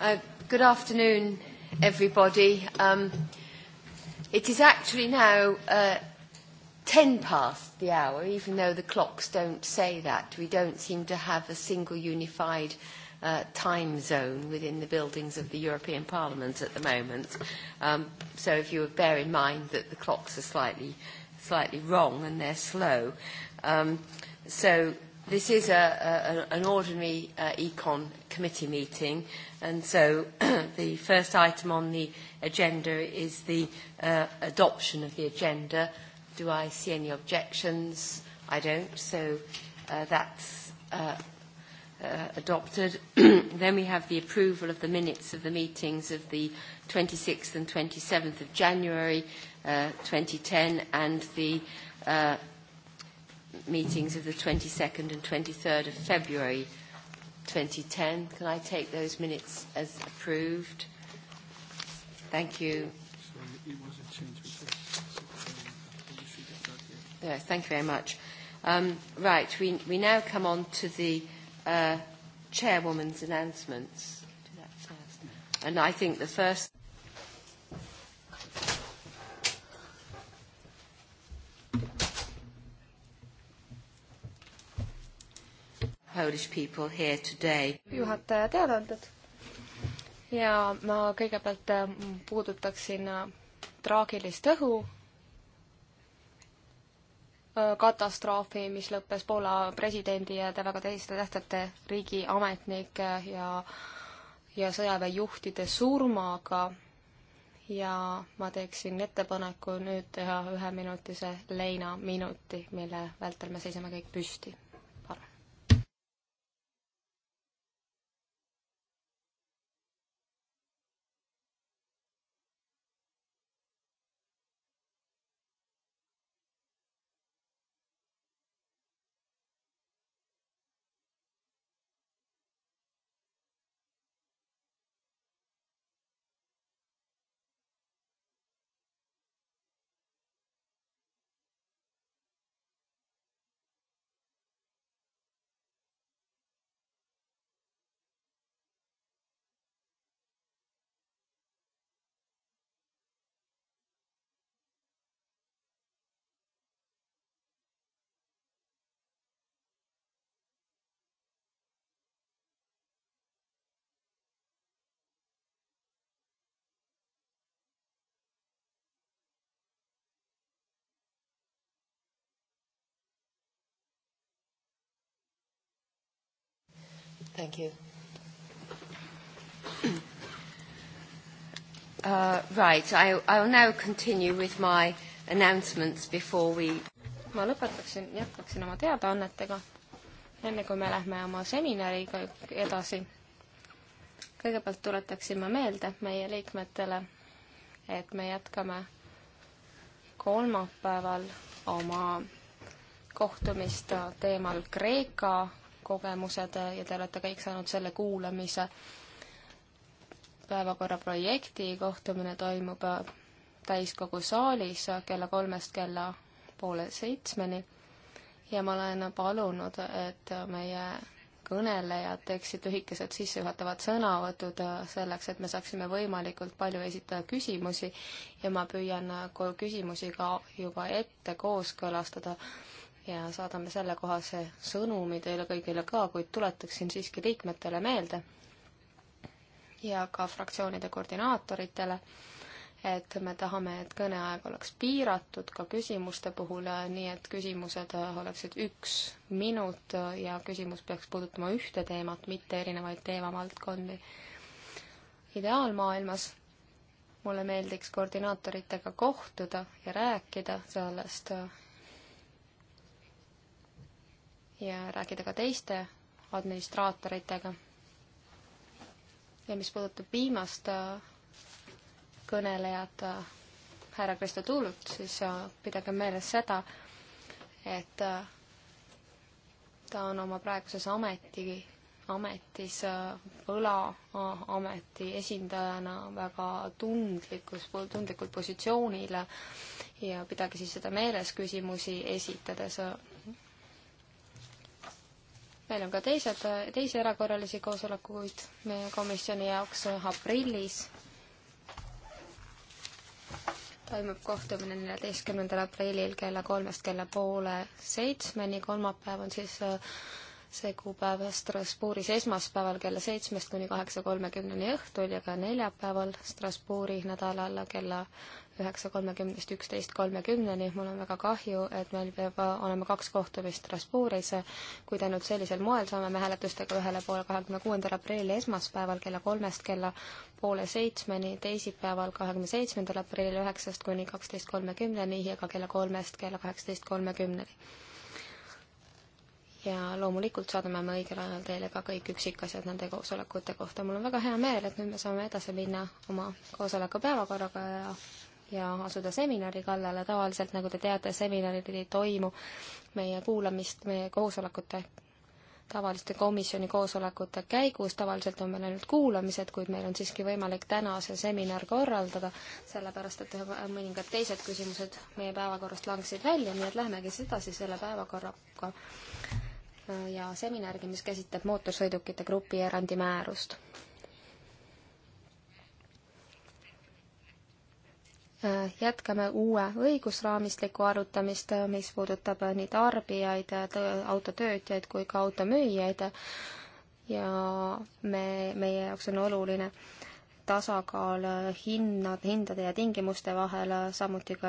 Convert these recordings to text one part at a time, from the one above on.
Uh, good afternoon, everybody. Um, it is actually now uh, 10 past the hour, even though the clocks don't say that. We don't seem to have a single unified uh, time zone within the buildings of the European Parliament at the moment. Um, so if you would bear in mind that the clocks are slightly, slightly wrong and they're slow. Um, so This is a, a, an ordinary uh, econ committee meeting, and so the first item on the agenda is the uh, adoption of the agenda. Do I see any objections? I don't, so uh, that's uh, uh, adopted. then we have the approval of the minutes of the meetings of the 26th and 27th of January uh, 2010 and the uh, meetings of the 22nd and 23rd of February 2010. Can I take those minutes as approved? Thank you. So it was a change request. Yes, thank you very much. Um, right, we, we now come on to the uh, chairwoman's announcements. And I think the first... Polish people here today. juhataja teadaanded ja ma kõigepealt mm, puudutaksin äh, traagilist õhu äh, katastroofi, mis lõppes Poola presidendi ja te väga teiste tähtsate riigiametnike äh, ja, ja sõjaväejuhtide surmaga. ja ma teeksin ettepaneku nüüd teha üheminutise leinaminuti, mille vältel me seisame kõik püsti Thank you. Uh, right, I, I will now continue with my announcements before we ma lõpetaksin, jätkaksin oma teadaannetega, enne kui me lähme oma seminariga edasi. kõigepealt tuletaksin ma meelde meie liikmetele, et me jätkame kolmapäeval oma kohtumist teemal Kreeka kogemused ja te olete kõik saanud selle kuulamise. päevakorra projekti kohtumine toimub täiskogu saalis kella kolmest kella poole seitsmeni ja ma olen palunud, et meie kõnelejad teeksid lühikesed sissejuhatavad sõnavõtud selleks, et me saaksime võimalikult palju esitada küsimusi ja ma püüan küsimusi ka juba ette kooskõlastada ja saadame sellekohase sõnumi teile kõigile ka, kuid tuletaksin siiski liikmetele meelde ja ka fraktsioonide koordinaatoritele, et me tahame, et kõneaeg oleks piiratud ka küsimuste puhul, nii et küsimused oleksid üks minut ja küsimus peaks puudutama ühte teemat, mitte erinevaid teemavaldkondi. ideaalmaailmas mulle meeldiks koordinaatoritega kohtuda ja rääkida sellest ja rääkida ka teiste administraatoritega. ja mis puudutab viimast äh, kõnelejat, äh, härra Kristo Tuulut, siis äh, pidage meeles seda, et ta on oma praeguses ameti, ametis võlaameti esindajana väga tundlikus, tundlikul positsioonil ja pidage siis seda meeles küsimusi esitades meil on ka teised, teisi erakorralisi koosolekuid meie komisjoni jaoks aprillis. toimub kohtumine neljateistkümnendal aprillil kella kolmest kella poole seitsmeni, kolmapäev on siis äh, see kuupäev Strasbourgis esmaspäeval kella seitsmest kuni kaheksa kolmekümneni õhtul ja ka neljapäeval Strasbourgi nädalal kella üheksa kolmekümnest üksteist kolmekümneni. mul on väga kahju, et meil peab olema kaks kohtumist Strasbourgis, kuid ainult sellisel moel saame me hääletustega ühele poole kahekümne kuuendal aprillil esmaspäeval kella kolmest kella poole seitsmeni, teisipäeval, kahekümne seitsmendal aprillil üheksast kuni kaksteist kolmekümneni ja ka kella kolmest kella kaheksateist kolmekümneni ja loomulikult saadame me õigel ajal teile ka kõik üksikasjad nende koosolekute kohta. mul on väga hea meel, et nüüd me saame edasi minna oma koosoleku päevakorraga ja ja asuda seminari kallale. tavaliselt, nagu te teate, seminarid ei toimu meie kuulamist, meie koosolekute tavaliste komisjoni koosolekute käigus, tavaliselt on meil ainult kuulamised, kuid meil on siiski võimalik täna see seminar korraldada, sellepärast et mõningad teised küsimused meie päevakorrast langesid välja, nii et lähmegi edasi selle päevakorraga ja seminariga, mis käsitleb mootorsõidukite grupi erandimäärust. jätkame uue õigusraamistiku arutamist, mis puudutab nii tarbijaid, autotöötjaid kui ka automüüjaid ja me, meie jaoks on oluline äh, tasakaal hinnad, hindade ja tingimuste vahel, samuti ka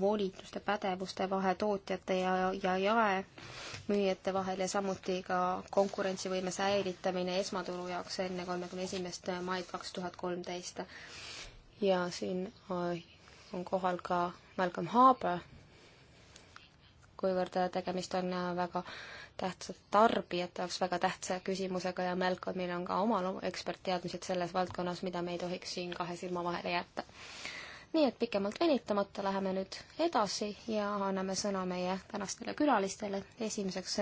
volituste, pädevuste vahe tootjate ja, ja jaemüüjate vahel ja samuti ka konkurentsivõime säilitamine esmaturu jaoks enne kolmekümne esimest maid kaks tuhat kolmteist. ja siin äh, on kohal ka Malcolm Harbour, kuivõrd tegemist on väga tähtsa tarbijate jaoks väga tähtsa küsimusega ja Melkomil on ka omal ekspertteadmised selles valdkonnas, mida me ei tohiks siin kahe silma vahele jätta. nii et pikemalt venitamata läheme nüüd edasi ja anname sõna meie tänastele külalistele. esimeseks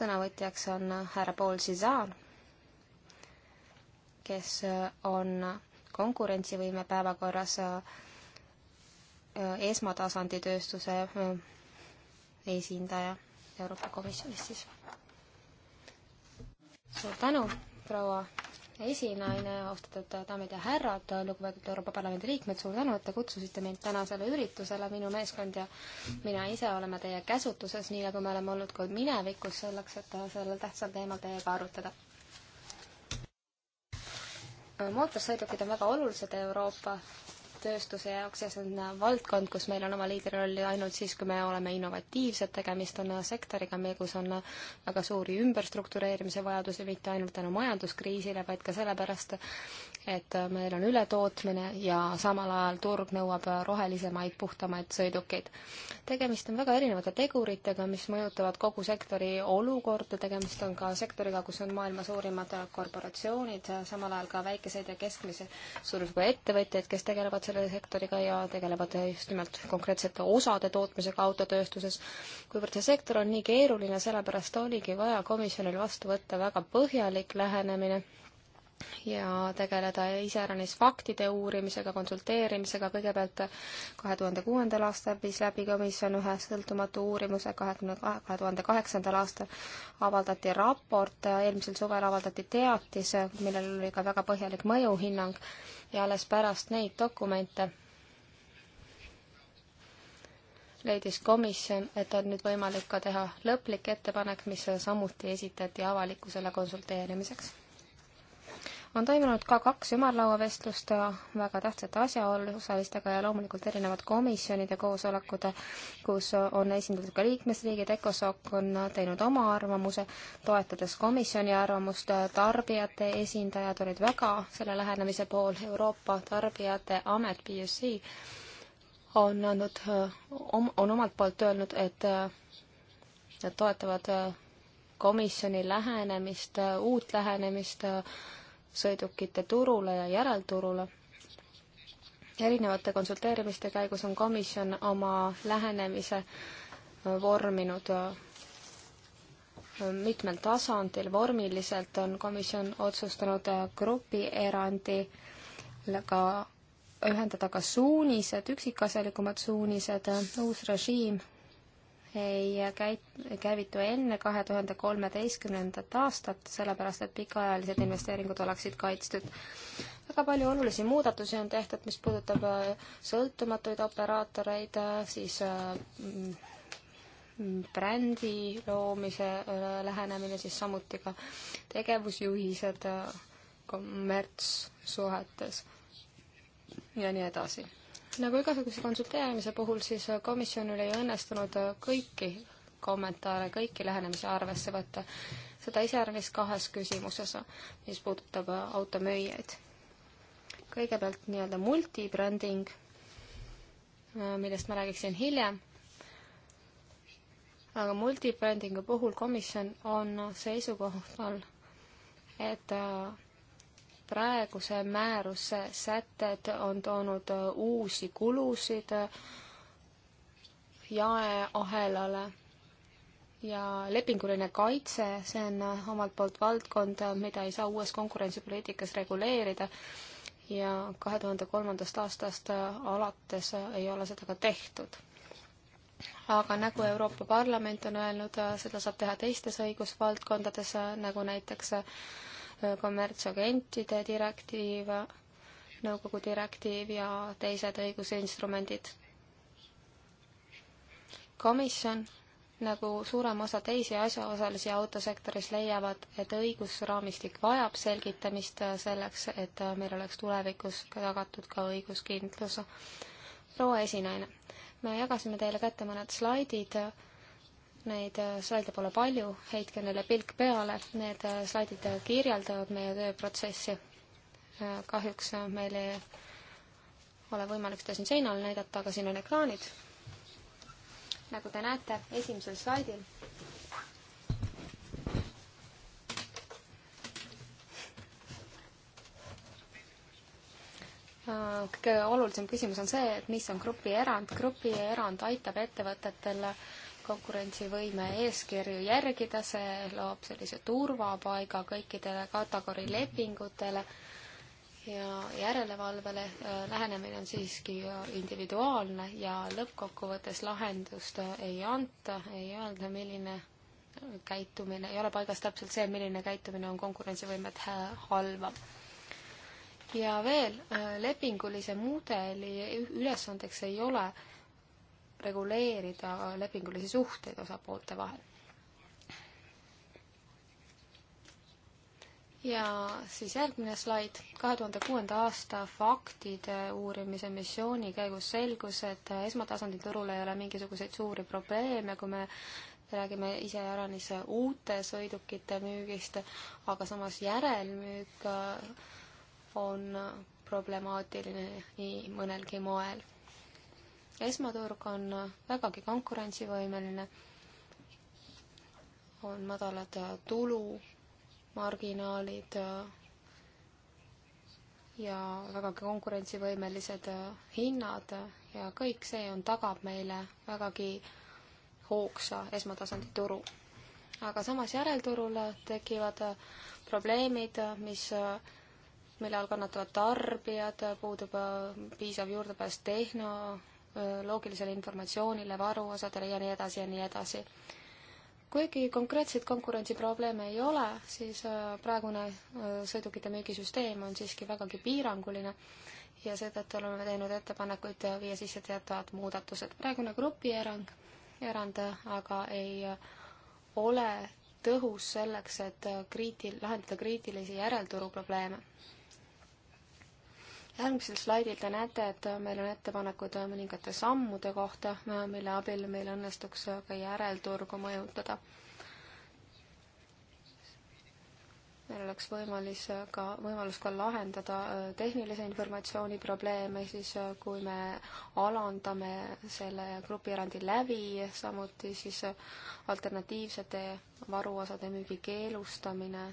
sõnavõtjaks on härra Paul Cesar, kes on konkurentsivõime päevakorras äh, esmatasandi tööstuse äh, esindaja Euroopa Komisjonis siis. suur tänu, proua esinaine, austatud daamid ja härrad, lugupeetud Euroopa Parlamendi liikmed, suur tänu, et te kutsusite mind tänasele üritusele, minu meeskond ja mina ise oleme teie käsutuses, nii nagu me oleme olnud ka minevikus, selleks, et sellel tähtsal teemal teiega arutada. mootorsõidukid on väga olulised Euroopa tööstuse jaoks ja see on valdkond, kus meil on oma liidrirolli ainult siis, kui me oleme innovatiivsed, tegemist on sektoriga, kus on väga suuri ümberstruktureerimise vajadusi, mitte ainult tänu majanduskriisile, vaid ka sellepärast, et äh, meil on ületootmine ja samal ajal turg nõuab äh, rohelisemaid, puhtamaid sõidukeid. tegemist on väga erinevate teguritega, mis mõjutavad kogu sektori olukorda, tegemist on ka sektoriga, kus on maailma suurimad äh, korporatsioonid, samal ajal ka väikeseid ja keskmise suurusega ettevõtjaid, kes tegelevad selle sektoriga ja tegelevad just nimelt konkreetsete osade tootmisega autotööstuses. kuivõrd see sektor on nii keeruline, sellepärast oligi vaja komisjonil vastu võtta väga põhjalik lähenemine ja tegeleda iseäranis faktide uurimisega, konsulteerimisega, kõigepealt kahe tuhande kuuendal aastal viis läbi komisjon ühe sõltumatu uurimuse, kahekümne, kahe tuhande kaheksandal aastal avaldati raport, eelmisel suvel avaldati teatis, millel oli ka väga põhjalik mõjuhinnang ja alles pärast neid dokumente leidis komisjon, et on nüüd võimalik ka teha lõplik ettepanek, mis samuti esitati avalikkusele konsulteerimiseks on toimunud ka kaks ümarlauavestlust väga tähtsate asjaosalistega ja loomulikult erinevad komisjonide koosolekud, kus on esindatud ka liikmesriigid, ECOSOC on teinud oma arvamuse, toetades komisjoni arvamust, tarbijate esindajad olid väga selle lähenemise pool, Euroopa Tarbijate Amet, BSC, on andnud, on omalt poolt öelnud, et nad toetavad komisjoni lähenemist, uut lähenemist sõidukite turule ja järelturule. erinevate konsulteerimiste käigus on komisjon oma lähenemise äh, vorminud äh, mitmel tasandil, vormiliselt on komisjon otsustanud äh, grupierandiga ühendada ka suunised, üksikasjalikumad suunised, uus režiim ei käit-, käivitu enne kahe tuhande kolmeteistkümnendat aastat, sellepärast et pikaajalised investeeringud oleksid kaitstud. väga palju olulisi muudatusi on tehtud, mis puudutab äh, sõltumatuid operaatoreid, äh, siis äh, mm, brändi loomise lähenemine, siis samuti ka tegevusjuhised kommertssuhetes ja nii edasi nagu igasuguse konsulteerimise puhul, siis komisjonil ei õnnestunud kõiki kommentaare, kõiki lähenemisi arvesse võtta. seda iseäranis kahes küsimuses, mis puudutab automüüjaid. kõigepealt nii-öelda multibränding, millest ma räägiksin hiljem aga multibrändingu puhul komisjon on seisukohal, et praeguse määruse sätted on toonud äh, uusi kulusid äh, jaeahelale ja lepinguline kaitse, see on äh, omalt poolt valdkond, mida ei saa uues konkurentsipoliitikas reguleerida ja kahe tuhande kolmandast aastast alates ei ole seda ka tehtud aga nagu Euroopa Parlament on öelnud, seda saab teha teistes õigusvaldkondades, nagu näiteks Äh, kommertsagentide direktiiv, nõukogu direktiiv ja teised õigusinstrumendid. komisjon nagu suurem osa teisi asjaosalisi autosektoris leiavad, et õigusraamistik vajab selgitamist selleks, et meil oleks tulevikus tagatud ka õiguskindlus. proua esinaine, me jagasime teile kätte mõned slaidid Neid äh, slaide pole palju, heitke neile pilk peale, need äh, slaidid äh, kirjeldavad meie tööprotsessi. kahjuks meil ei ole võimalik seda siin seinal näidata, aga siin on ekraanid. nagu te näete, esimesel slaidil kõige olulisem küsimus on see, et mis on grupierand. grupierand aitab ettevõtetel konkurentsivõime eeskirju järgida, see loob sellise turvapaiga kõikidele kategorii lepingutele ja järelevalvele lähenemine on siiski individuaalne ja lõppkokkuvõttes lahendust ei anta, ei öelda, milline käitumine, ei ole paigas täpselt see, milline käitumine on konkurentsivõimet halvav. ja veel, lepingulise mudeli ülesandeks ei ole reguleerida lepingulisi suhteid osapoolte vahel. ja siis järgmine slaid, kahe tuhande kuuenda aasta faktide uurimise missiooni käigus selgus, et esmatasandil turul ei ole mingisuguseid suuri probleeme, kui me räägime iseäranis uute sõidukite müügist, aga samas järelmüük on problemaatiline nii mõnelgi moel esmaturg on vägagi konkurentsivõimeline, on madalad tulumarginaalid ja vägagi konkurentsivõimelised hinnad ja kõik see on, tagab meile vägagi hoogsa esmatasandi turu. aga samas järelturul tekivad probleemid, mis mille all kannatavad tarbijad, puudub piisav juurdepääs tehno, Äh, loogilisele informatsioonile, varuosadele ja nii edasi ja nii edasi. kuigi konkreetseid konkurentsiprobleeme ei ole, siis äh, praegune äh, sõidukite müügisüsteem on siiski vägagi piiranguline ja seetõttu oleme teinud ettepanekuid viia sisse teatavad muudatused. praegune grupierang, erand aga ei ole tõhus selleks, et kriitil-, lahendada kriitilisi järelturu probleeme järgmisel slaidil te näete, et meil on ettepanekud mõningate sammude kohta, mille abil meil õnnestuks ka järelturgu mõjutada. meil oleks võimalus ka, võimalus ka lahendada äh, tehnilise informatsiooni probleeme, siis äh, kui me alandame selle grupierandi läbi, samuti siis äh, alternatiivsete varuosade müügi keelustamine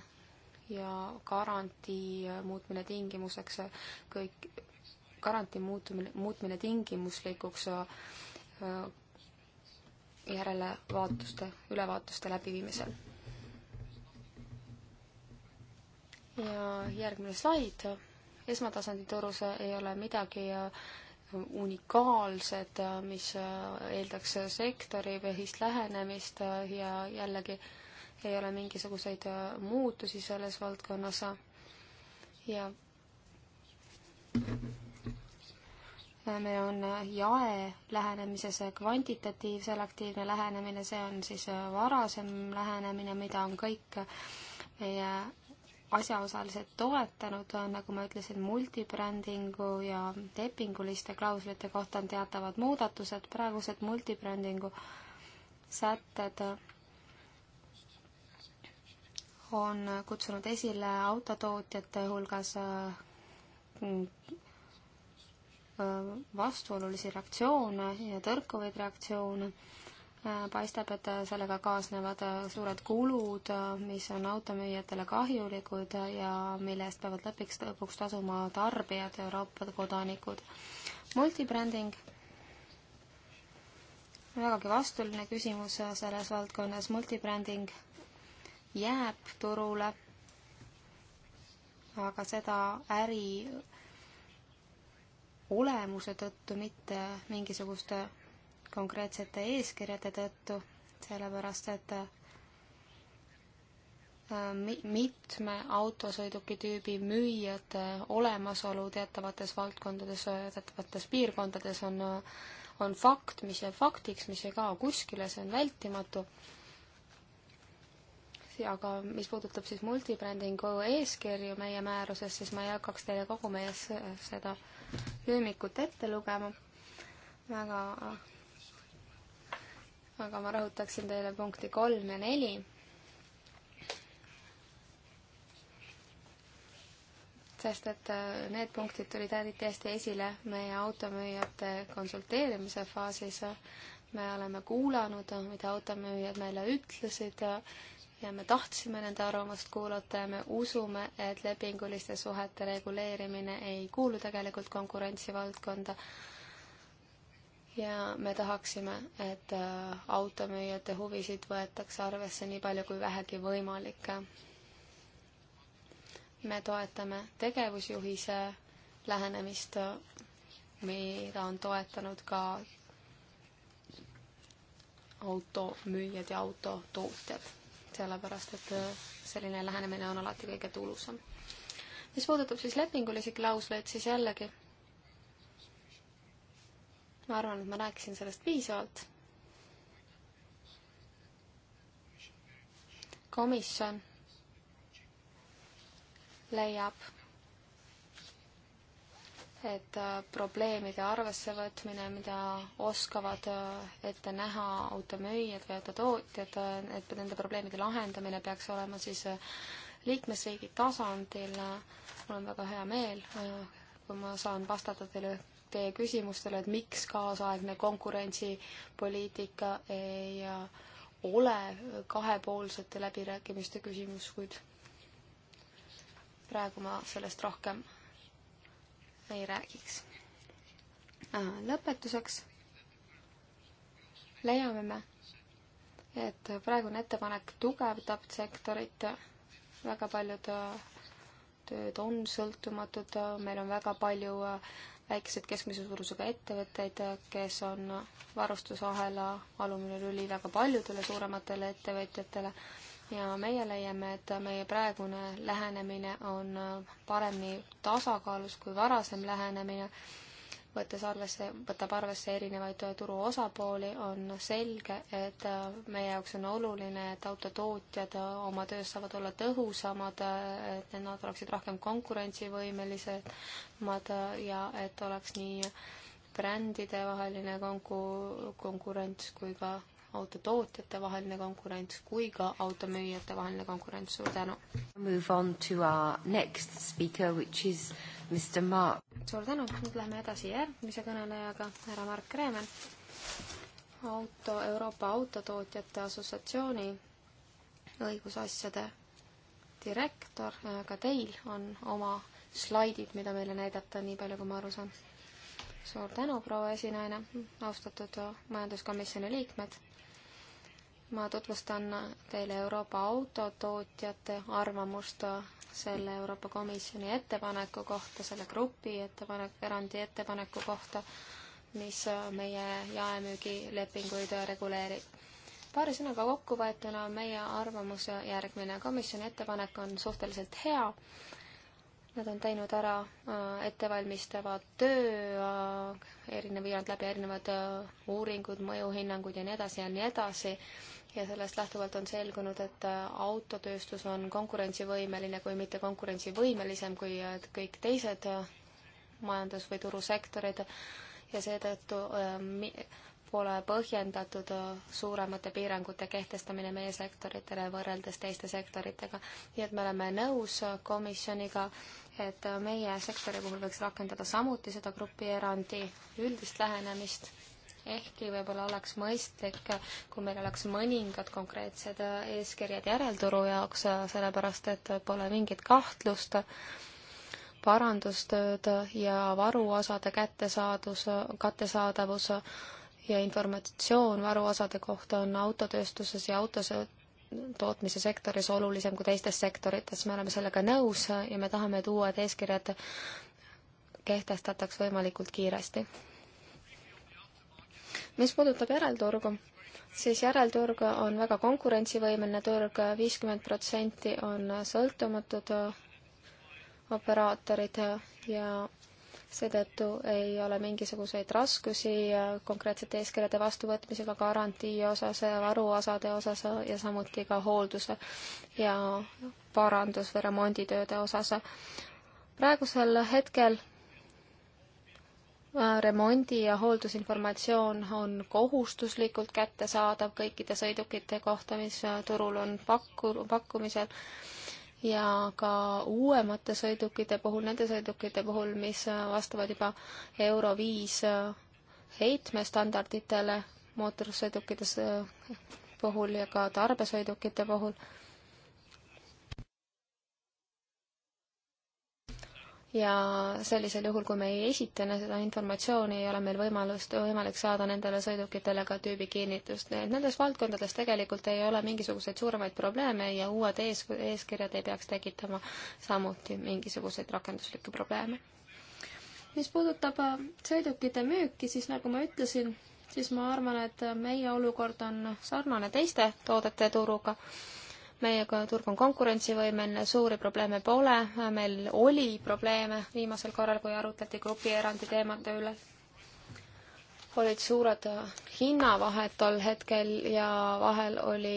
ja garantii muutmine tingimuseks kõik, garantii muutumine, muutmine tingimuslikuks äh, järelevaatuste, ülevaatuste läbiviimisel. ja järgmine slaid, esmatasandi turus ei ole midagi äh, unikaalsed, äh, mis eeldaks sektoripõhist lähenemist ja jällegi ei ole mingisuguseid äh, muutusi selles valdkonnas ja meil on jae lähenemises kvantitatiivsel aktiivne lähenemine, see on siis äh, varasem lähenemine, mida on kõik meie asjaosalised toetanud, nagu ma ütlesin, multibrandingu ja lepinguliste klauslite kohta on teatavad muudatused, praegused multibrandingu sätted on kutsunud esile autotootjate hulgas äh, vastuolulisi reaktsioone ja tõrkuvaid reaktsioone. Äh, paistab, et sellega kaasnevad äh, suured kulud, mis on automüüjatele kahjulikud ja mille eest peavad lõpiks, lõpuks tasuma tarbijad, Euroopa kodanikud. multibränding, vägagi vastuoluline küsimus selles valdkonnas, multibränding jääb turule, aga seda äri olemuse tõttu, mitte mingisuguste konkreetsete eeskirjade tõttu, sellepärast et äh, mitme autosõidukitüübi müüjate äh, olemasolu teatavates valdkondades, äh, teatavates piirkondades on, on fakt, mis jääb faktiks, mis ei kao kuskile, see on vältimatu aga mis puudutab siis multibrändingu eeskirju meie määruses, siis ma ei hakkaks teile kogu meie seda lüümikut ette lugema. väga, aga ma rõhutaksin teile punkti kolm ja neli. sest et äh, need punktid tulid täiesti esile meie automüüjate konsulteerimise faasis me oleme kuulanud, mida automüüjad meile ütlesid ja me tahtsime nende arvamust kuulata ja me usume, et lepinguliste suhete reguleerimine ei kuulu tegelikult konkurentsivaldkonda. ja me tahaksime, et äh, automüüjate huvisid võetakse arvesse nii palju kui vähegi võimalik. me toetame tegevusjuhise lähenemist, mida on toetanud ka automüüjad ja autotootjad sellepärast et äh, selline lähenemine on alati kõige tulusam. mis puudutab siis lepingulisi klausleid, siis jällegi ma arvan, et ma rääkisin sellest piisavalt. komisjon leiab et äh, probleemide arvessevõtmine, mida oskavad äh, ette näha automüüjad või autotootjad, äh, et nende probleemide lahendamine peaks olema siis liikmesriigi tasandil. mul on väga hea meel, kui ma saan vastata teile teie küsimustele, et miks kaasaegne konkurentsipoliitika ei ole kahepoolsete läbirääkimiste küsimus, kuid praegu ma sellest rohkem ei räägiks. lõpetuseks leiame me, et praegune ettepanek tugevdab sektorit, väga paljud äh, tööd on sõltumatud, meil on väga palju äh, väikseid keskmise suurusega ettevõtteid, äh, kes on varustusahela alumine lüli väga paljudele suurematele ettevõtjatele ja meie leiame, et meie praegune lähenemine on paremini tasakaalus kui varasem lähenemine, võttes arvesse, võtab arvesse erinevaid turu osapooli, on selge, et meie jaoks on oluline, et autotootjad oma töös saavad olla tõhusamad, et nad oleksid rohkem konkurentsivõimelisemad ja et oleks nii brändide vaheline konku-, konkurents kui ka autotootjate vaheline konkurents kui ka automüüjate vaheline konkurents, suur tänu. Move on to our next speaker, which is Mr Mark. suur tänu, nüüd läheme edasi järgmise kõnelejaga, härra Mark Reemen, auto, Euroopa Autotootjate Assotsiatsiooni õigusasjade direktor, ka teil on oma slaidid, mida meile näidata, nii palju kui ma aru saan. suur tänu, proua esinaine, austatud majanduskomisjoni liikmed ma tutvustan teile Euroopa autotootjate arvamust selle Euroopa Komisjoni ettepaneku kohta, selle grupi ettepanek, erandi ettepaneku kohta, mis meie jaemüügilepinguid reguleerib. paari sõnaga kokkuvõetuna on meie arvamus järgmine. komisjoni ettepanek on suhteliselt hea. Nad on teinud ära äh, ettevalmistava töö, äh, erinev, viinud läbi erinevad äh, uuringud, mõjuhinnangud ja nii edasi ja nii edasi ja sellest lähtuvalt on selgunud, et äh, autotööstus on konkurentsivõimeline, kui mitte konkurentsivõimelisem kui äh, kõik teised äh, majandus- või turusektorid ja seetõttu pole põhjendatud suuremate piirangute kehtestamine meie sektoritele võrreldes teiste sektoritega. nii et me oleme nõus komisjoniga, et meie sektori puhul võiks rakendada samuti seda grupierandi üldist lähenemist ehkki võib-olla oleks mõistlik, kui meil oleks mõningad konkreetsed eeskirjad järelturu jaoks, sellepärast et pole mingit kahtlust, parandustööd ja varuosade kättesaadus, kättesaadavus ja informatsioon varuosade kohta on autotööstuses ja autose tootmise sektoris olulisem kui teistes sektorites, me oleme sellega nõus ja me tahame, et uued eeskirjad kehtestataks võimalikult kiiresti mis puudutab järelturgu, siis järelturg on väga konkurentsivõimeline turg, viiskümmend protsenti on sõltumatud operaatorid ja seetõttu ei ole mingisuguseid raskusi konkreetsete eeskirjade vastuvõtmisega garantii osas, varuosade osas ja samuti ka hoolduse ja parandus- või remonditööde osas. praegusel hetkel Äh, remondi- ja hooldusinformatsioon on kohustuslikult kättesaadav kõikide sõidukite kohta, mis äh, turul on pakku, pakkumisel ja ka uuemate sõidukite puhul, nende sõidukite puhul, mis äh, vastavad juba Euro viis heitmestandarditele mootorsõidukites puhul ja ka tarbesõidukite puhul ja sellisel juhul, kui me ei esitane seda informatsiooni, ei ole meil võimalust, võimalik saada nendele sõidukitele ka tüübi kinnitust. nii et nendes valdkondades tegelikult ei ole mingisuguseid suuremaid probleeme ja uued ees, eeskirjad ei peaks tekitama samuti mingisuguseid rakenduslikke probleeme. mis puudutab äh, sõidukite müüki, siis nagu ma ütlesin, siis ma arvan, et meie olukord on sarnane teiste toodete turuga meiega turg on konkurentsivõimeline, suuri probleeme pole, meil oli probleeme viimasel korral, kui arutleti grupierandi teemade üle. olid suured hinnavahed tol hetkel ja vahel oli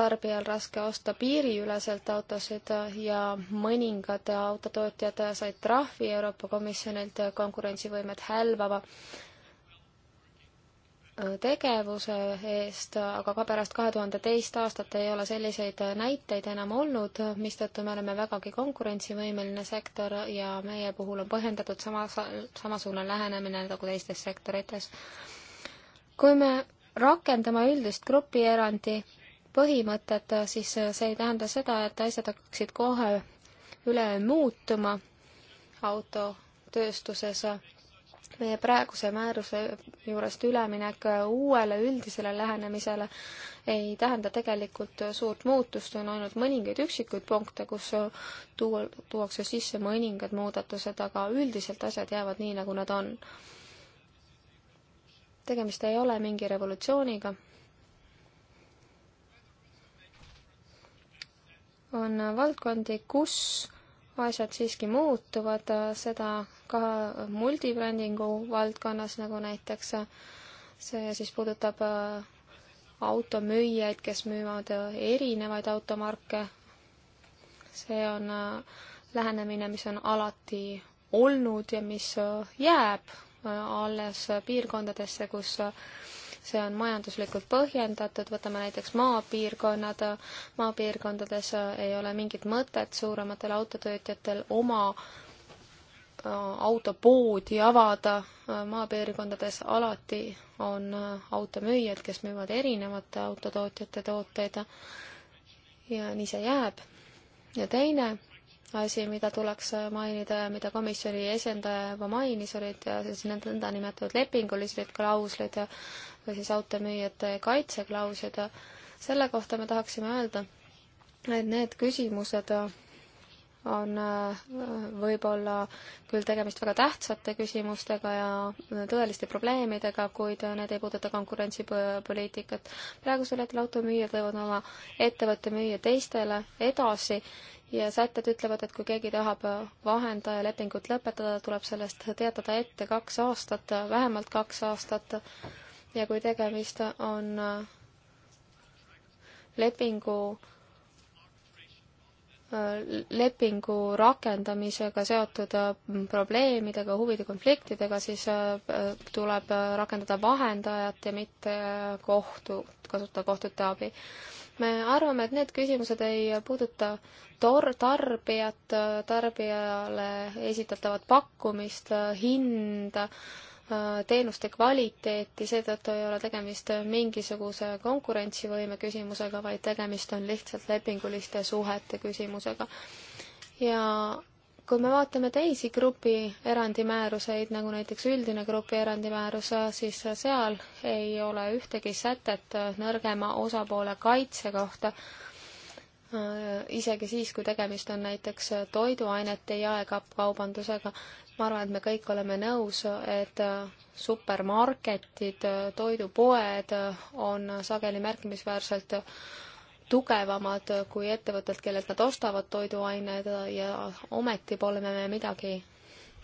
tarbijal raske osta piiriüleselt autosid ja mõningad autotootjad said trahvi Euroopa Komisjonilt konkurentsivõimet hälbava tegevuse eest, aga ka pärast kahe tuhande teist aastat ei ole selliseid näiteid enam olnud, mistõttu me oleme vägagi konkurentsivõimeline sektor ja meie puhul on põhjendatud sama, samasugune lähenemine nagu teistes sektorites. kui me rakendame üldist grupierandi põhimõtet, siis see ei tähenda seda, et asjad hakkaksid kohe üleöö muutuma autotööstuses meie praeguse määruse juurest üleminek uuele üldisele lähenemisele ei tähenda tegelikult suurt muutust, on ainult mõningaid üksikuid punkte, kus tuua, tuuakse sisse mõningad muudatused, aga üldiselt asjad jäävad nii, nagu nad on. tegemist ei ole mingi revolutsiooniga. on valdkondi, kus asjad siiski muutuvad, seda ka multibrändingu valdkonnas, nagu näiteks see siis puudutab äh, automüüjaid, kes müüvad äh, erinevaid automarke. see on äh, lähenemine, mis on alati olnud ja mis jääb alles piirkondadesse, kus see on majanduslikult põhjendatud, võtame näiteks maapiirkonnad, maapiirkondades ei ole mingit mõtet suurematel autotöötjatel oma äh, Äh, autopoodi avada äh, maapiirkondades, alati on äh, automüüjad, kes müüvad erinevate autotootjate tooteid ja nii see jääb. ja teine asi, mida tuleks mainida ja mida komisjoni esindaja juba mainis, olid siis need nõndanimetatud lepingulised klauslid ja või siis automüüjate kaitseklauslid ja selle kohta me tahaksime öelda, et need küsimused on äh, võib-olla küll tegemist väga tähtsate küsimustega ja äh, tõeliste probleemidega, kuid äh, need ei puuduta konkurentsipoliitikat. praegusel hetkel automüüjad võivad oma ettevõtte müüa teistele edasi ja sätted ütlevad, et kui keegi tahab vahendaja lepingut lõpetada, tuleb sellest teatada ette kaks aastat, vähemalt kaks aastat. ja kui tegemist on lepingu lepingu rakendamisega seotud äh, probleemidega, huvide konfliktidega, siis äh, tuleb äh, rakendada vahendajat ja mitte kohtu, kasutada kohtute abi. me arvame, et need küsimused ei puuduta tor-, tarbijat, tarbijale esitatavat pakkumist, hinda, Äh, teenuste kvaliteeti, seetõttu ei ole tegemist mingisuguse konkurentsivõime küsimusega, vaid tegemist on lihtsalt lepinguliste suhete küsimusega. ja kui me vaatame teisi grupi erandimääruseid, nagu näiteks üldine grupi erandimäärus, siis seal ei ole ühtegi sätet nõrgema osapoole kaitse kohta Äh, isegi siis, kui tegemist on näiteks äh, toiduainete jaekaubandusega, ma arvan, et me kõik oleme nõus, et äh, supermarketid, toidupoed on sageli märkimisväärselt tugevamad kui ettevõtted, kellelt nad ostavad toiduained ja ometi pole me midagi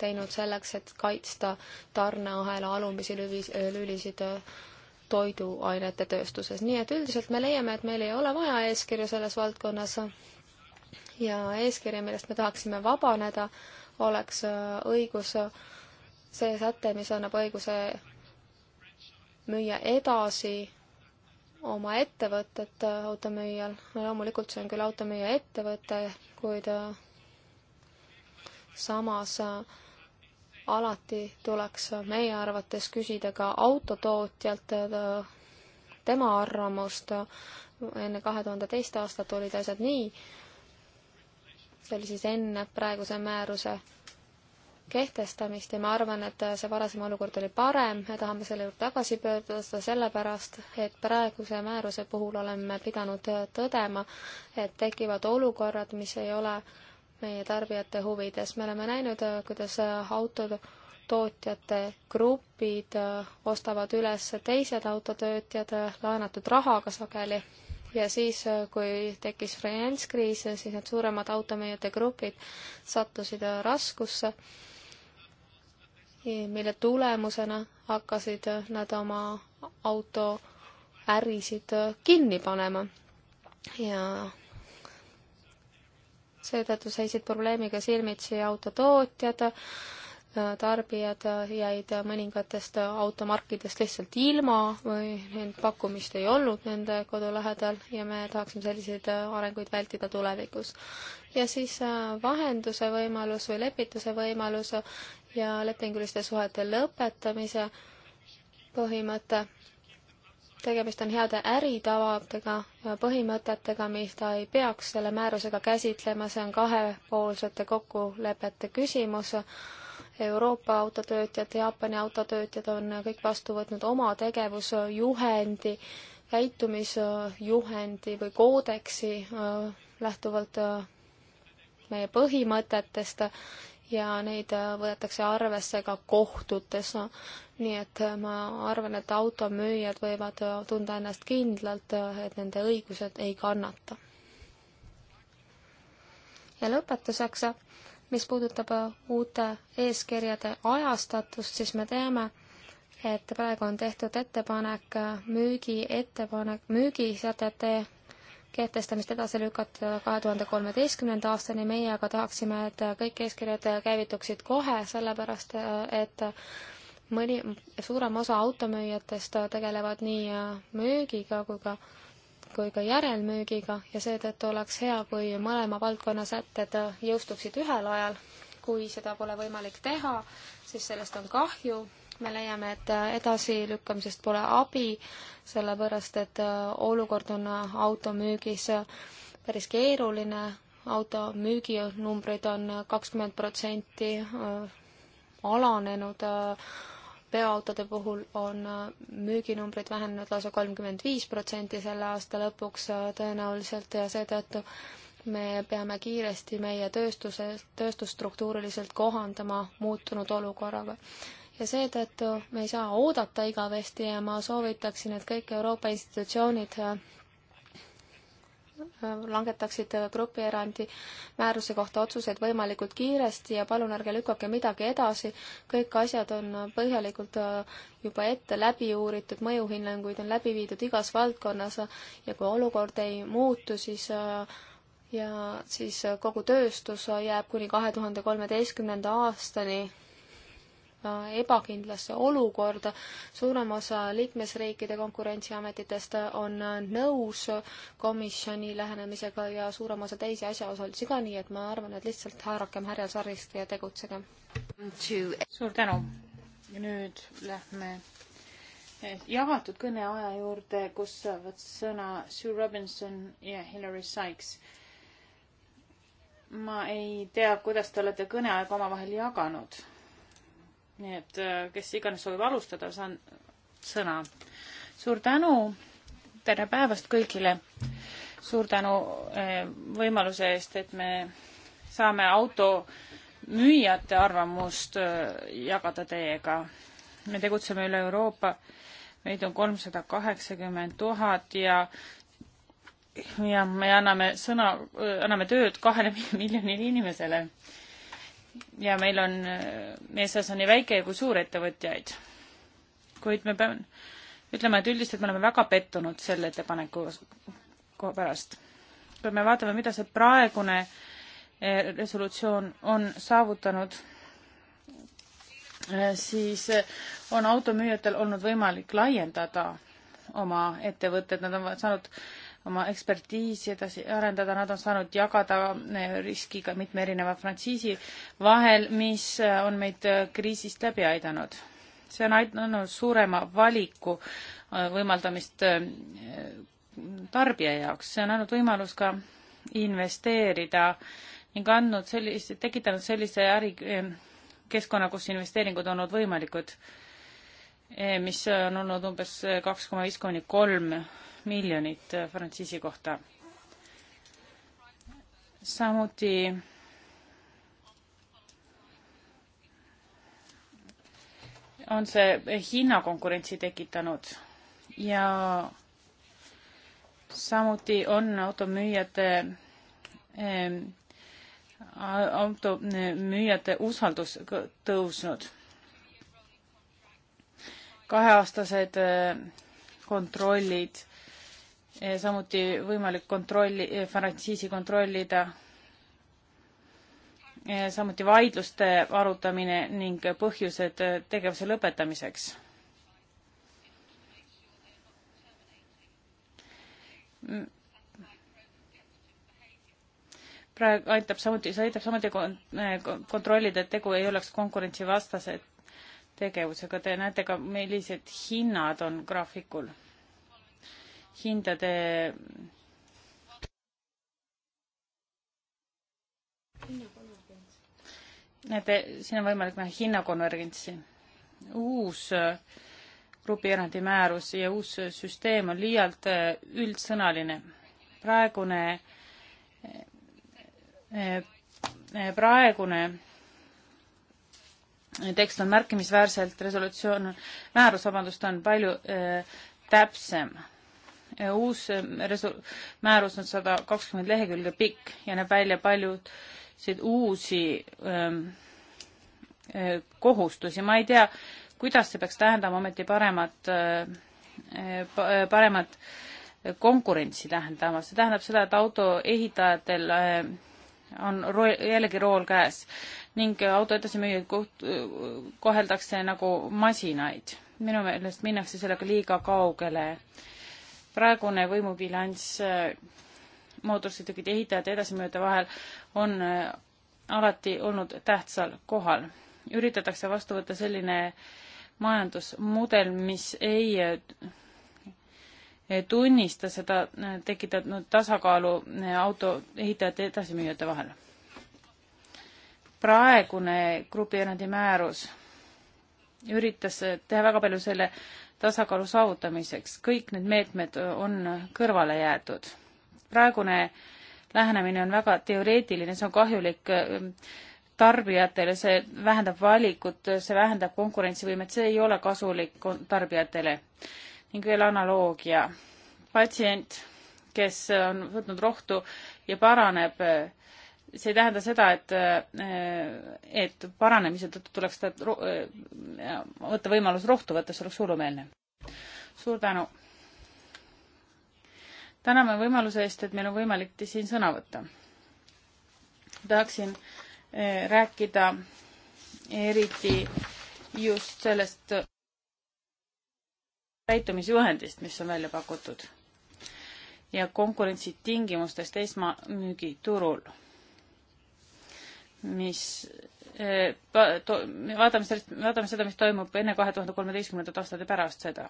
teinud selleks, et kaitsta tarneahela alumisi lülis, lülisid toiduainete tööstuses. nii et üldiselt me leiame, et meil ei ole vaja eeskirju selles valdkonnas ja eeskirja, millest me tahaksime vabaneda, oleks äh, õigus, see säte, mis annab õiguse müüa edasi oma ettevõtet äh, automüüjal. no loomulikult see on küll automüüja ettevõte, kuid äh, samas äh, alati tuleks meie arvates küsida ka autotootjalt äh, tema arvamust. enne kahe tuhande teist aastat olid asjad nii, see oli siis enne praeguse määruse kehtestamist ja ma arvan, et see varasem olukord oli parem, me tahame selle juurde tagasi pöörduda, seda sellepärast, et praeguse määruse puhul oleme pidanud tõdema, et tekivad olukorrad, mis ei ole äh, meie tarbijate huvides. me oleme näinud, äh, kuidas äh, autotootjate grupid äh, ostavad üles teised autotöötjad laenatud rahaga sageli ja siis, kui tekkis finantskriis, siis need suuremad automüüjate grupid sattusid raskusse, eh, mille tulemusena hakkasid nad oma autoärisid kinni panema ja seetõttu seisid probleemiga silmitsi autotootjad, tarbijad jäid mõningatest automarkidest lihtsalt ilma või neid pakkumist ei olnud nende kodu lähedal ja me tahaksime selliseid arenguid vältida tulevikus. ja siis äh, vahenduse võimalus või lepituse võimalus ja lepinguliste suhete lõpetamise põhimõte tegemist on heade äritavadega, põhimõtetega, mida ei peaks selle määrusega käsitlema, see on kahepoolsete kokkulepete küsimus. Euroopa autotöötajad, Jaapani autotöötajad on kõik vastu võtnud oma tegevusjuhendi, käitumisjuhendi või koodeksi äh, lähtuvalt äh, meie põhimõtetest ja neid äh, võetakse arvesse ka kohtutes. nii et äh, ma arvan, et automüüjad võivad äh, tunda ennast kindlalt, et nende õigused ei kannata. ja lõpetuseks, mis puudutab uute eeskirjade ajastatust, siis me teame, et praegu on tehtud ettepanek müügi ettepanek, müügisätete kehtestamist edasi lükata kahe tuhande kolmeteistkümnenda aastani, meie aga tahaksime, et kõik eeskirjad käivituksid kohe, sellepärast et mõni, suurem osa automüüjatest tegelevad nii müügiga kui ka kui ka järelmüügiga ja seetõttu oleks hea, kui mõlema valdkonna sätted jõustuksid ühel ajal. kui seda pole võimalik teha, siis sellest on kahju me leiame, et edasilükkamisest pole abi, sellepärast et äh, olukord on äh, automüügis äh, päris keeruline, auto müüginumbrid on kakskümmend protsenti alanenud, veoautode puhul on müüginumbrid vähenenud lausa kolmkümmend viis protsenti selle aasta lõpuks tõenäoliselt ja seetõttu me peame kiiresti meie tööstuse, tööstusstruktuuriliselt kohandama muutunud olukorraga ja seetõttu me ei saa oodata igavesti ja ma soovitaksin, et kõik Euroopa institutsioonid äh, langetaksid grupierandi määruse kohta otsuseid võimalikult kiiresti ja palun ärge lükake midagi edasi. kõik asjad on põhjalikult äh, juba ette läbi uuritud, mõjuhinnanguid on läbi viidud igas valdkonnas ja kui olukord ei muutu, siis äh, ja siis kogu tööstus jääb kuni kahe tuhande kolmeteistkümnenda aastani ebakindlasse olukorda. suurem osa liikmesriikide konkurentsiametitest on nõus komisjoni lähenemisega ja suurem osa teisi asjaosalisi ka, nii et ma arvan, et lihtsalt haarakem härjal sarvist ja tegutsegem. suur tänu. nüüd lähme eh, jagatud kõneaja juurde, kus saavad sõna Sue Robinson ja Hillary Sykes ma ei tea, kuidas te olete kõneaega omavahel jaganud nii et äh, kes iganes soovib alustada, saan sõna. suur tänu, tere päevast kõigile. suur tänu äh, võimaluse eest, et me saame automüüjate arvamust äh, jagada teiega. me tegutseme üle Euroopa, meid on kolmsada kaheksakümmend tuhat ja ja me anname sõna, anname tööd kahele miljonile inimesele ja meil on, meie seas on nii väike kui suurettevõtjaid. kuid me peame ütlema, et üldiselt me oleme väga pettunud selle ettepaneku pärast. kui me vaatame, mida see praegune eh, resolutsioon on saavutanud, eh, siis eh, on automüüjatel olnud võimalik laiendada oma ettevõtted, nad on saanud oma ekspertiisi edasi arendada, nad on saanud jagada eh, riskiga mitme erineva frantsiisi vahel, mis eh, on meid eh, kriisist läbi aidanud. see on aidanud suurema valiku võimaldamist tarbija jaoks, see on andnud võimalus ka investeerida ning andnud sellise, tekitanud sellise ärikeskkonna, kus investeeringud on olnud võimalikud mis on olnud umbes kaks koma viis kuni kolm miljonit frantsiisi kohta. samuti on see hinnakonkurentsi tekitanud ja samuti on automüüjate automüüjate usaldus tõusnud. kaheaastased eh, kontrollid Eh, samuti võimalik kontrolli, eh, frantsiisi kontrollida, eh, samuti vaidluste arutamine ning põhjused tegevuse lõpetamiseks. Mm. praegu aitab samuti, see aitab samuti kontrollida, et tegu ei oleks konkurentsivastase tegevusega, te näete ka, millised hinnad on graafikul hindade Nende, siin on võimalik näha hinnakonvergentsi. uus äh, grupierandi määrus ja uus äh, süsteem on liialt äh, üldsõnaline. praegune, praegune tekst on märkimisväärselt, resolutsioon, määrus, vabandust, on palju täpsem uus eh, resu-, määrus on sada kakskümmend lehekülge pikk ja näeb välja paljusid uusi öö, ähm, öö, äh, kohustusi, ma ei tea, kuidas see peaks tähendama ometi paremat, äh, äh, paremat konkurentsi tähendama, see tähendab seda, et autoehitajatel on rool, jällegi rool käes ning auto edasimüüjaid koht-, koheldakse nagu masinaid. minu meelest minnakse sellega liiga kaugele praegune võimubilanss äh, mootorsõidukite ehitajate edasimööda vahel on äh, alati olnud tähtsal kohal. üritatakse vastu võtta selline majandusmudel, mis ei äh, tunnista seda tekitatud tasakaalu autoehitajate edasimüüjate vahel. praegune grupierandi määrus üritas teha väga palju selle tasakaalu saavutamiseks. kõik need meetmed on kõrvale jäetud. praegune lähenemine on väga teoreetiline, see on kahjulik ähm, tarbijatele, see vähendab valikut, see vähendab konkurentsivõimet, see ei ole kasulik tarbijatele. ning veel analoogia. patsient, kes on võtnud rohtu ja paraneb, see ei tähenda seda, et, äh, et paranemise tõttu tuleks ta äh, võtta võimalus rohtu võtta, see oleks hullumeelne. suur tänu. täname võimaluse eest, et meil on võimalik siin sõna võtta. tahaksin äh, rääkida eriti just sellest käitumisjuhendist, mis on välja pakutud ja konkurentsitingimustest esmamüügiturul mis eh, to, vaatame sellest, vaatame seda, mis toimub enne kahe tuhande kolmeteistkümnendat aastat ja pärast seda.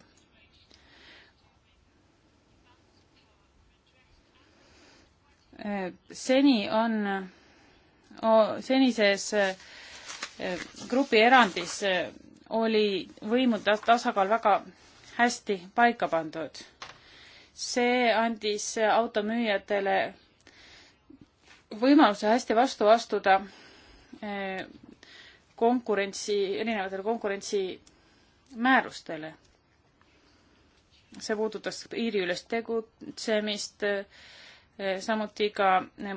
Eh, seni on oh,, senises eh, grupierandis oli võimude tasakaal väga hästi paika pandud. see andis automüüjatele võimaluse hästi vastu astuda eh, konkurentsi, erinevatele konkurentsimäärustele. see puudutas piiriülest tegutsemist, eh, samuti ka eh,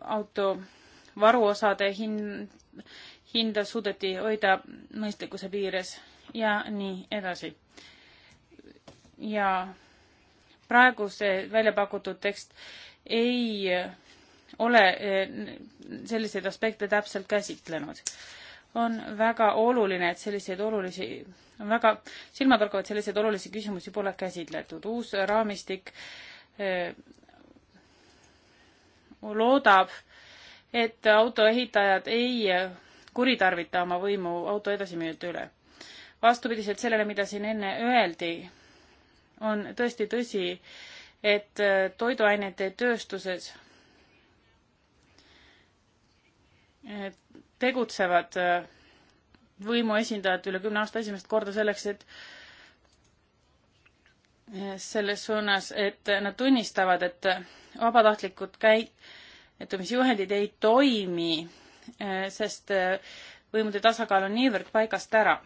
auto varuosade hind, hinda suudeti hoida mõistlikkuse piires ja nii edasi. ja praegu see välja pakutud tekst ei ole e, selliseid aspekte täpselt käsitlenud. on väga oluline, et selliseid olulisi, on väga silmatorkavad, selliseid olulisi küsimusi pole käsitletud. uus raamistik eh, loodab, et autoehitajad ei kuritarvita oma võimu auto edasimüüjate üle. vastupidiselt sellele, mida siin enne öeldi, on tõesti tõsi, et toiduainete tööstuses tegutsevad äh, võimuesindajad üle kümne aasta esimest korda selleks, et äh, selles suunas, et nad tunnistavad, et vabatahtlikud käi-, käitumisjuhendid ei toimi, äh, sest võimude tasakaal on niivõrd paigast ära.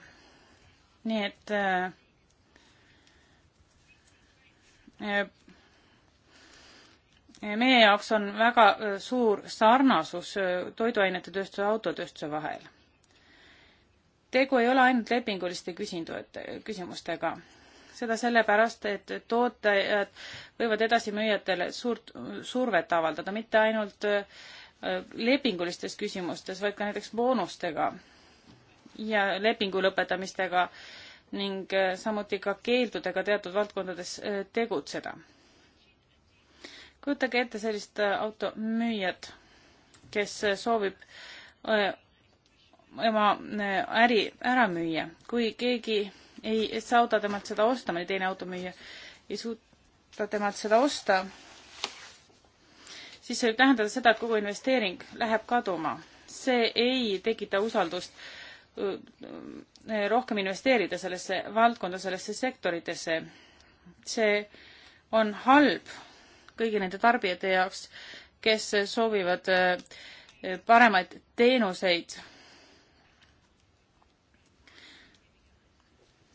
nii et meie jaoks on väga äh, suur sarnasus äh, toiduainetetööstuse ja autotööstuse vahel. tegu ei ole ainult lepinguliste küsimustega, seda sellepärast, et tootjad võivad edasi müüjatele suurt survet avaldada, mitte ainult äh, lepingulistes küsimustes, vaid ka näiteks boonustega ja lepingu lõpetamistega ning samuti ka keeldudega teatud valdkondades tegutseda kujutage ette sellist äh, automüüjat, kes äh, soovib äh, oma äri ära müüa, kui keegi ei suuda temalt seda osta, mõni teine automüüja ei suuda temalt seda osta, siis see võib tähendada seda, et kogu investeering läheb kaduma. see ei tekita usaldust rohkem investeerida sellesse valdkonda, sellesse sektoritesse. see on halb kõigi nende tarbijate jaoks, kes soovivad eh, paremaid teenuseid.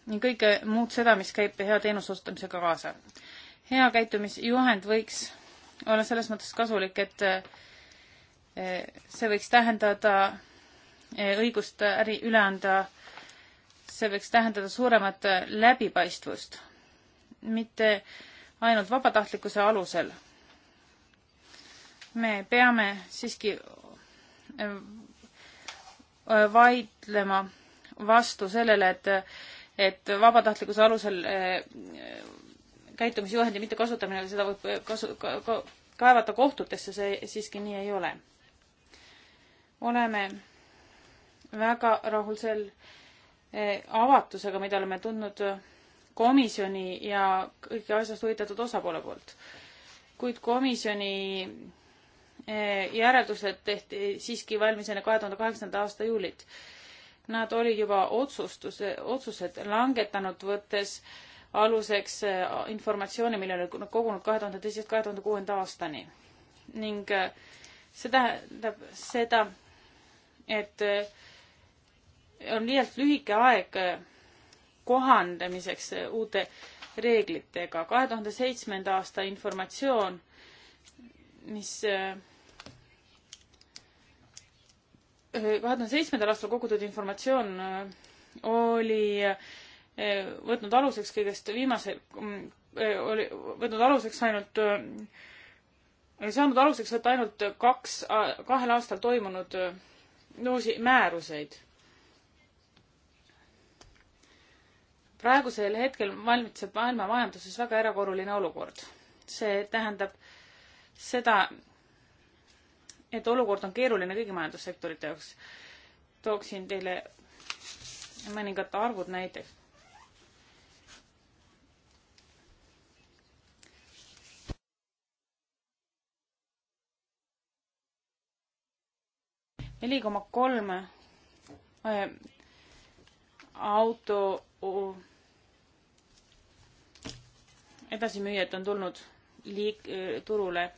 ning kõike muud seda, mis käib hea teenuse ostamisega kaasa. hea käitumisjuhend võiks olla selles mõttes kasulik, et eh, see võiks tähendada eh, õigust äri üle anda, see võiks tähendada suuremat läbipaistvust, mitte äh, ainult vabatahtlikkuse alusel. me peame siiski äh, äh, vaidlema vastu sellele, et, et vabatahtlikkuse alusel äh, käitumisjuhendi mittekasutamine, seda võib kasu- ka,, ka, kaevata kohtutesse, see siiski nii ei ole. oleme väga rahul sel avatusega, mida oleme tundnud komisjoni ja kõigi asjast huvitatud osapoole poolt. kuid komisjoni eh, järeldused tehti siiski valmis enne kahe tuhande kaheksanda aasta juulit. Nad olid juba otsustuse, otsused langetanud, võttes aluseks eh, informatsiooni, mille olid nad kogunud kahe tuhande teisest, kahe tuhande kuuenda aastani. ning eh, see tähendab seda, et on liialt lühike aeg kohandamiseks uute reeglitega. kahe tuhande seitsmenda aasta informatsioon, mis äh, kahe tuhande seitsmendal aastal kogutud informatsioon äh, oli äh, võtnud aluseks kõigest viimase, mm, oli võtnud aluseks ainult, saanud aluseks võtta ainult kaks, kahel aastal toimunud uusi määruseid praegusel hetkel valmitseb maailma majanduses väga erakorraline olukord. see tähendab seda, et olukord on keeruline kõigi majandussektorite jaoks. tooksin teile mõningad arvud näiteks. neli koma kolm auto edasimüüjad on tulnud liik-, eh, turule.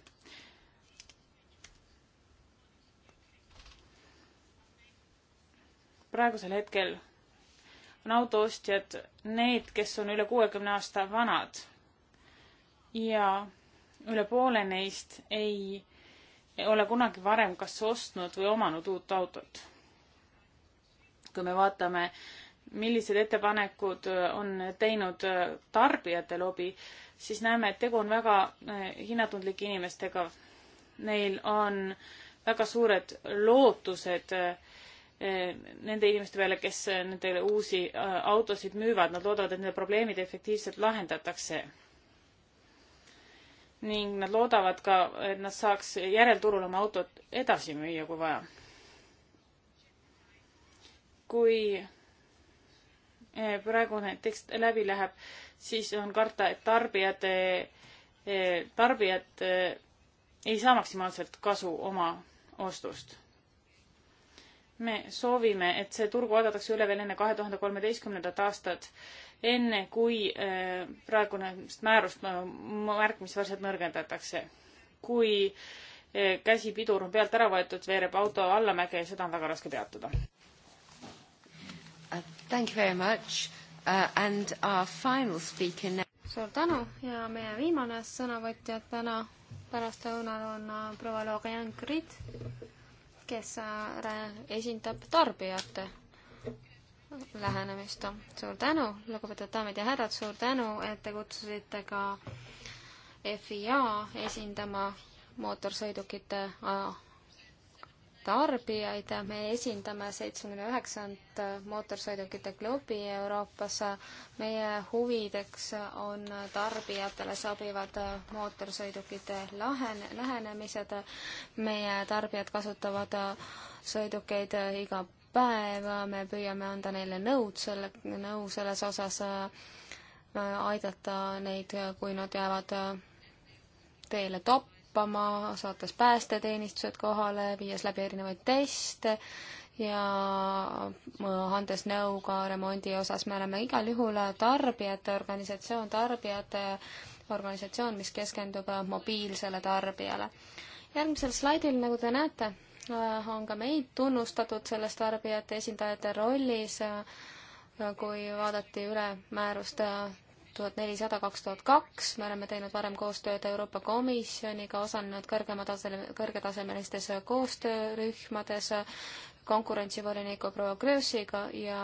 praegusel hetkel on autoostjad need, kes on üle kuuekümne aasta vanad ja üle poole neist ei ole kunagi varem kas ostnud või omanud uut autot. kui me vaatame äh, millised ettepanekud äh, on teinud äh, tarbijate lobi, siis näeme, et tegu on väga äh, hinnatundlike inimestega. Neil on väga suured lootused nende inimeste peale, kes nendele uusi autosid müüvad, nad loodavad, et nende probleemid efektiivselt lahendatakse. ning nad loodavad ka, et nad saaks järelturul oma autot edasi müüa, kui vaja. kui Eh, praegune tekst läbi läheb, siis on karta, et tarbijad, eh, eh, tarbijad ei saa maksimaalselt kasu oma ostust. me soovime, et see turg vaadatakse üle veel enne kahe tuhande kolmeteistkümnendat aastat, enne kui praegune määrust märkimisväärselt nõrgendatakse. kui käsipidur on pealt ära võetud, veereb auto allamäge ja seda on väga raske peatada. Uh, thank you very much uh, and our final speaker now. suur tänu ja meie viimane sõnavõtja täna pärastlõunal on uh, proua Lorient Grid, kes uh, esindab tarbijate lähenemist. suur tänu, lugupeetud daamid ja härrad, suur tänu, et te kutsusite ka FIA esindama mootorsõidukite uh, tarbijaid, me esindame seitsmekümne üheksandat mootorsõidukite klubi Euroopas. meie huvideks on tarbijatele sobivad mootorsõidukite lahen-, lähenemised. meie tarbijad kasutavad sõidukeid iga päev, me püüame anda neile nõud selle, nõu selles osas, aidata neid, kui nad jäävad teele toppama toppama, saates päästeteenistused kohale, viies läbi erinevaid teste ja andes nõu ka remondi osas, me oleme igal juhul tarbijate organisatsioon, tarbijate organisatsioon, mis keskendub mobiilsele tarbijale. järgmisel slaidil, nagu te näete, on ka meid tunnustatud selles tarbijate esindajate rollis, kui vaadati üle määrust tuhat nelisada, kaks tuhat kaks, me oleme teinud varem koostööd Euroopa Komisjoniga, osalenud kõrgema taseme, kõrgetasemelistes koostöörühmades konkurentsivoliniku proua Kröösiga ja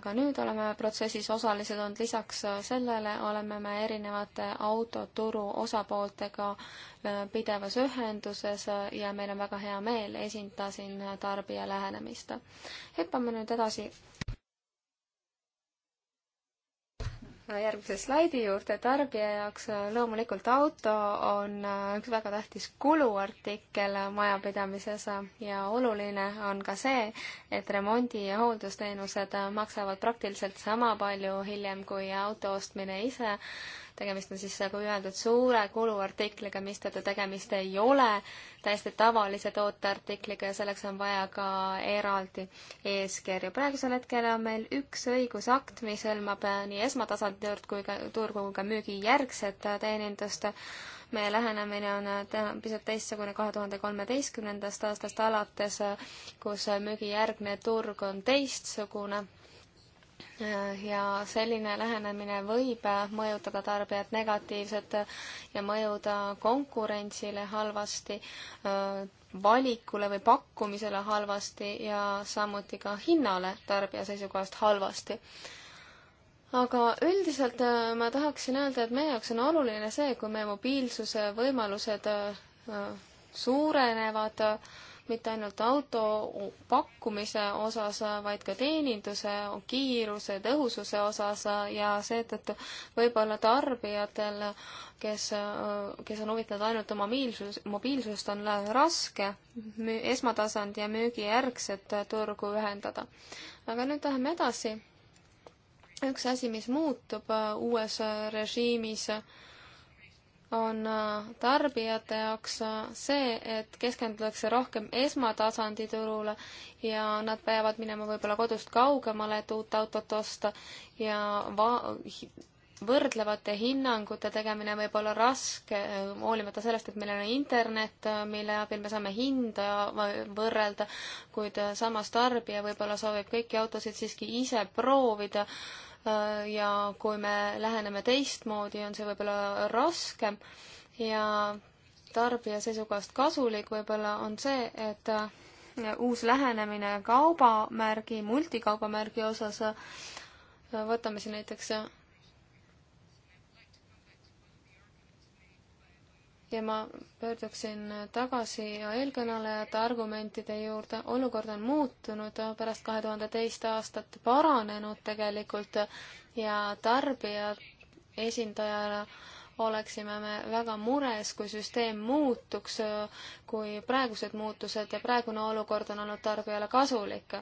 ka nüüd oleme protsessis osalised olnud, lisaks sellele oleme me erinevate autoturu osapooltega äh, pidevas ühenduses ja meil on väga hea meel, esindasin tarbija lähenemist. hüppame nüüd edasi Äh, järgmise slaidi juurde, tarbija jaoks äh, loomulikult auto on äh, üks väga tähtis kuluartikkel majapidamises ja oluline on ka see, et remondi- ja hooldusteenused maksavad praktiliselt sama palju hiljem kui auto ostmine ise tegemist on siis, nagu öeldud, suure kuluartikliga, mistõttu tegemist ei ole täiesti tavalise tooteartikliga ja selleks on vaja ka eraldi eeskirju. praegusel hetkel on meil üks õigusakt, mis hõlmab nii esmatasandi turg kui ka turgu kui ka müügijärgset teenindust. meie lähenemine on pisut teistsugune kahe tuhande kolmeteistkümnendast aastast alates, kus müügijärgne turg on teistsugune ja selline lähenemine võib mõjutada tarbijat negatiivselt ja mõjuda konkurentsile halvasti, valikule või pakkumisele halvasti ja samuti ka hinnale tarbija seisukohast halvasti. aga üldiselt äh, ma tahaksin öelda, et meie jaoks on oluline see, kui meie mobiilsuse võimalused äh, suurenevad mitte ainult auto pakkumise osas, vaid ka teeninduse, kiiruse, tõhususe osas ja seetõttu võib-olla tarbijatel, kes, kes on huvitatud ainult oma miilsus, mobiilsust, on raske esmatasand ja müügijärgset turgu ühendada. aga nüüd läheme edasi. üks asi, mis muutub äh, uues režiimis, on äh, tarbijate jaoks äh, see, et keskendutakse rohkem esmatasandi turule ja nad peavad minema võib-olla kodust kaugemale, et uut autot osta ja va-, võrdlevate hinnangute tegemine võib olla raske, hoolimata sellest, et meil on internet, mille abil me saame hinda võrrelda, kuid samas tarbija võib-olla soovib kõiki autosid siiski ise proovida ja kui me läheneme teistmoodi, on see võib-olla raskem ja tarbija seisukohast kasulik võib-olla on see, et äh, uus lähenemine kaubamärgi, multikaubamärgi osas, äh, võtame siin näiteks äh, ja ma pöörduksin tagasi eelkõnelejate argumentide juurde. olukord on muutunud pärast kahe tuhande teist aastat, paranenud tegelikult ja tarbija esindajana oleksime me väga mures, kui süsteem muutuks, kui praegused muutused ja praegune olukord on olnud tarbijale kasulik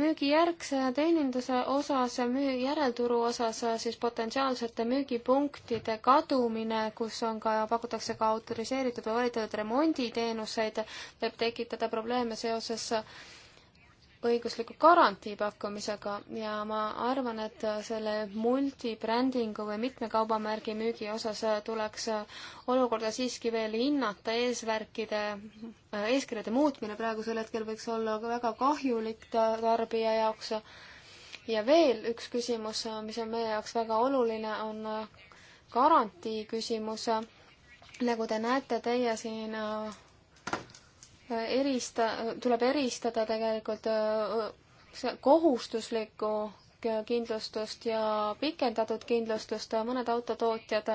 müügijärgse teeninduse osas, müü-, järelturu osas siis potentsiaalsete müügipunktide kadumine, kus on ka, pakutakse ka autoriseeritud või valitud remonditeenuseid, võib tekitada probleeme seoses äh, õigusliku garantii pakkumisega ja ma arvan, et selle multibrändingu või mitme kaubamärgi müügi osas tuleks olukorda siiski veel hinnata, eesmärkide, eeskirjade muutmine praegusel hetkel võiks olla väga kahjulik tarbija jaoks. ja veel üks küsimus, mis on meie jaoks väga oluline, on garantii küsimus. nagu te näete, teie siin erista, tuleb eristada tegelikult äh, kohustuslikku kindlustust ja pikendatud kindlustust, mõned autotootjad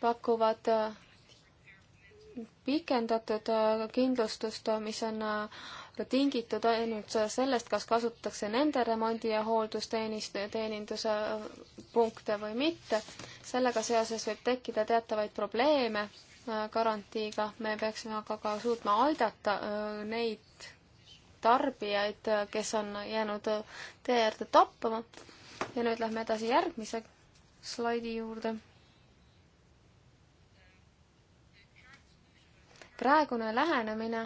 pakuvad äh, pikendatud äh, kindlustust, mis on tingitud ainult sellest, kas kasutatakse nende remondi- ja hooldusteeninduse punkte või mitte. sellega seoses võib tekkida teatavaid probleeme garantiiga, me peaksime aga ka suutma aidata äh, neid tarbijaid, äh, kes on jäänud äh, tee äärde tappama. ja nüüd lähme edasi järgmise slaidi juurde. praegune lähenemine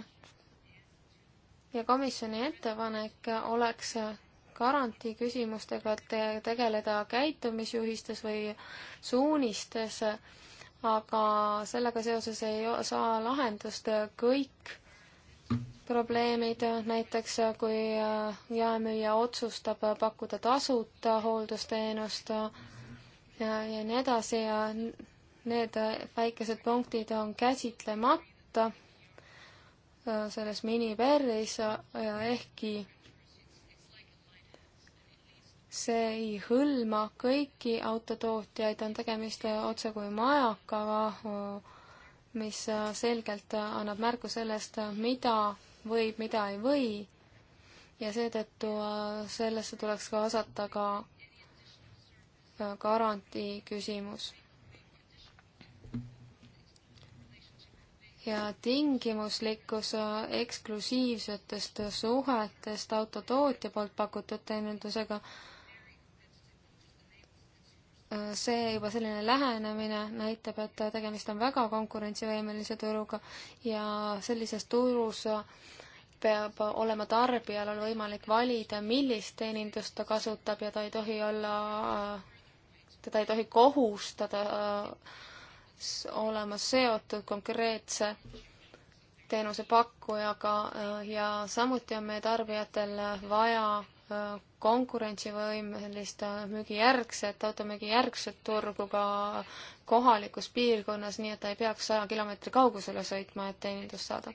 ja komisjoni ettepanek oleks garantii küsimustega tegeleda käitumisjuhistes või suunistes aga sellega seoses ei saa lahendust kõik probleemid, näiteks kui äh, jaemüüja otsustab äh, pakkuda tasuta hooldusteenust äh, ja, ja nii edasi ja need väikesed punktid on käsitlemata selles miniperris, ehkki see ei hõlma kõiki autotootjaid, on tegemist otsekui majakaga, mis selgelt annab märku sellest, mida võib, mida ei või. ja seetõttu sellesse tuleks kaasata ka garantii küsimus. ja tingimuslikkus eksklusiivsetest suhetest autotootja poolt pakutud teenindusega äh, see juba selline lähenemine näitab, et tegemist on väga konkurentsivõimelise turuga ja sellises turus peab olema tarbijal on võimalik valida, millist teenindust ta kasutab ja ta ei tohi olla, teda ei tohi kohustada äh, olema seotud konkreetse teenusepakkujaga äh, ja samuti on meie tarbijatel vaja äh, konkurentsivõimelist müügijärgset, automüügijärgset turgu ka kohalikus piirkonnas, nii et ta ei peaks saja kilomeetri kaugusele sõitma, et teenindust saada.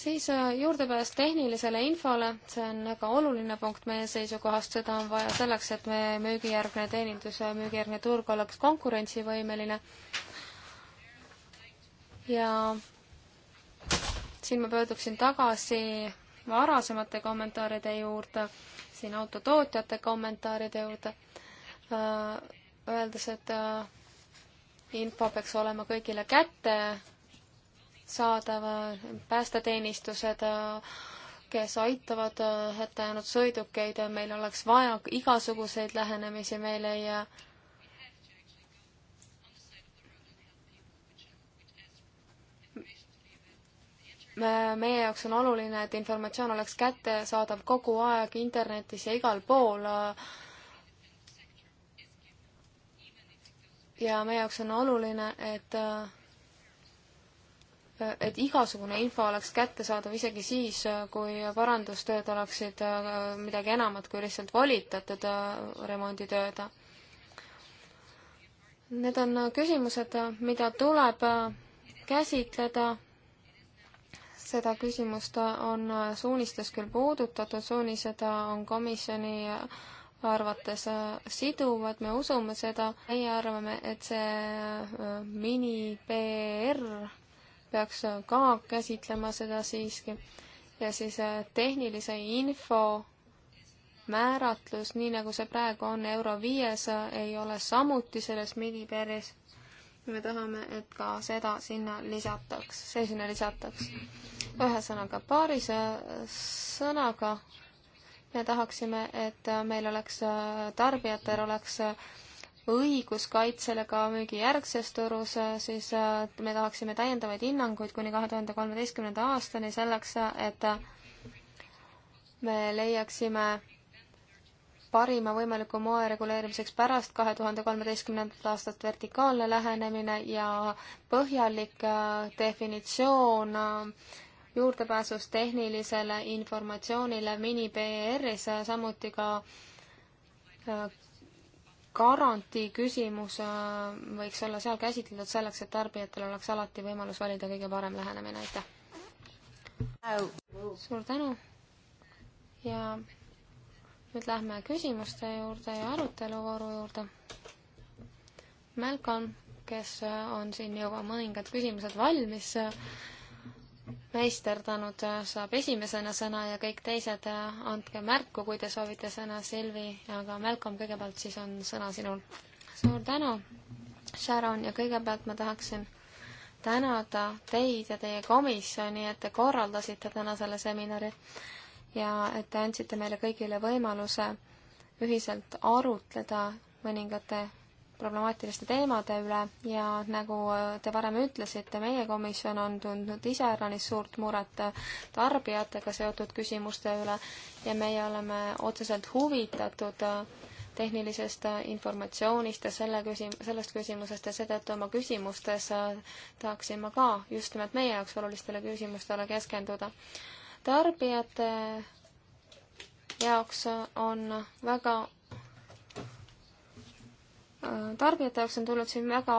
siis äh, juurdepääs tehnilisele infole, see on väga oluline punkt meie seisukohast, seda on vaja selleks, et meie müügijärgne teenindus, müügijärgne turg oleks konkurentsivõimeline. ja siin ma pöörduksin tagasi varasemate kommentaaride juurde siin autotootjate kommentaaride juurde, äh, öeldes, et äh, info peaks olema kõigile kättesaadav, äh, päästeteenistused, kes aitavad hätta jäänud sõidukeid, meil oleks vaja igasuguseid lähenemisi, meil ei jää meie jaoks on oluline, et informatsioon oleks kättesaadav kogu aeg internetis ja igal pool. Äh, ja meie jaoks on oluline, et äh, et igasugune info oleks kättesaadav isegi siis, äh, kui parandustööd oleksid midagi enamat kui lihtsalt volitatud remonditööd. Need on küsimused, mida tuleb käsitleda seda küsimust on suunistes küll puudutatud, suunised on komisjoni arvates siduvad, me usume seda, meie arvame, et see äh, mini-PR peaks ka käsitlema seda siiski ja siis äh, tehnilise info määratlus, nii nagu see praegu on Euro viies, äh, ei ole samuti selles mini-PR-is me tahame, et ka seda sinna lisataks, see sinna lisataks. ühesõnaga, paari sõnaga me tahaksime, et meil oleks, tarbijatel oleks õigus kaitsele ka müügijärgses turus, siis me tahaksime täiendavaid hinnanguid kuni kahe tuhande kolmeteistkümnenda aastani selleks, et me leiaksime parima võimaliku moe reguleerimiseks pärast kahe tuhande kolmeteistkümnendat aastat vertikaalne lähenemine ja põhjalik äh, definitsioon äh, juurdepääsust tehnilisele informatsioonile mini-PR-is, äh, samuti ka garantii küsimus võiks olla seal käsitletud selleks, et tarbijatel oleks alati võimalus valida kõige parem lähenemine, aitäh! suur tänu ja nüüd lähme küsimuste juurde ja aruteluvooru juurde. Malcolm, kes on siin juba mõningad küsimused valmis meisterdanud, saab esimesena sõna ja kõik teised andke märku, kui te soovite sõna, Silvi, aga Malcolm, kõigepealt siis on sõna sinul. suur tänu, Sharon, ja kõigepealt ma tahaksin tänada teid ja teie komisjoni, et te korraldasite täna selle seminari ja et te andsite meile kõigile võimaluse ühiselt arutleda mõningate problemaatiliste teemade üle ja nagu te varem ütlesite, meie komisjon on tundnud iseäranis suurt muret tarbijatega seotud küsimuste üle ja meie oleme otseselt huvitatud tehnilisest informatsioonist ja selle küsim-, sellest küsimusest ja seetõttu oma küsimustes tahaksin ma ka just nimelt meie jaoks olulistele küsimustele keskenduda tarbijate jaoks on väga tarbijate jaoks on tulnud siin väga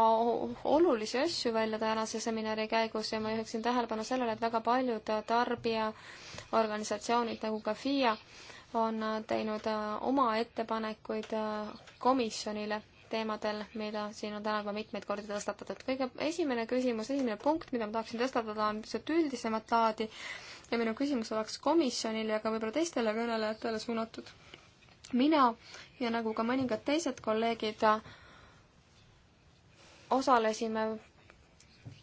olulisi asju välja tänase seminari käigus ja ma juhiksin tähelepanu sellele, et väga paljud tarbijaorganisatsioonid nagu ka FIA on teinud oma ettepanekuid komisjonile teemadel, mida siin on täna juba mitmeid kordi tõstatatud. kõige esimene küsimus, esimene punkt, mida ma tahaksin tõstatada, on pisut üldisemat laadi ja minu küsimus oleks komisjonile ja ka võib-olla teistele kõnelejatele suunatud. mina ja nagu ka mõningad teised kolleegid osalesime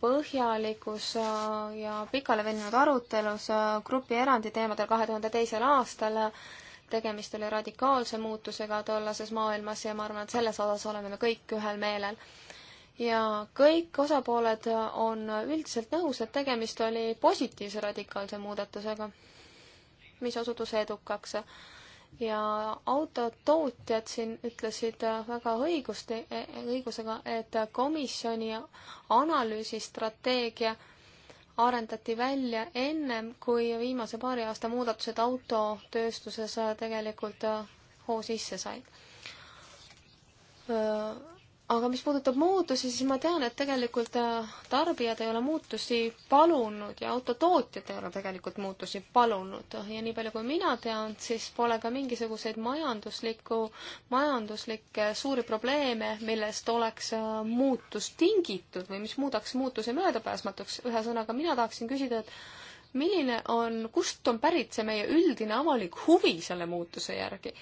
põhjalikus äh, ja pikale veninud arutelus äh, grupierandi teemadel kahe tuhande teisel aastal tegemist oli radikaalse muutusega tollases maailmas ja ma arvan, et selles osas oleme me kõik ühel meelel. ja kõik osapooled on üldiselt nõus, et tegemist oli positiivse radikaalse muudatusega, mis osutus edukaks. ja autotootjad siin ütlesid väga õigusti, õigusega, et komisjoni analüüsistrateegia arendati välja ennem, kui viimase paari aasta muudatused autotööstuses äh, tegelikult äh, hoo sisse said äh, aga mis puudutab muutusi, siis ma tean, et tegelikult äh, tarbijad ei ole muutusi palunud ja autotootjad ei ole tegelikult muutusi palunud ja nii palju, kui mina tean, siis pole ka mingisuguseid majanduslikku, majanduslikke suuri probleeme, millest oleks äh, muutus tingitud või mis muudaks muutuse möödapääsmatuks. ühesõnaga, mina tahaksin küsida, et milline on, kust on pärit see meie üldine avalik huvi selle muutuse järgi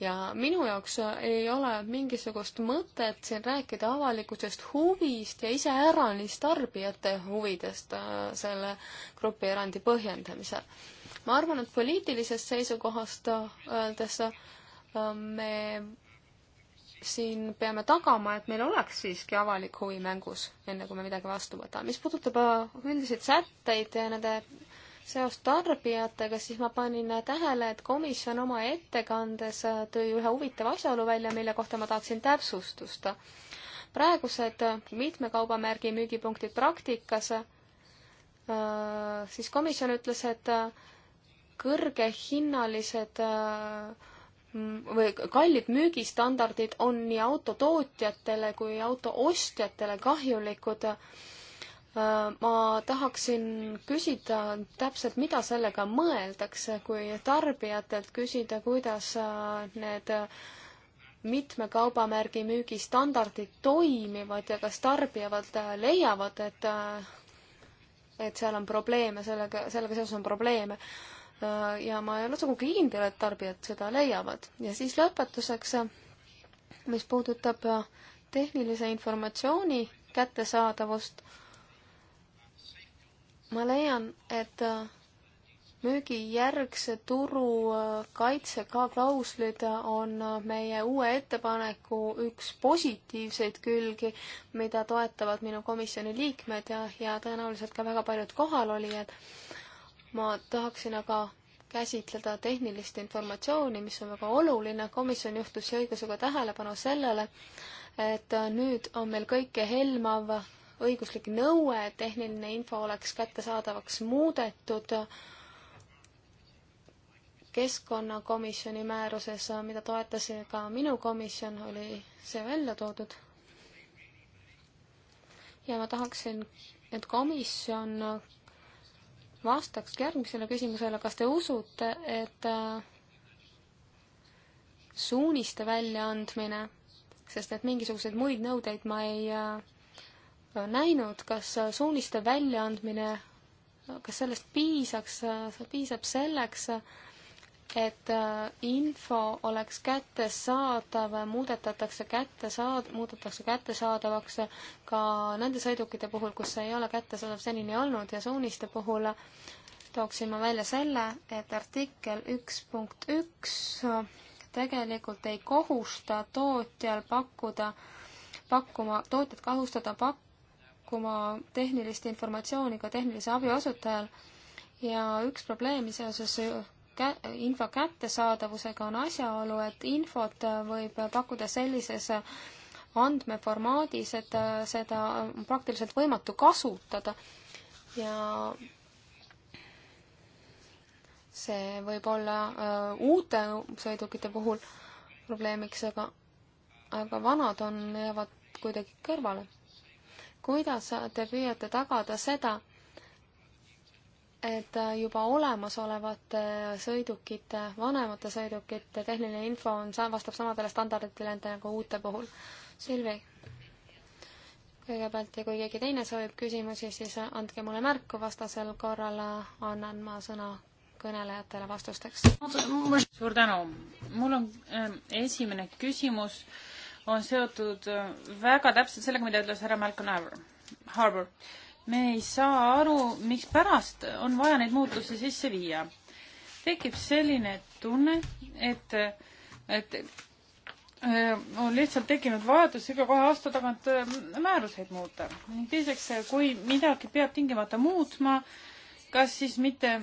ja minu jaoks ei ole mingisugust mõtet siin rääkida avalikkusest huvist ja iseäranis tarbijate huvidest äh, selle grupierandi põhjendamisel. ma arvan, et poliitilisest seisukohast äh, öeldes äh, me siin peame tagama, et meil oleks siiski avalik huvi mängus, enne kui me midagi vastu võtame. mis puudutab üldiseid sätteid ja nende seost tarbijatega, siis ma panin tähele, et komisjon oma ettekandes tõi ühe huvitava asjaolu välja, mille kohta ma tahaksin täpsustust. praegused mitme kaubamärgi müügipunktid praktikas, äh, siis komisjon ütles, et äh, kõrgehinnalised äh, või kallid müügistandardid on nii autotootjatele kui autoostjatele kahjulikud Äh, ma tahaksin küsida täpselt, mida sellega mõeldakse, kui tarbijatelt küsida, kuidas äh, need äh, mitme kaubamärgi müügistandardid toimivad ja kas tarbijad leiavad, et, et seal on probleeme, sellega, sellega seoses on probleeme. ja ma ei ole sugugi kindel, et tarbijad seda leiavad. ja siis lõpetuseks, mis puudutab tehnilise informatsiooni kättesaadavust ma leian, et äh, müügijärgse turu äh, kaitse ka klauslid äh, on meie uue ettepaneku üks positiivseid külgi, mida toetavad minu komisjoni liikmed ja, ja tõenäoliselt ka väga paljud kohalolijad. ma tahaksin aga käsitleda tehnilist informatsiooni, mis on väga oluline, komisjon juhtus õigusega tähelepanu sellele, et nüüd on meil kõike helmav õiguslik nõue, et tehniline info oleks kättesaadavaks muudetud keskkonnakomisjoni määruses, mida toetas ka minu komisjon, oli see välja toodud. ja ma tahaksin, et komisjon vastaks järgmisele küsimusele, kas te usute, et äh, suuniste väljaandmine, sest et mingisuguseid muid nõudeid ma ei äh, näinud, kas suuniste väljaandmine, kas sellest piisaks, piisab selleks, et äh, info oleks kättesaadav, muudetatakse kättesaad-, muudetakse kättesaadavaks ka nende sõidukite puhul, kus see ei ole kättesaadav senini olnud ja suuniste puhul tooksin ma välja selle, et artikkel üks punkt üks tegelikult ei kohusta tootjal pakkuda, pakkuma, tootjat kohustada pak-, pakkuma tehnilist informatsiooni ka tehnilise abi osutajal ja üks probleemi seoses info kättesaadavusega on asjaolu, et infot võib pakkuda sellises andmeformaadis, et seda on praktiliselt võimatu kasutada ja see võib olla äh, uute sõidukite puhul probleemiks, aga, aga vanad on, jäävad kuidagi kõrvale kuidas te püüate tagada seda, et juba olemasolevate sõidukite, vanemate sõidukite tehniline info on, vastab samadele standarditele nagu uute puhul. Silvi, kõigepealt ja kui keegi teine soovib küsimusi, siis andke mulle märku, vastasel korral annan ma sõna kõnelejatele vastusteks. suur tänu. mul on äh, esimene küsimus äh, on seotud äh, väga täpselt sellega, mida ütles härra Malcolm Harbour. me ei saa aru, mikspärast on vaja neid muutusi sisse viia. tekib selline tunne, et, et äh, on lihtsalt tekkinud vajadus iga kahe aasta tagant äh, määruseid muuta. ning teiseks, kui midagi peab tingimata muutma, kas siis mitte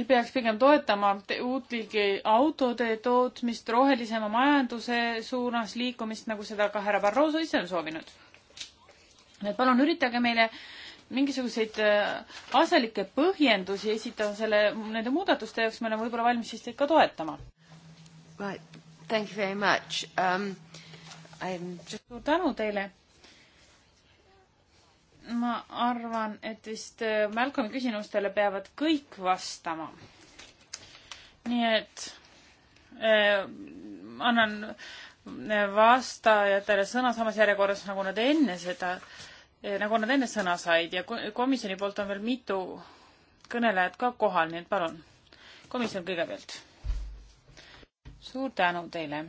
peaks pigem toetama uut liigi autode tootmist, rohelisema majanduse suunas liikumist, nagu seda ka härra Barroso ise on soovinud. nii et palun üritage meile mingisuguseid äh, asjalikke põhjendusi esitama selle, nende muudatuste jaoks, me oleme võib-olla valmis siis teid ka toetama. Right, thank you very much um,. Just... suur tänu teile ma arvan, et vist äh, Malcolmi küsimustele peavad kõik vastama. nii et äh, annan äh, vastajatele sõna samas järjekorras, nagu nad enne seda äh,, nagu nad enne sõna said ja komisjoni poolt on veel mitu kõnelejat ka kohal, nii et palun, komisjon kõigepealt. suur tänu teile.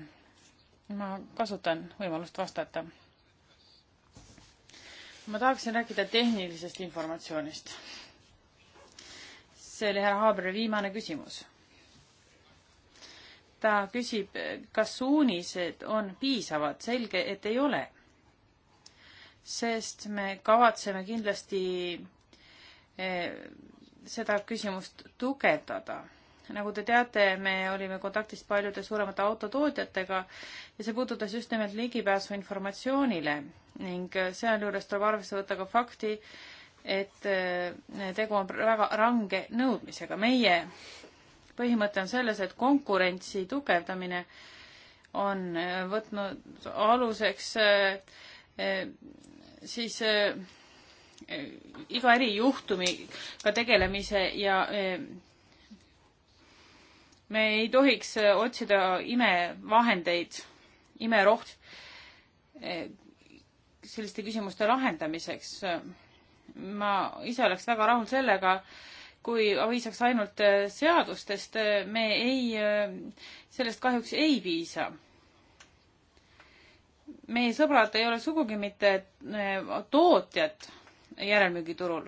ma kasutan võimalust vastata ma tahaksin rääkida tehnilisest informatsioonist. see oli härra Haabri viimane küsimus. ta küsib, kas suunised on piisavad, selge, et ei ole. sest me kavatseme kindlasti eh, seda küsimust tugevdada nagu te teate, me olime kontaktis paljude suuremate autotootjatega ja see puudutas just nimelt ligipääsu informatsioonile ning sealjuures tuleb arvesse võtta ka fakti, et eh, tegu on väga range nõudmisega. meie põhimõte on selles, et konkurentsi tugevdamine on eh, võtnud aluseks eh, siis iga erijuhtumiga tegelemise ja me ei tohiks äh, otsida imevahendeid, imeroht äh, selliste küsimuste lahendamiseks. ma ise oleks väga rahul sellega, kui piisaks ainult äh, seadustest, me ei, sellest kahjuks ei piisa. meie sõbrad ei ole sugugi mitte tootjad järelmüügiturul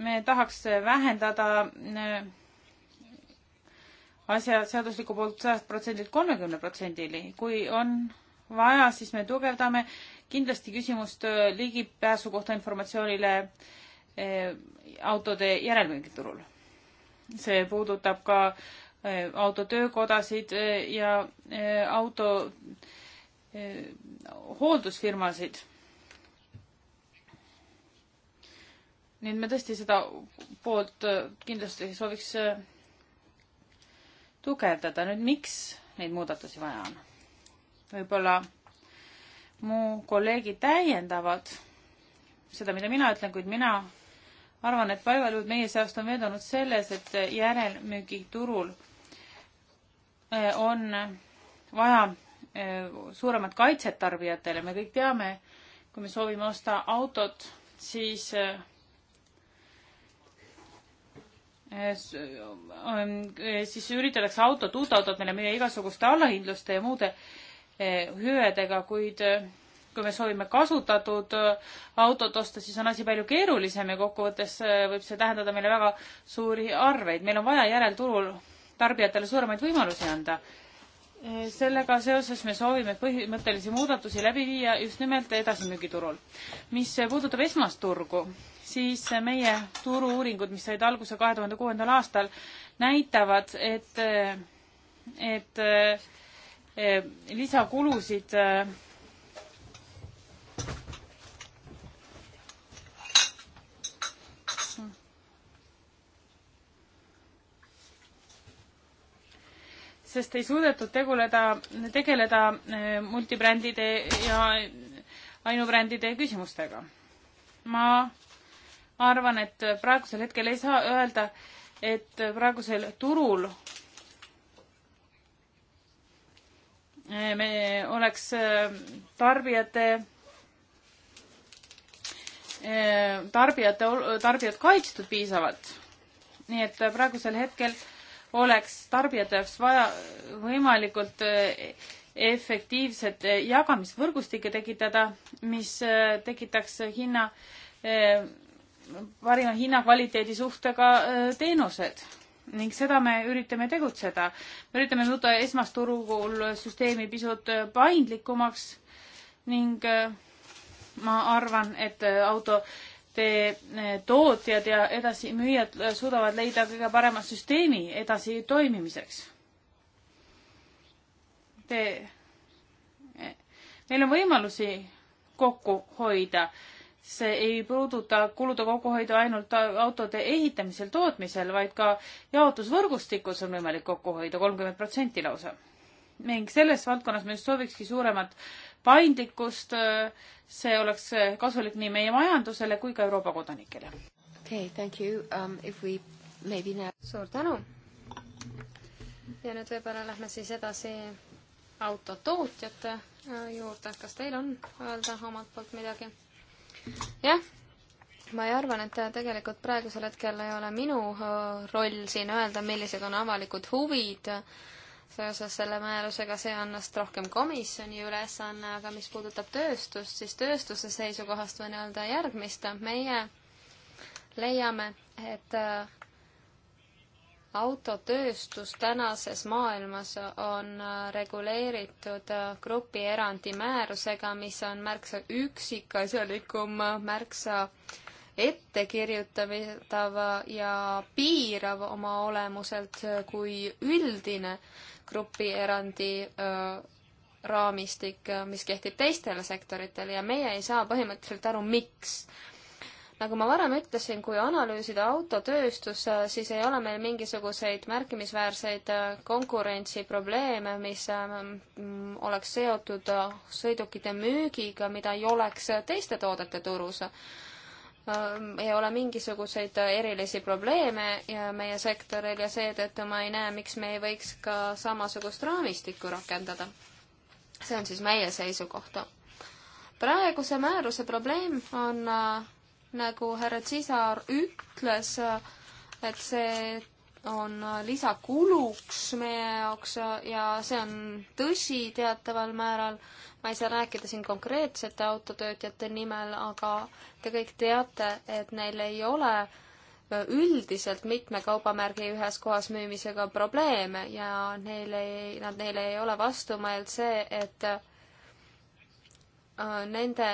me tahaks vähendada äh, asja seaduslikku poolt sajast protsendilt kolmekümne protsendini. kui on vaja, siis me tugevdame kindlasti küsimust äh, ligipääsu kohta informatsioonile äh, autode järelmüügiturul. see puudutab ka autotöökodasid ja auto hooldusfirmasid nii et me tõesti seda poolt äh, kindlasti sooviks äh, tugevdada. nüüd, miks neid muudatusi vaja on? võib-olla mu kolleegid täiendavad seda, mida mina ütlen, kuid mina arvan, et vaevalikud meie seast on veendunud selles, et järelmüügiturul äh, on vaja suuremat kaitset tarbijatele. me kõik teame, kui me soovime osta autot, siis Ähm, äh, siis üritatakse autot, uut autot meile müüa igasuguste allahindluste ja muude äh, hüvedega, kuid äh, kui me soovime kasutatud autot osta, siis on asi palju keerulisem ja kokkuvõttes võib see tähendada meile väga suuri arveid. meil on vaja järelturul tarbijatele suuremaid võimalusi anda. sellega seoses me soovime põhimõttelisi muudatusi läbi viia just nimelt edasimüügiturul. mis puudutab esmast turgu, siis meie turu-uuringud, mis said alguse kahe tuhande kuuendal aastal, näitavad, et, et, et lisakulusid sest ei suudetud teguleda, tegeleda eh, multibrändide ja ainubrändide küsimustega. ma arvan, et praegusel hetkel ei saa öelda, et praegusel turul me oleks äh, tarbijate, äh, tarbijate, tarbijad kaitstud piisavalt. nii et praegusel hetkel oleks tarbijate jaoks vaja võimalikult äh, efektiivset jagamisvõrgustikke tekitada, mis tekitaks hinna parima hinnakvaliteedi suhtega äh, teenused ning seda me üritame tegutseda. me üritame muuta esmasturul süsteemi pisut äh, paindlikumaks ning äh, ma arvan, et autode tootjad ja edasimüüjad suudavad leida kõige parema süsteemi edasi toimimiseks. Te, meil on võimalusi kokku hoida see ei puuduta kulude kokkuhoidu ainult autode ehitamisel, tootmisel, vaid ka jaotusvõrgustikus on võimalik kokku hoida kolmkümmend protsenti lausa. ning selles valdkonnas me just soovikski suuremat paindlikkust. see oleks kasulik nii meie majandusele kui ka Euroopa kodanikele. okei okay,, thank you um,. If we maybe now. suur tänu. ja nüüd võib-olla lähme siis edasi autotootjate äh, juurde. kas teil on öelda omalt poolt midagi? jah, ma ei arvan, et tegelikult praegusel hetkel ei ole minu äh, roll siin öelda, millised on avalikud huvid seoses selle määrusega, see on vast rohkem komisjoni ülesanne, aga mis puudutab tööstust, siis tööstuse seisukohast võin öelda järgmist. meie leiame, et äh, autotööstus tänases maailmas on äh, reguleeritud äh, grupierandi määrusega, mis on märksa üksikasjalikum, äh, märksa ettekirjutatav ja piirav oma olemuselt kui üldine grupierandi raamistik, mis kehtib teistele sektoritele ja meie ei saa põhimõtteliselt aru, miks nagu ma varem ütlesin, kui analüüsida autotööstus, äh, siis ei ole meil mingisuguseid märkimisväärseid äh, konkurentsiprobleeme, mis äh, mm, oleks seotud sõidukite müügiga, mida ei oleks teiste toodete turus. ei ole mingisuguseid erilisi probleeme ja meie sektoril ja seetõttu ma ei näe, miks me ei võiks ka samasugust raamistikku rakendada. see on siis meie seisukoht praeguse määruse probleem on nagu härra Tsisar ütles, et see on lisakuluks meie jaoks ja see on tõsi teataval määral. ma ei saa rääkida siin konkreetsete autotöötajate nimel, aga te kõik teate, et neil ei ole üldiselt mitme kaubamärgi ühes kohas müümisega probleeme ja neil ei, nad, neile ei ole vastumeelt see, et Äh, nende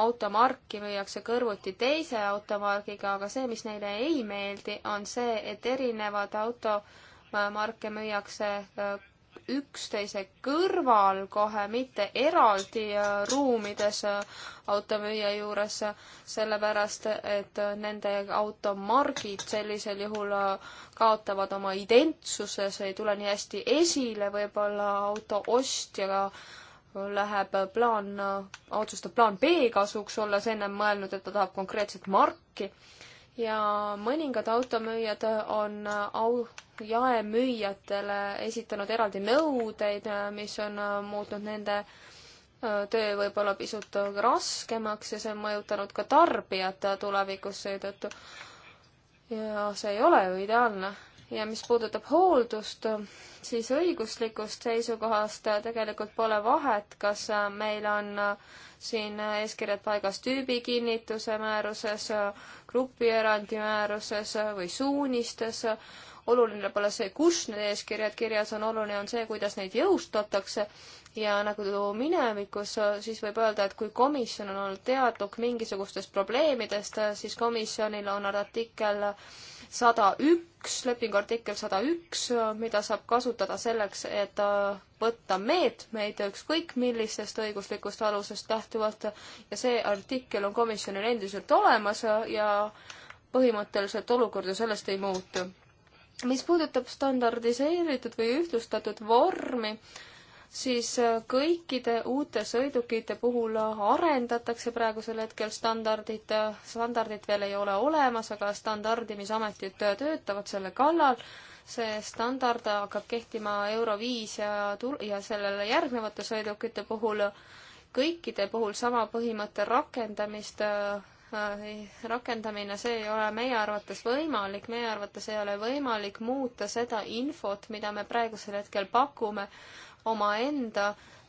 automarki müüakse kõrvuti teise automargiga, aga see, mis neile ei meeldi, on see, et erinevad automarke müüakse äh, üksteise kõrval kohe, mitte eraldi äh, ruumides automüüja juures, sellepärast et nende automargid sellisel juhul kaotavad oma identsuse, see ei tule nii hästi esile võib-olla auto ostjaga läheb plaan, otsustab plaan B kasuks, olles ennem mõelnud, et ta tahab konkreetset marki. ja mõningad automüüjad on au-, jaemüüjatele esitanud eraldi nõudeid, mis on muutnud nende äh, töö võib-olla pisut raskemaks ja see on mõjutanud ka tarbijat tulevikus seetõttu. ja see ei ole ju ideaalne ja mis puudutab hooldust, siis õiguslikust seisukohast tegelikult pole vahet, kas meil on siin eeskirjad paigas tüübikinnituse määruses, grupierandi määruses või suunistes. oluline pole see, kus need eeskirjad kirjas on, oluline on see, kuidas neid jõustatakse ja nagu minevikus, siis võib öelda, et kui komisjon on olnud teadlik mingisugustest probleemidest, siis komisjonil on artikkel sada üks, lepingu artikkel sada üks, mida saab kasutada selleks, et äh, võtta meetmeid ükskõik millisest õiguslikust alusest lähtuvalt ja see artikkel on komisjonil endiselt olemas ja põhimõtteliselt olukord ju sellest ei muutu. mis puudutab standardiseeritud või ühtlustatud vormi, siis äh, kõikide uute sõidukite puhul arendatakse praegusel hetkel standardit, äh, standardit veel ei ole olemas, aga standardimisametid äh, töötavad selle kallal, see standard hakkab kehtima Euro viis ja tul-, ja sellele järgnevate sõidukite puhul, kõikide puhul sama põhimõtte rakendamist rakendamine, see ei ole meie arvates võimalik, meie arvates ei ole võimalik muuta seda infot, mida me praegusel hetkel pakume omaenda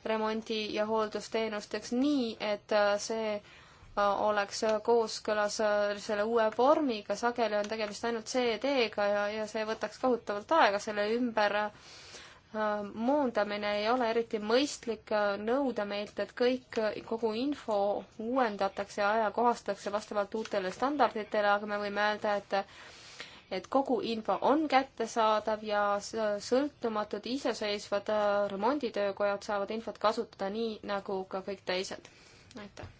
remondi- ja hooldusteenusteks nii, et äh, see äh, oleks äh, kooskõlas selle uue vormiga, sageli on tegemist ainult CD-ga ja, ja see võtaks kohutavalt aega, selle ümber moondamine ei ole eriti mõistlik nõuda meilt, et kõik, kogu info uuendatakse ja ajakohastatakse vastavalt uutele standarditele, aga me võime öelda, et et kogu info on kättesaadav ja sõltumatud iseseisvad äh, remonditöökojad saavad infot kasutada nii, nagu ka kõik teised. aitäh!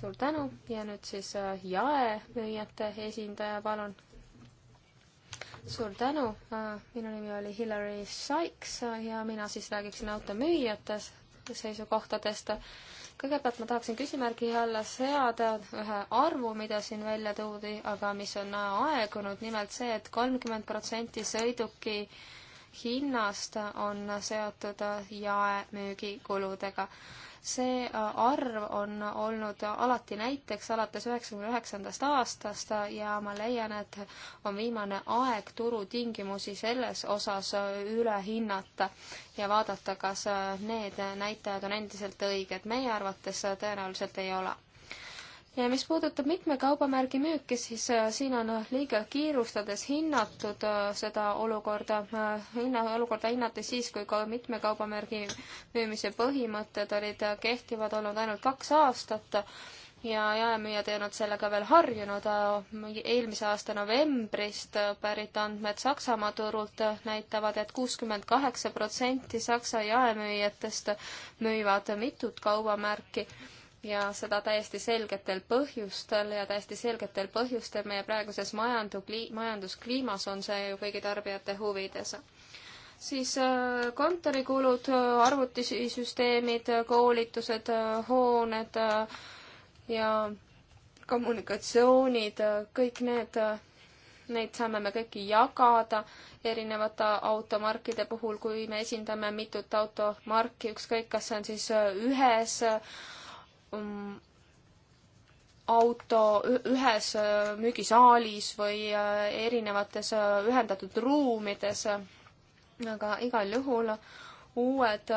suur tänu ja nüüd siis äh, jaemüüjate esindaja, palun! suur tänu, äh, minu nimi oli Hillary Sykes ja mina siis räägiksin automüüjate seisukohtadest kõigepealt ma tahaksin küsimärgi alla seada ühe arvu, mida siin välja toodi, aga mis on aegunud, nimelt see et, et kolmkümmend protsenti sõiduki hinnast on seotud jaemüügikuludega see äh, arv on olnud alati näiteks alates üheksakümne üheksandast aastast ja ma leian, et on viimane aeg turutingimusi selles osas äh, üle hinnata ja vaadata, kas äh, need näitajad on endiselt õiged. meie arvates tõenäoliselt ei ole ja mis puudutab mitme kaubamärgi müüki, siis äh, siin on äh, liiga kiirustades hinnatud äh, seda olukorda, hinna, olukorda hinnati siis, kui ka mitme kaubamärgi müümise põhimõtted olid kehtivad olnud ainult kaks aastat ja jaemüüjad ei olnud sellega veel harjunud. eelmise aasta novembrist pärit andmed Saksamaa turult näitavad et, et kuuskümmend kaheksa protsenti Saksa jaemüüjatest müüvad mitut kaubamärki ja seda täiesti selgetel põhjustel ja täiesti selgetel põhjustel meie praeguses majandukli-, majanduskliimas on see ju kõigi tarbijate huvides. siis äh, kontorikulud, äh, arvutisüsteemid, äh, koolitused, hooned ja kommunikatsioonid, kõik need, neid saame me kõiki jagada erinevate automarkide puhul, kui me esindame mitut automarki, ükskõik, kas see on siis ühes Um, auto ühes äh, müügisaalis või äh, erinevates äh, ühendatud ruumides. aga igal juhul uued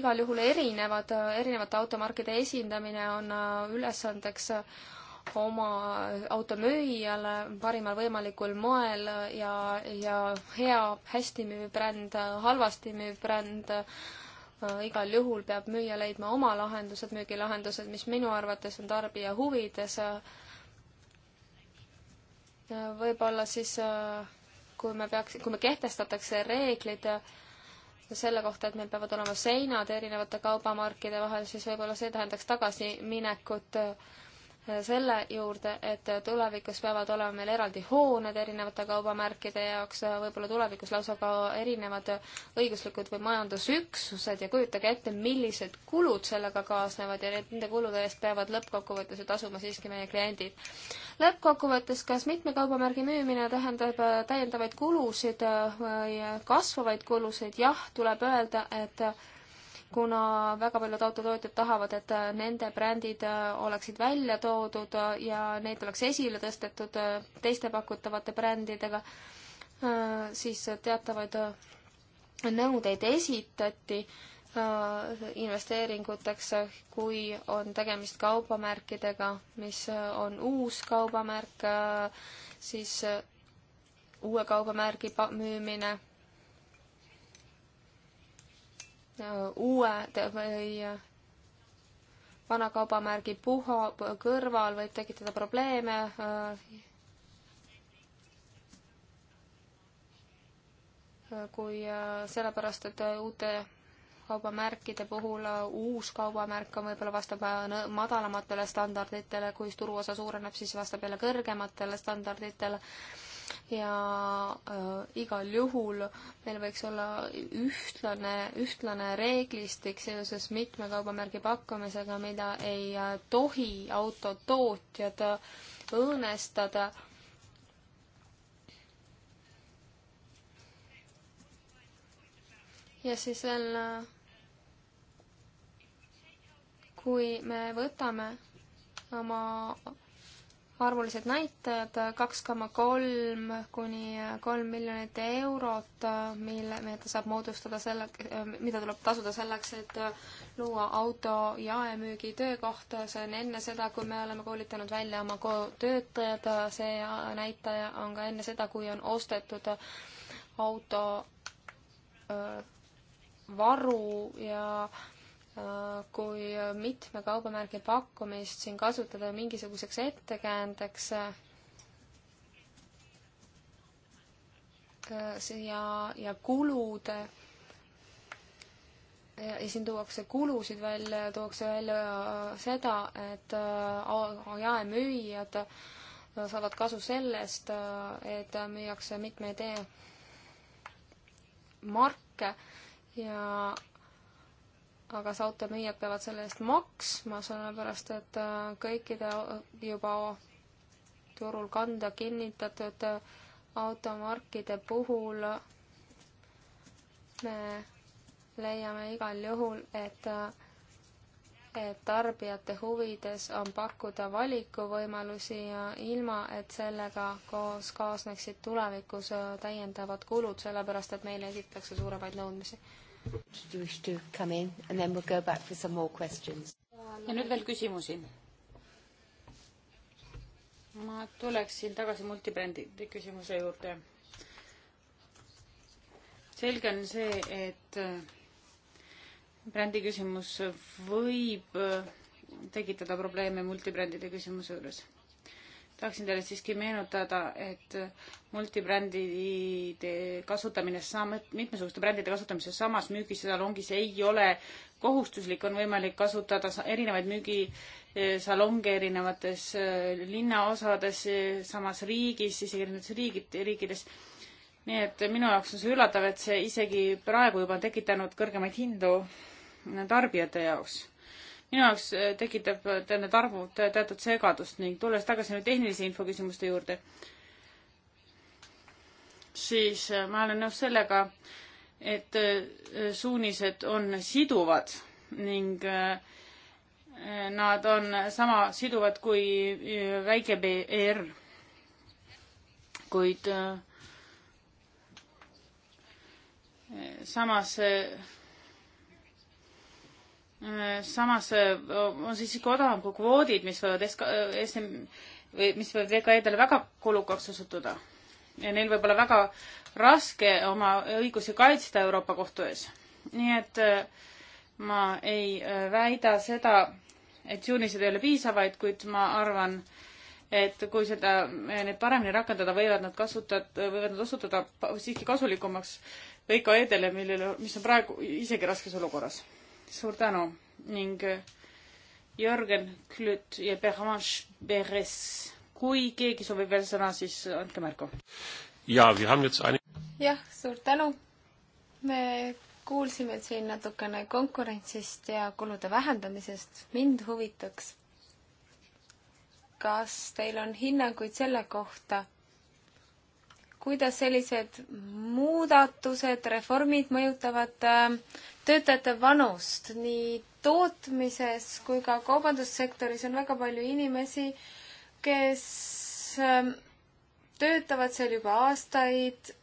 igal juhul erinevad, erinevate automarkide esindamine on ülesandeks oma auto müüjale parimal võimalikul moel ja, ja hea, hästi müüv bränd, halvasti müüv bränd, äh, igal juhul peab müüja leidma oma lahendused, müügilahendused, mis minu arvates on tarbija huvides. võib-olla siis, äh, kui me peaks, kui me kehtestatakse reeglid, äh, selle kohta, et meil peavad olema seinad erinevate kaubamarkide vahel, siis võib-olla see tähendaks tagasiminekut äh, selle juurde, et tulevikus peavad olema meil eraldi hooned erinevate kaubamärkide jaoks, võib-olla tulevikus lausa ka erinevad õiguslikud või majandusüksused ja kujutage ette, millised kulud sellega kaasnevad ja nende kulude eest peavad lõppkokkuvõttes ju tasuma siiski meie kliendid. lõppkokkuvõttes, kas mitme kaubamärgi müümine tähendab äh, täiendavaid kulusid äh, või äh, kasvavaid kulusid, jah, tuleb öelda, et kuna väga paljud autotootjad tahavad, et äh, nende brändid äh, oleksid välja toodud äh, ja neid oleks esile tõstetud teiste pakutavate brändidega, siis teatavaid nõudeid esitati investeeringuteks, kui on tegemist kaubamärkidega, mis on uus kaubamärk, siis uue kaubamärgi müümine Äh, uue või äh, vana kaubamärgi puha kõrval võib tekitada probleeme. Äh, kui sellepärast, et uute kaubamärkide puhul uus kaubamärk on võib-olla vastab madalamatele standarditele, kui turuosa suureneb, siis vastab jälle kõrgematele standarditele ja äh, igal juhul meil võiks olla ühtlane, ühtlane reeglistik seoses mitme kaubamärgi pakkumisega, mida ei äh, tohi autotootjad äh, õõnestada ja siis veel, äh, kui me võtame oma arvulised näitajad, kaks koma kolm kuni kolm miljonit eurot, mille, mida saab moodustada selle, mida tuleb tasuda selleks, et luua auto jaemüügi töökoht, see on enne seda, kui me oleme koolitanud välja oma töötajad, see näitaja on ka enne seda, kui on ostetud auto äh, varu ja äh, Äh, kui mitme kaubamärgi pakkumist siin kasutada mingisuguseks ettekäändeks äh, ja, ja kulude ja siin tuuakse kulusid välja, tuuakse välja äh, seda, et jaemüüjad saavad kasu sellest, et müüakse mitmeid e-marke ja aga raudteemüüjad peavad selle eest maksma, sellepärast et äh, kõikide juba turul kanda kinnitatud äh, automarkide puhul me leiame igal juhul, et, äh, et tarbijate huvides on pakkuda valikuvõimalusi ja ilma, et sellega koos kaasneksid tulevikus täiendavad kulud, sellepärast et meile esitatakse suuremaid nõudmisi ja nüüd veel küsimusi. ma tuleksin tagasi multibrändide küsimuse juurde. selge on see, et äh, brändi küsimus võib äh, tekitada probleeme multibrändide küsimuse juures tahaksin teile siiski meenutada, et multibrändide kasutamine sam-, mitmesuguste brändide kasutamises samas müügisalongis ei ole kohustuslik, on võimalik kasutada erinevaid müügisalonge erinevates äh, linnaosades, äh, samas riigis, isegi erinevates riigid, riikides. nii et minu jaoks on see üllatav, et see isegi praegu juba on tekitanud kõrgemaid hindu tarbijate jaoks minu jaoks äh, tekitab äh, need arvud äh, teatud segadust ning tulles tagasi nüüd tehnilise info küsimuste juurde, siis ma olen nõus sellega, et suunised on siduvad ning nad on sama siduvad kui väike BR, kuid samas Äh, samas äh, on siis ikka odavam kui kvoodid, mis võivad SK, äh, SM või mis võivad VKE-dele väga kulukaks osutuda. ja neil võib olla väga raske oma õigusi kaitsta Euroopa Kohtu ees. nii et ma ei väida seda, et juunised ei ole piisavaid, kuid ma arvan, et kui seda, neid paremini rakendada, võivad nad kasutada, võivad nad osutuda siiski kasulikumaks VKE-dele, millel, mis on praegu isegi raskes olukorras suur tänu ning äh, Jörgen Klütt ja Berhamanš Beres. kui keegi soovib veel sõna, siis andke märku. ja, jah, suur tänu. me kuulsime siin natukene konkurentsist ja kulude vähendamisest. mind huvitaks, kas teil on hinnanguid selle kohta, kuidas sellised muudatused, reformid mõjutavad äh, töötajate vanust nii tootmises kui ka kaubandussektoris on väga palju inimesi, kes ähm, töötavad seal juba aastaid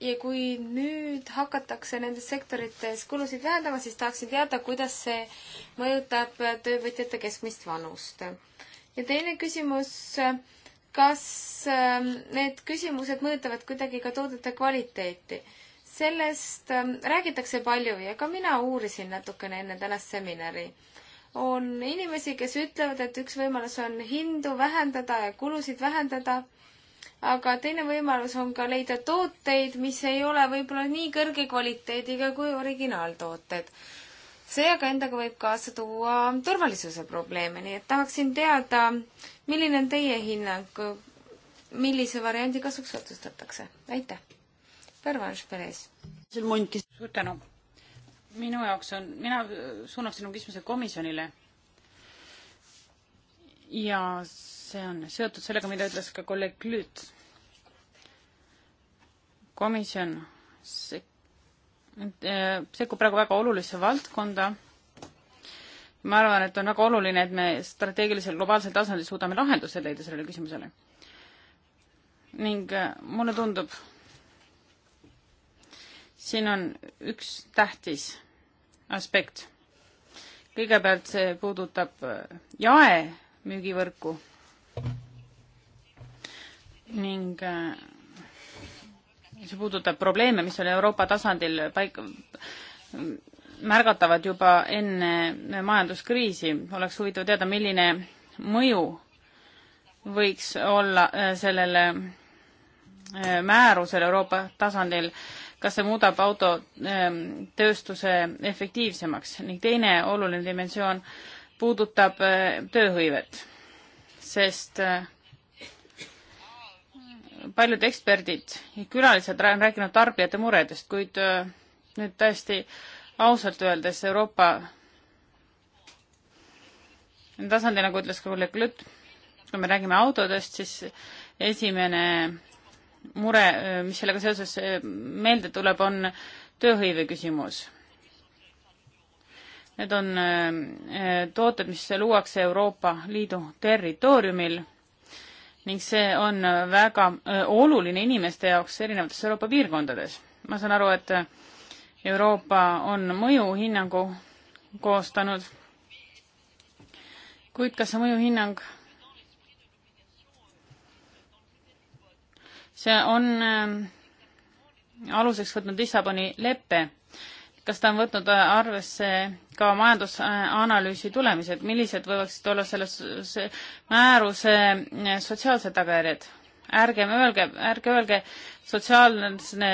ja kui nüüd hakatakse nendes sektorites kulusid vähendama, siis tahaksin teada, kuidas see mõjutab töövõtjate keskmist vanust. ja teine küsimus äh, kas ähm, need küsimused mõjutavad kuidagi ka toodete kvaliteeti? sellest ähm, räägitakse palju ja ka mina uurisin natukene enne tänast seminari. on inimesi, kes ütlevad, et üks võimalus on hindu vähendada ja kulusid vähendada, aga teine võimalus on ka leida tooteid, mis ei ole võib-olla nii kõrge kvaliteediga kui originaaltooted see aga endaga võib kaasa tuua turvalisuse probleeme, nii et tahaksin teada, milline on teie hinnang, millise variandi kasuks otsustatakse? aitäh! Pervanš Perez. suur tänu! minu jaoks on, mina suunaksin oma küsimuse komisjonile. ja see on seotud sellega, mida ütles ka kolleeg Lüüt. komisjon sek-, Äh, sekkub praegu väga olulisse valdkonda. ma arvan, et on väga oluline, et me strateegilisel globaalsel tasandil suudame lahenduse leida sellele küsimusele. ning äh, mulle tundub, siin on üks tähtis aspekt. kõigepealt see puudutab äh, jaemüügivõrku ning mis puudutab probleeme, mis oli Euroopa tasandil paik-, märgatavad juba enne majanduskriisi, oleks huvitav teada, milline mõju võiks olla äh, sellele äh, määrusel Euroopa tasandil, kas see muudab autotööstuse ähm, efektiivsemaks ning teine oluline dimensioon puudutab äh, tööhõivet, sest paljud eksperdid ja külalised on rääkinud tarbijate muredest, kuid äh, nüüd täiesti ausalt öeldes Euroopa tasandil, nagu ütles ka kolleeg Lütt, kui me räägime autodest, siis esimene mure, äh, mis sellega seoses äh, meelde tuleb, on tööhõive küsimus. Need on tooted, mis luuakse Euroopa Liidu territooriumil ning see on väga äh, oluline inimeste jaoks erinevates Euroopa piirkondades. ma saan aru, et Euroopa on mõjuhinnangu koostanud, kuid kas see mõjuhinnang see on äh, aluseks võtnud Lissaboni leppe kas ta on võtnud äh, arvesse ka majandusanalüüsi tulemised, millised võivad olla selle määruse äh, sotsiaalsed tagajärjed? ärgem öelge, ärge öelge, sotsiaalne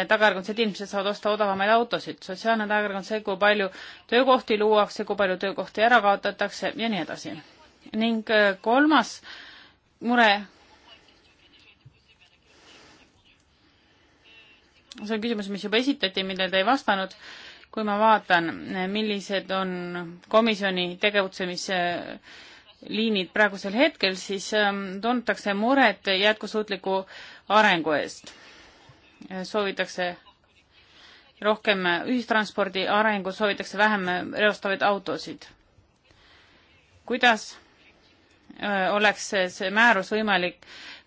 tagajärg on see, et inimesed saavad osta odavamaid autosid, sotsiaalne tagajärg on see, kui palju töökohti luuakse, kui palju töökohti ära kaotatakse ja nii edasi. ning äh, kolmas mure see on küsimus, mis juba esitati, millele te ei vastanud kui ma vaatan, millised on komisjoni tegevutsemise liinid praegusel hetkel, siis ähm, tuntakse muret jätkusuutliku arengu eest. soovitakse rohkem ühistranspordi arengu, soovitakse vähem reostavaid autosid. kuidas äh, oleks see määrus võimalik,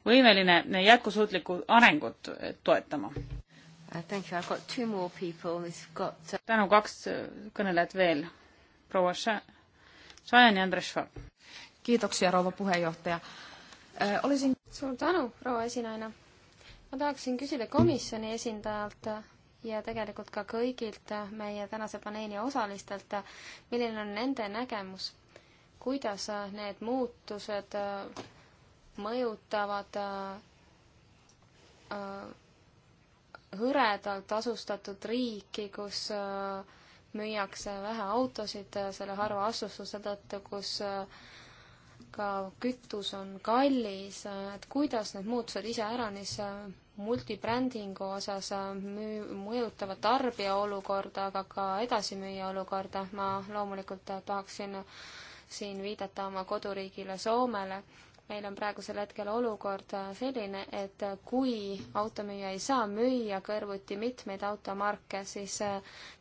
võimeline jätkusuutlikku arengut toetama? Uh, thank you. I've got two more people. We've got... Uh, tänu kaks äh, kõnelejat veel. Proua Sajan ja Andres Schwab. Kiitoksia, rouva puheenjohtaja. Äh, olisin... Suur tänu, proua esinaine. Ma tahaksin küsida komisjoni esindajalt ja tegelikult ka kõigilt meie tänase paneeli osalistelt, milline on nende nägemus, kuidas need muutused äh, mõjutavad hõredalt asustatud riiki, kus äh, müüakse vähe autosid äh, selle harva asustuse tõttu, kus äh, ka kütus on kallis, et kuidas need muutused iseäranis multibrändingu osas müü-, mõjutavad tarbija olukorda, aga ka edasimüüja olukorda. ma loomulikult tahaksin siin viidata oma koduriigile Soomele meil on praegusel hetkel olukord äh, selline, et äh, kui automüüja ei saa müüa kõrvuti mitmeid automarke, siis äh,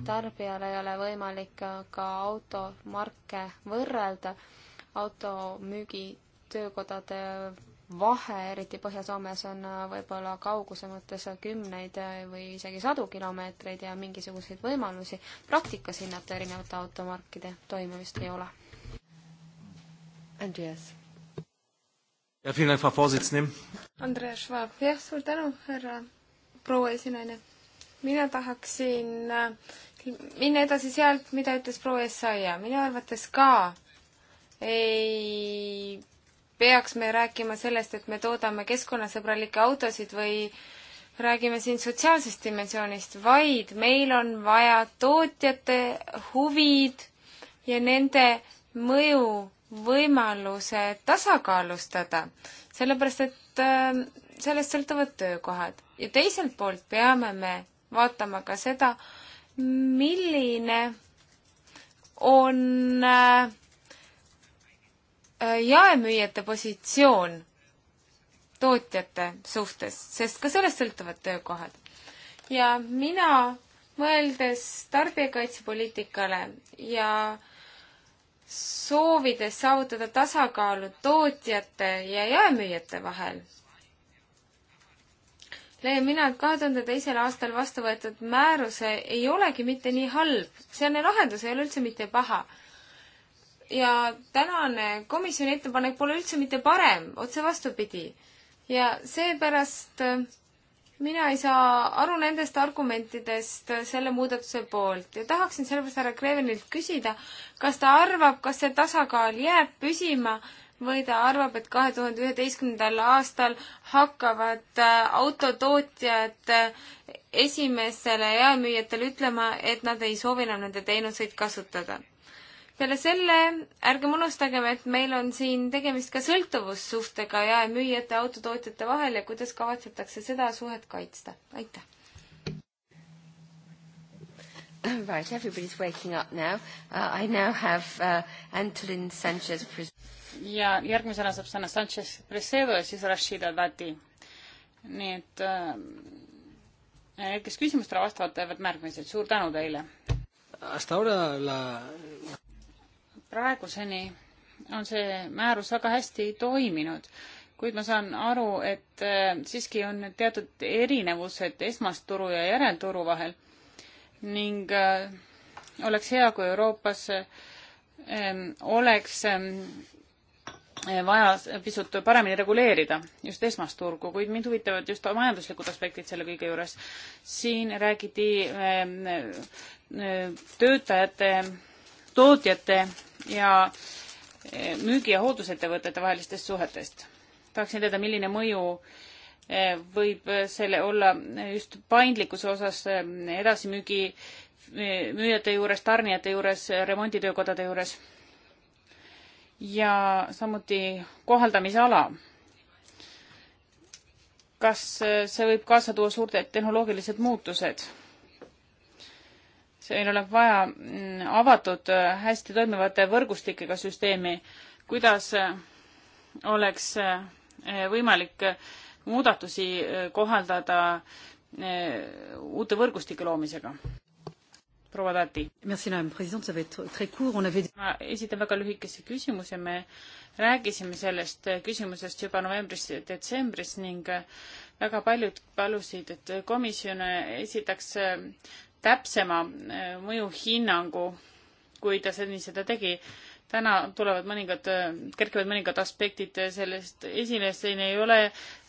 tarbijal ei ole võimalik ka automarke võrrelda. automüügitöökodade vahe, eriti Põhja-Soomes, on võib-olla kauguse mõttes kümneid või isegi sadu kilomeetreid ja mingisuguseid võimalusi praktikas hinnata erinevate automarkide toimimist ei ole. Andreas Andrea Schwab, jah, suur tänu, härra proua esinaine. mina tahaksin äh, minna edasi sealt, mida ütles proua Essaia. minu arvates ka ei peaks me rääkima sellest, et me toodame keskkonnasõbralikke autosid või räägime siin sotsiaalsest dimensioonist, vaid meil on vaja tootjate huvid ja nende mõju võimaluse tasakaalustada, sellepärast et äh, sellest sõltuvad töökohad. ja teiselt poolt peame me vaatama ka seda, milline on äh, jaemüüjate positsioon tootjate suhtes, sest ka sellest sõltuvad töökohad. ja mina, mõeldes tarbijakaitsepoliitikale ja äh, soovides saavutada tasakaalu tootjate ja jaemüüjate vahel. leian mina, et kahe tuhande teisel aastal vastu võetud määruse ei olegi mitte nii halb, sealne lahendus ei ole üldse mitte paha. ja tänane komisjoni ettepanek pole üldse mitte parem, otse vastupidi. ja seepärast äh, mina ei saa aru nendest argumentidest selle muudatuse poolt ja tahaksin sellepärast härra Krevenilt küsida, kas ta arvab, kas see tasakaal jääb püsima või ta arvab, et kahe tuhande üheteistkümnendal aastal hakkavad äh, autotootjad äh, esimesele jaemüüjatele ütlema, et nad ei soovi enam nende teenuseid kasutada peale selle ärgem unustagem, et meil on siin tegemist ka sõltuvussuhtega jaemüüjate, autotootjate vahel ja kuidas kavatsetakse seda suhet kaitsta. aitäh! Right, everybody's waking up now uh,. I now have uh, Antolin Sanchez. ja järgmisena saab sõna Sanchez Presedo ja siis Rashid Al-Bati. nii et uh, äh, kes küsimustele vastavad, teevad märkmiseid. suur tänu teile! Hasta ahora la praeguseni on see määrus väga hästi toiminud, kuid ma saan aru, et äh, siiski on teatud erinevused esmasturu ja järelturu vahel ning äh, oleks hea, kui Euroopas ähm, oleks ähm, vaja pisut paremini reguleerida just esmasturgu, kuid mind huvitavad just majanduslikud aspektid selle kõige juures. siin räägiti ähm, äh, töötajate tootjate ja e, müügi- ja hooldusettevõtete vahelistest suhetest. tahaksin teada, milline mõju e, võib selle olla just paindlikkuse osas e, edasimüügi, müüjate juures, tarnijate juures, remonditöökodade juures ja samuti kohaldamisala. kas see võib kaasa tuua suured tehnoloogilised muutused? meil oleks vaja mm, avatud äh, hästi toimivate võrgustikega süsteemi, kuidas äh, oleks äh, võimalik muudatusi kohaldada uute võrgustike loomisega. proua Tati. ma esitan väga lühikese küsimuse, me rääkisime sellest küsimusest juba novembris-detsembris ning väga paljud palusid, et komisjon esitaks täpsema äh, mõjuhinnangu, kui ta seni seda tegi. täna tulevad mõningad, äh, kerkivad mõningad aspektid äh, sellest esile, siin ei ole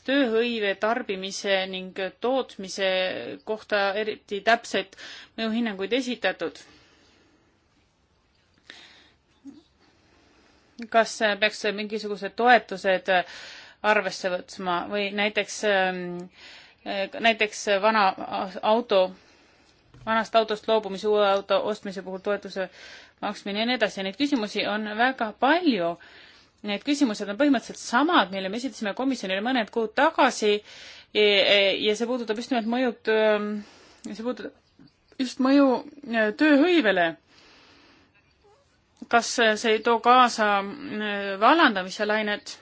tööhõive, tarbimise ning tootmise kohta eriti täpseid mõjuhinnanguid esitatud. kas peaks mingisugused toetused arvesse võtma või näiteks, ähm, näiteks vana auto vanast autost loobumise, uue auto ostmise puhul toetuse maksmine ja nii edasi. Neid küsimusi on väga palju. Need küsimused on põhimõtteliselt samad, mille me esitasime komisjonile mõned kuud tagasi ja, e, e, ja see puudutab just nimelt mõjud, ähm, see puudutab just mõju äh, tööhõivele. kas see ei too kaasa äh, vallandamise lainet?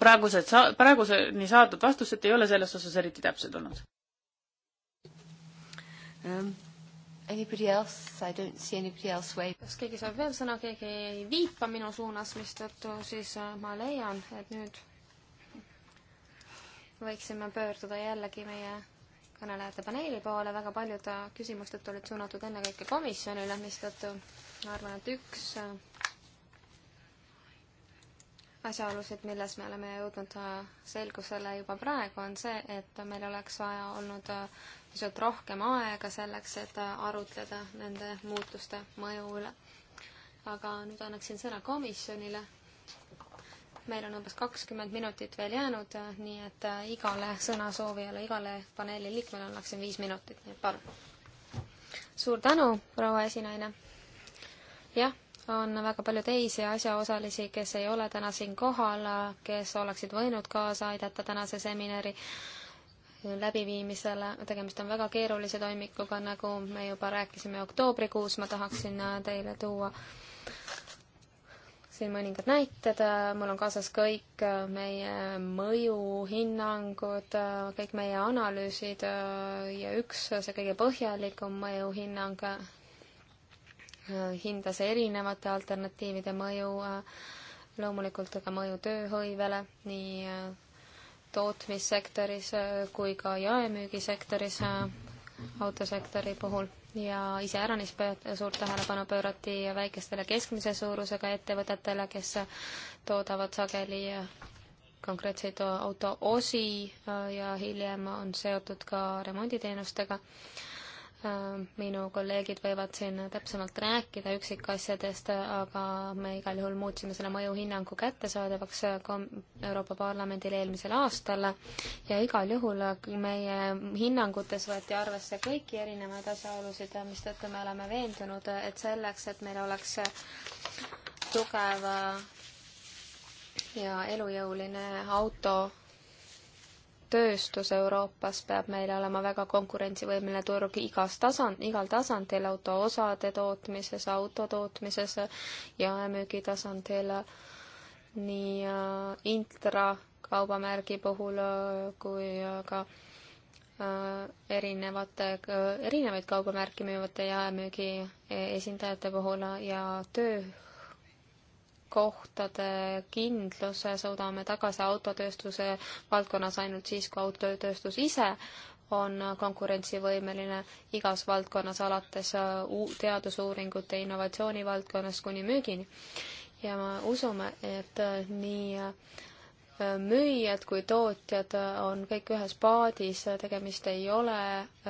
praegused, praeguseni saadud vastused ei ole selles osas eriti täpsed olnud um,. Anybody else? I don't see anybody else way. kas keegi saab veel sõna, keegi ei viipa minu suunas, mistõttu siis äh, ma leian, et nüüd võiksime pöörduda jällegi meie kõnelejate paneeli poole, väga paljud äh, küsimused olid suunatud ennekõike komisjonile, mistõttu ma arvan, et üks äh, asjaolusid, milles me oleme jõudnud selgusele juba praegu, on see, et meil oleks vaja olnud pisut rohkem aega selleks, et arutleda nende muutuste mõju üle. aga nüüd annaksin sõna komisjonile. meil on umbes kakskümmend minutit veel jäänud, nii et igale sõnasoovijale, igale paneeli liikmele annaksin viis minutit, nii et palun. suur tänu, proua esinaine. jah on väga palju teisi asjaosalisi, kes ei ole täna siin kohal, kes oleksid võinud kaasa aidata tänase seminari läbiviimisele, tegemist on väga keerulise toimikuga, nagu me juba rääkisime oktoobrikuus, ma tahaksin teile tuua siin mõningad näited, mul on kaasas kõik meie mõjuhinnangud, kõik meie analüüsid ja üks, see kõige põhjalikum mõjuhinnang hindas erinevate alternatiivide mõju, loomulikult ka mõju tööhõivele, nii tootmissektoris äh, kui ka jaemüügisektoris äh, autosektori puhul ja iseäranis suurt tähelepanu pöörati väikestele keskmise suurusega ettevõtetele, kes äh, toodavad sageli konkreetseid autoosi ja hiljem on seotud ka remonditeenustega Äh, minu kolleegid võivad siin täpsemalt rääkida üksikasjadest, aga me igal juhul muutsime selle mõjuhinnangu kättesaadavaks äh, Euroopa Parlamendile eelmisel aastal ja igal juhul äh, meie hinnangutes võeti arvesse kõiki erinevaid asjaolusid, mistõttu me oleme veendunud, et selleks, et meil oleks tugev ja elujõuline auto tööstus Euroopas peab meil olema väga konkurentsivõimeline turg igas tasand, igal tasandil, autoosade tootmises, auto tootmises, jaemüügi tasandil, nii äh, intra kaubamärgi puhul äh, kui äh, ka erinevate, erinevaid kaubamärki müüvate jaemüügi esindajate puhul ja töö töökohtade kindluse suudame tagasi autotööstuse valdkonnas ainult siis, kui autotööstus ise on konkurentsivõimeline igas valdkonnas, alates teadusuuringute innovatsiooni valdkonnast kuni müügini. ja me usume, et nii müüjad kui tootjad on kõik ühes paadis, tegemist ei ole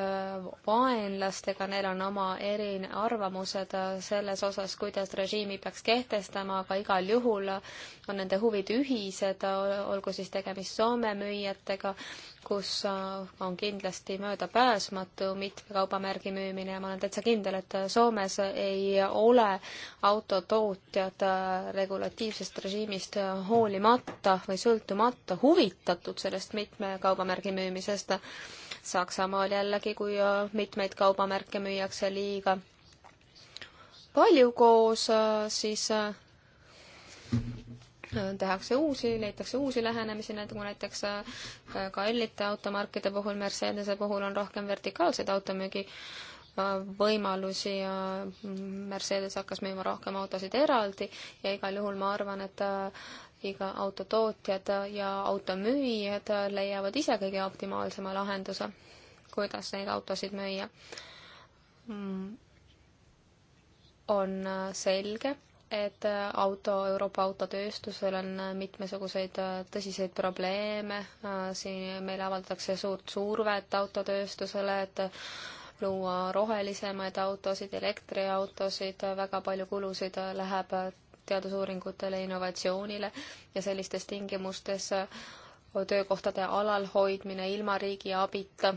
äh, vaenlastega, neil on oma eriarvamused äh, selles osas, kuidas režiimi peaks kehtestama, aga igal juhul on nende huvid ühised, olgu siis tegemist Soome müüjatega kus äh, on kindlasti möödapääsmatu mitme kaubamärgi müümine ja ma olen täitsa kindel, et Soomes ei ole autotootjad äh, regulatiivsest režiimist äh, hoolimata või sõltumata huvitatud sellest mitme kaubamärgi müümisest. Saksamaal jällegi, kui mitmeid kaubamärke müüakse liiga palju koos, siis tehakse uusi, leitakse uusi lähenemisi, nagu näiteks äh, kallite automarkide puhul, Mercedese puhul on rohkem vertikaalseid automüügi äh, võimalusi ja mm, Mercedes hakkas müüma rohkem autosid eraldi ja igal juhul ma arvan, et äh, iga autotootjad ja automüüjad leiavad ise kõige optimaalsema lahenduse, kuidas neid autosid müüa. Mm. on selge et äh, auto, Euroopa autotööstusel on äh, mitmesuguseid äh, tõsiseid probleeme, siin meile avaldatakse suurt survet autotööstusele, et luua rohelisemaid autosid, elektriautosid, väga palju kulusid läheb teadusuuringutele, innovatsioonile ja sellistes tingimustes töökohtade alalhoidmine ilma riigi abita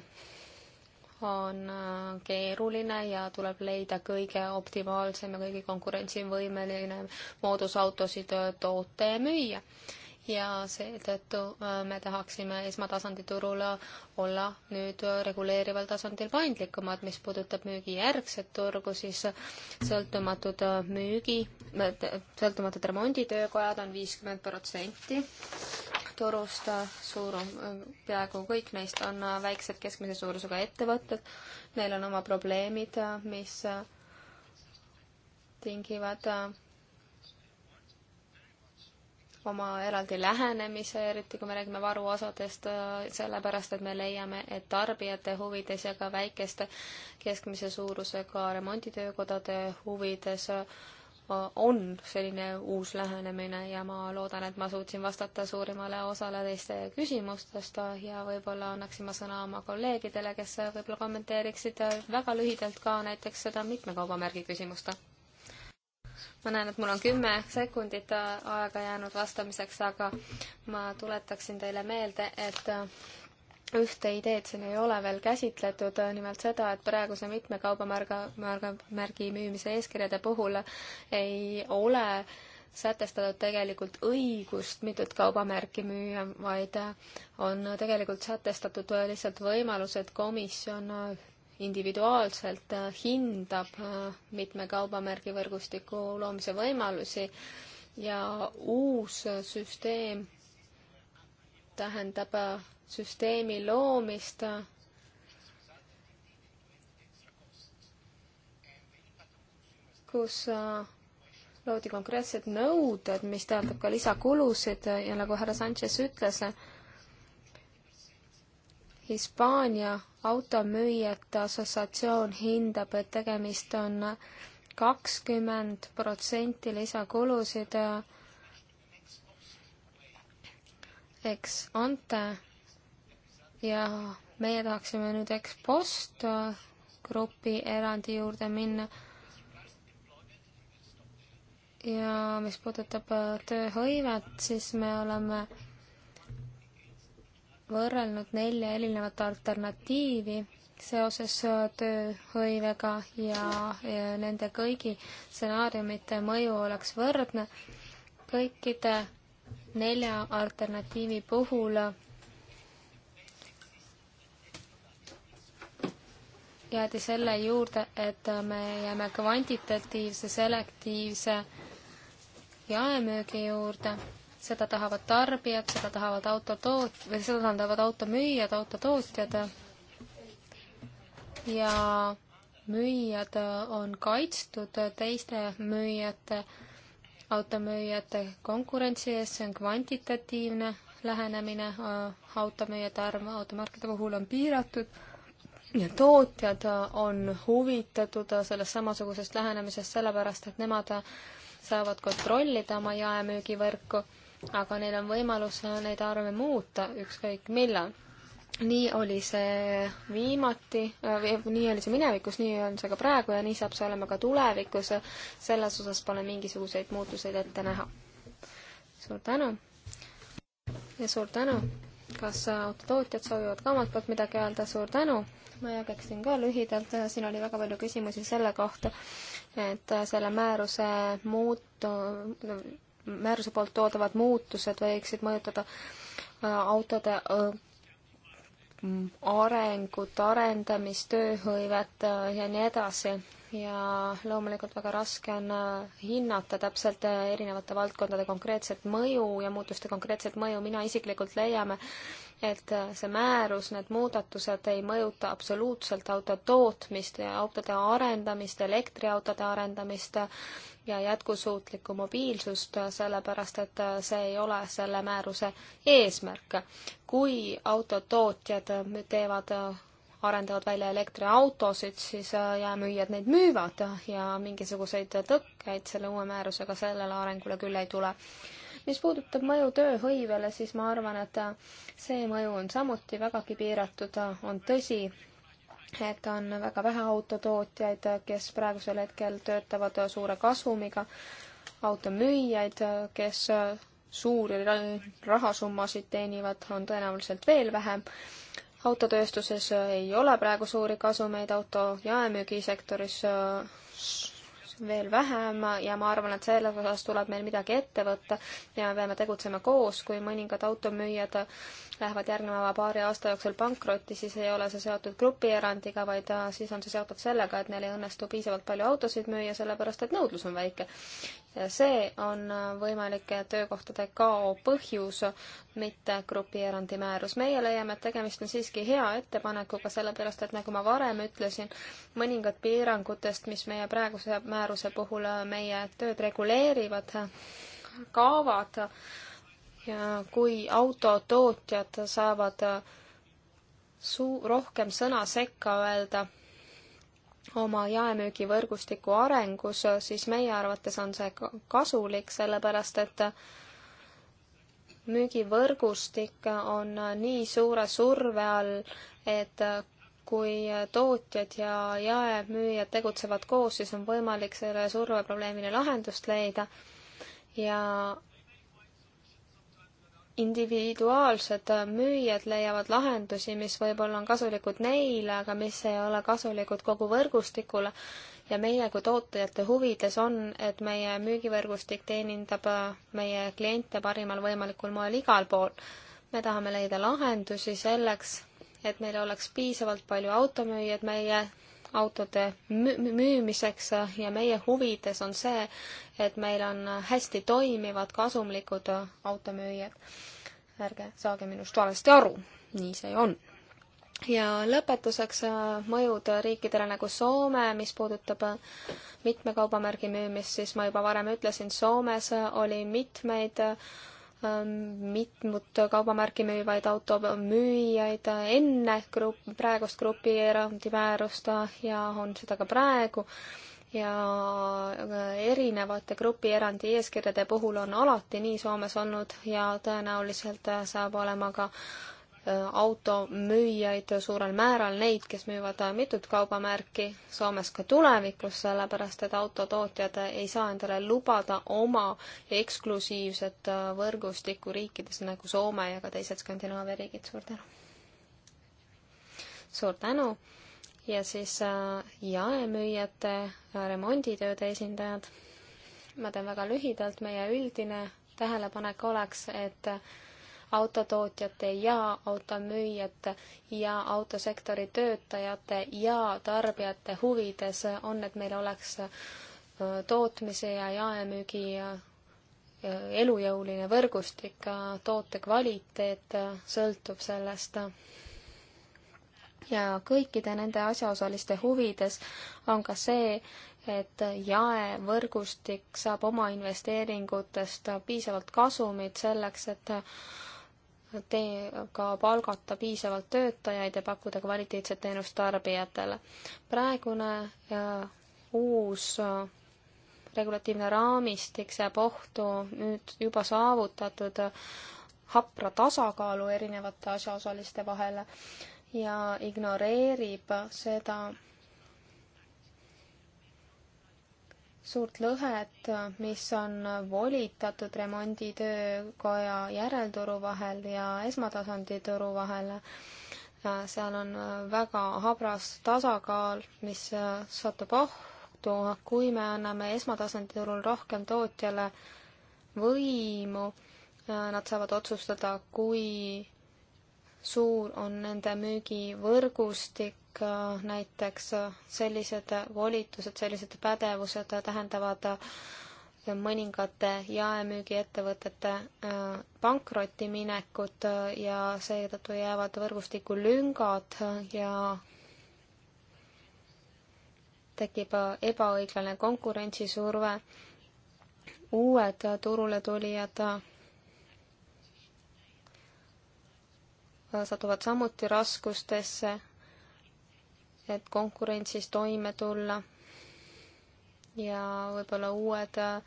on äh, keeruline ja tuleb leida kõige optimaalsem ja kõige konkurentsivõimeline moodus autosid äh, toota ja müüa. ja seetõttu äh, me tahaksime esmatasandi turul olla nüüd reguleerival tasandil paindlikumad, mis puudutab müügijärgset turgu, siis sõltumatud müügi, sõltumatud remonditöökojad on viiskümmend protsenti turust, suur, peaaegu kõik neist on äh, väiksed keskmise suurusega ettevõtted, neil on oma probleemid, äh, mis äh, tingivad oma eraldi lähenemise, eriti kui me räägime varuosadest, sellepärast et me leiame, et tarbijate huvides ja ka väikeste keskmise suurusega remonditöökodade huvides on selline uus lähenemine ja ma loodan, et ma suutsin vastata suurimale osale teiste küsimustest äh, ja võib-olla annaksin ma sõna oma kolleegidele, kes äh, võib-olla kommenteeriksid äh, väga lühidalt ka näiteks seda mitme kaubamärgi küsimust. ma näen, et mul on kümme sekundit aega jäänud vastamiseks, aga ma tuletaksin teile meelde, et ühte ideed siin ei ole veel käsitletud, nimelt seda, et praeguse mitme kaubamärga, märga, märgi müümise eeskirjade puhul ei ole sätestatud tegelikult õigust mitut kaubamärki müüa, vaid on tegelikult sätestatud lihtsalt võimalus, et komisjon individuaalselt hindab mitme kaubamärgi võrgustiku loomise võimalusi ja uus süsteem tähendab süsteemi loomist kus äh, loodi konkreetsed nõuded, mis tähendab ka lisakulusid ja nagu härra Sanchez ütles, Hispaania automüüjate assotsiatsioon hindab, et tegemist on kakskümmend protsenti lisakulusid eks ante ja meie tahaksime nüüd ekspost grupi erandi juurde minna. ja mis puudutab tööhõivet, siis me oleme võrrelnud nelja erinevat alternatiivi seoses tööhõivega ja, ja nende kõigi stsenaariumite mõju oleks võrdne. kõikide nelja alternatiivi puhul jäädi selle juurde, et me jääme kvantitatiivse, selektiivse jaemüügi juurde, seda tahavad tarbijad, seda tahavad autotoot-, või seda tahavad automüüjad, autotootjad ja müüjad on kaitstud teiste müüjate, automüüjate konkurentsi eest, see on kvantitatiivne lähenemine, automüüjate arv automarkide puhul on piiratud ja tootjad äh, on huvitatud äh, sellest samasugusest lähenemisest, sellepärast et nemad äh, saavad kontrollida oma jaemüügivõrku, aga neil on võimalus neid arve muuta ükskõik millal. nii oli see viimati äh,, nii oli see minevikus, nii on see ka praegu ja nii saab see olema ka tulevikus. selles osas pole mingisuguseid muutuseid ette näha. suur tänu! ja suur tänu! kas äh, autotootjad soovivad ka omalt poolt midagi öelda, suur tänu, ma jagaksin ka lühidalt, äh, siin oli väga palju küsimusi selle kohta, et äh, selle määruse muutu-, määruse poolt toodavad muutused võiksid mõjutada autode arengut, arendamist, tööhõivet ja nii edasi ja loomulikult väga raske on äh, hinnata täpselt äh, erinevate valdkondade konkreetset mõju ja muutuste konkreetset mõju. mina isiklikult leiame, et äh, see määrus, need muudatused ei mõjuta absoluutselt auto tootmist ja autode arendamist, elektriautode arendamist ja jätkusuutlikku mobiilsust, sellepärast et see ei ole selle määruse eesmärk. kui autotootjad teevad arendavad välja elektriautosid, siis äh, jaemüüjad neid müüvad ja mingisuguseid tõkkeid selle uue määrusega sellele arengule küll ei tule. mis puudutab mõju tööhõivele, siis ma arvan, et äh, see mõju on samuti vägagi piiratud, on tõsi, et on väga vähe autotootjaid, kes praegusel hetkel töötavad suure kasumiga, automüüjaid, kes äh, suuri rahasummasid teenivad, on tõenäoliselt veel vähem autotööstuses äh, ei ole praegu suuri kasumeid, auto jaemüügisektoris äh, veel vähem ja ma arvan, et selles osas tuleb meil midagi ette võtta ja me peame tegutsema koos, kui mõningad automüüjad lähevad järgneva paari aasta jooksul pankrotti, siis ei ole see seotud grupierandiga, vaid äh, siis on see seotud sellega, et neil ei õnnestu piisavalt palju autosid müüa, sellepärast et nõudlus on väike. ja see on äh, võimalike töökohtade kao põhjus, mitte grupierandi määrus. meie leiame, et tegemist on siiski hea ettepanekuga, sellepärast et nagu ma varem ütlesin, mõningad piirangutest, mis meie praeguse määruse puhul äh, meie tööd reguleerivad, kaovad ja kui autotootjad saavad äh, suu-, rohkem sõna sekka öelda oma jaemüügivõrgustiku arengus, siis meie arvates on see kasulik, sellepärast et müügivõrgustik on nii suure surve all, et kui tootjad ja jaemüüjad tegutsevad koos, siis on võimalik selle surveprobleemile lahendust leida ja individuaalsed müüjad leiavad lahendusi, mis võib-olla on kasulikud neile, aga mis ei ole kasulikud kogu võrgustikule. ja meie kui tootjate huvides on, et meie müügivõrgustik teenindab äh, meie kliente parimal võimalikul moel igal pool. me tahame leida lahendusi selleks, et meil oleks piisavalt palju automüüjaid meie autode müümiseks äh, ja meie huvides on see, et meil on äh, hästi toimivad kasumlikud äh, automüüjad. ärge saage minust valesti aru, nii see on. ja lõpetuseks mõjud riikidele nagu Soome, mis puudutab mitme kaubamärgi müümist, siis ma juba varem ütlesin, Soomes oli mitmeid äh, Ähm, mitmut kaubamärki müüvaid automüüjaid enne grupp, praegust grupierandi määrust ja on seda ka praegu ja äh, erinevate grupierandi eeskirjade puhul on alati nii Soomes olnud ja tõenäoliselt äh, saab olema ka äh, automüüjaid suurel määral, neid, kes müüvad mitut kaubamärki Soomes ka tulevikus, sellepärast et autotootjad ei saa endale lubada oma eksklusiivset võrgustikku riikides nagu Soome ja ka teised Skandinaavia riigid. suur tänu! suur tänu! ja siis äh, jaemüüjate äh, remonditööde esindajad. ma teen väga lühidalt, meie üldine tähelepanek oleks, et autotootjate ja automüüjate ja autosektori töötajate ja tarbijate huvides on, et meil oleks äh, tootmise ja jaemüügi äh, elujõuline võrgustik, äh, toote kvaliteet sõltub sellest. ja kõikide nende asjaosaliste huvides on ka see, et jaevõrgustik saab oma investeeringutest piisavalt kasumit selleks, et tee ka palgata piisavalt töötajaid ja pakkuda kvaliteetset teenust tarbijatele. praegune uus regulatiivne raamistik seab ohtu nüüd juba saavutatud hapra tasakaalu erinevate asjaosaliste vahel ja ignoreerib seda, suurt lõhet, mis on volitatud remonditöökoja järelturu vahel ja esmatasandi turu vahel. seal on väga habras tasakaal, mis satub ohtu, kui me anname esmatasandi turul rohkem tootjale võimu. Nad saavad otsustada, kui suur on nende müügivõrgustik, ning äh, näiteks äh, sellised volitused, sellised pädevused tähendavad äh, mõningate jaemüügiettevõtete pankrotti minekut ja seetõttu jäävad võrgustikku lüngad ja tekib ebaõiglane konkurentsisurve. uued turule tulijad satuvad samuti raskustesse et konkurentsis toime tulla ja võib-olla uued äh,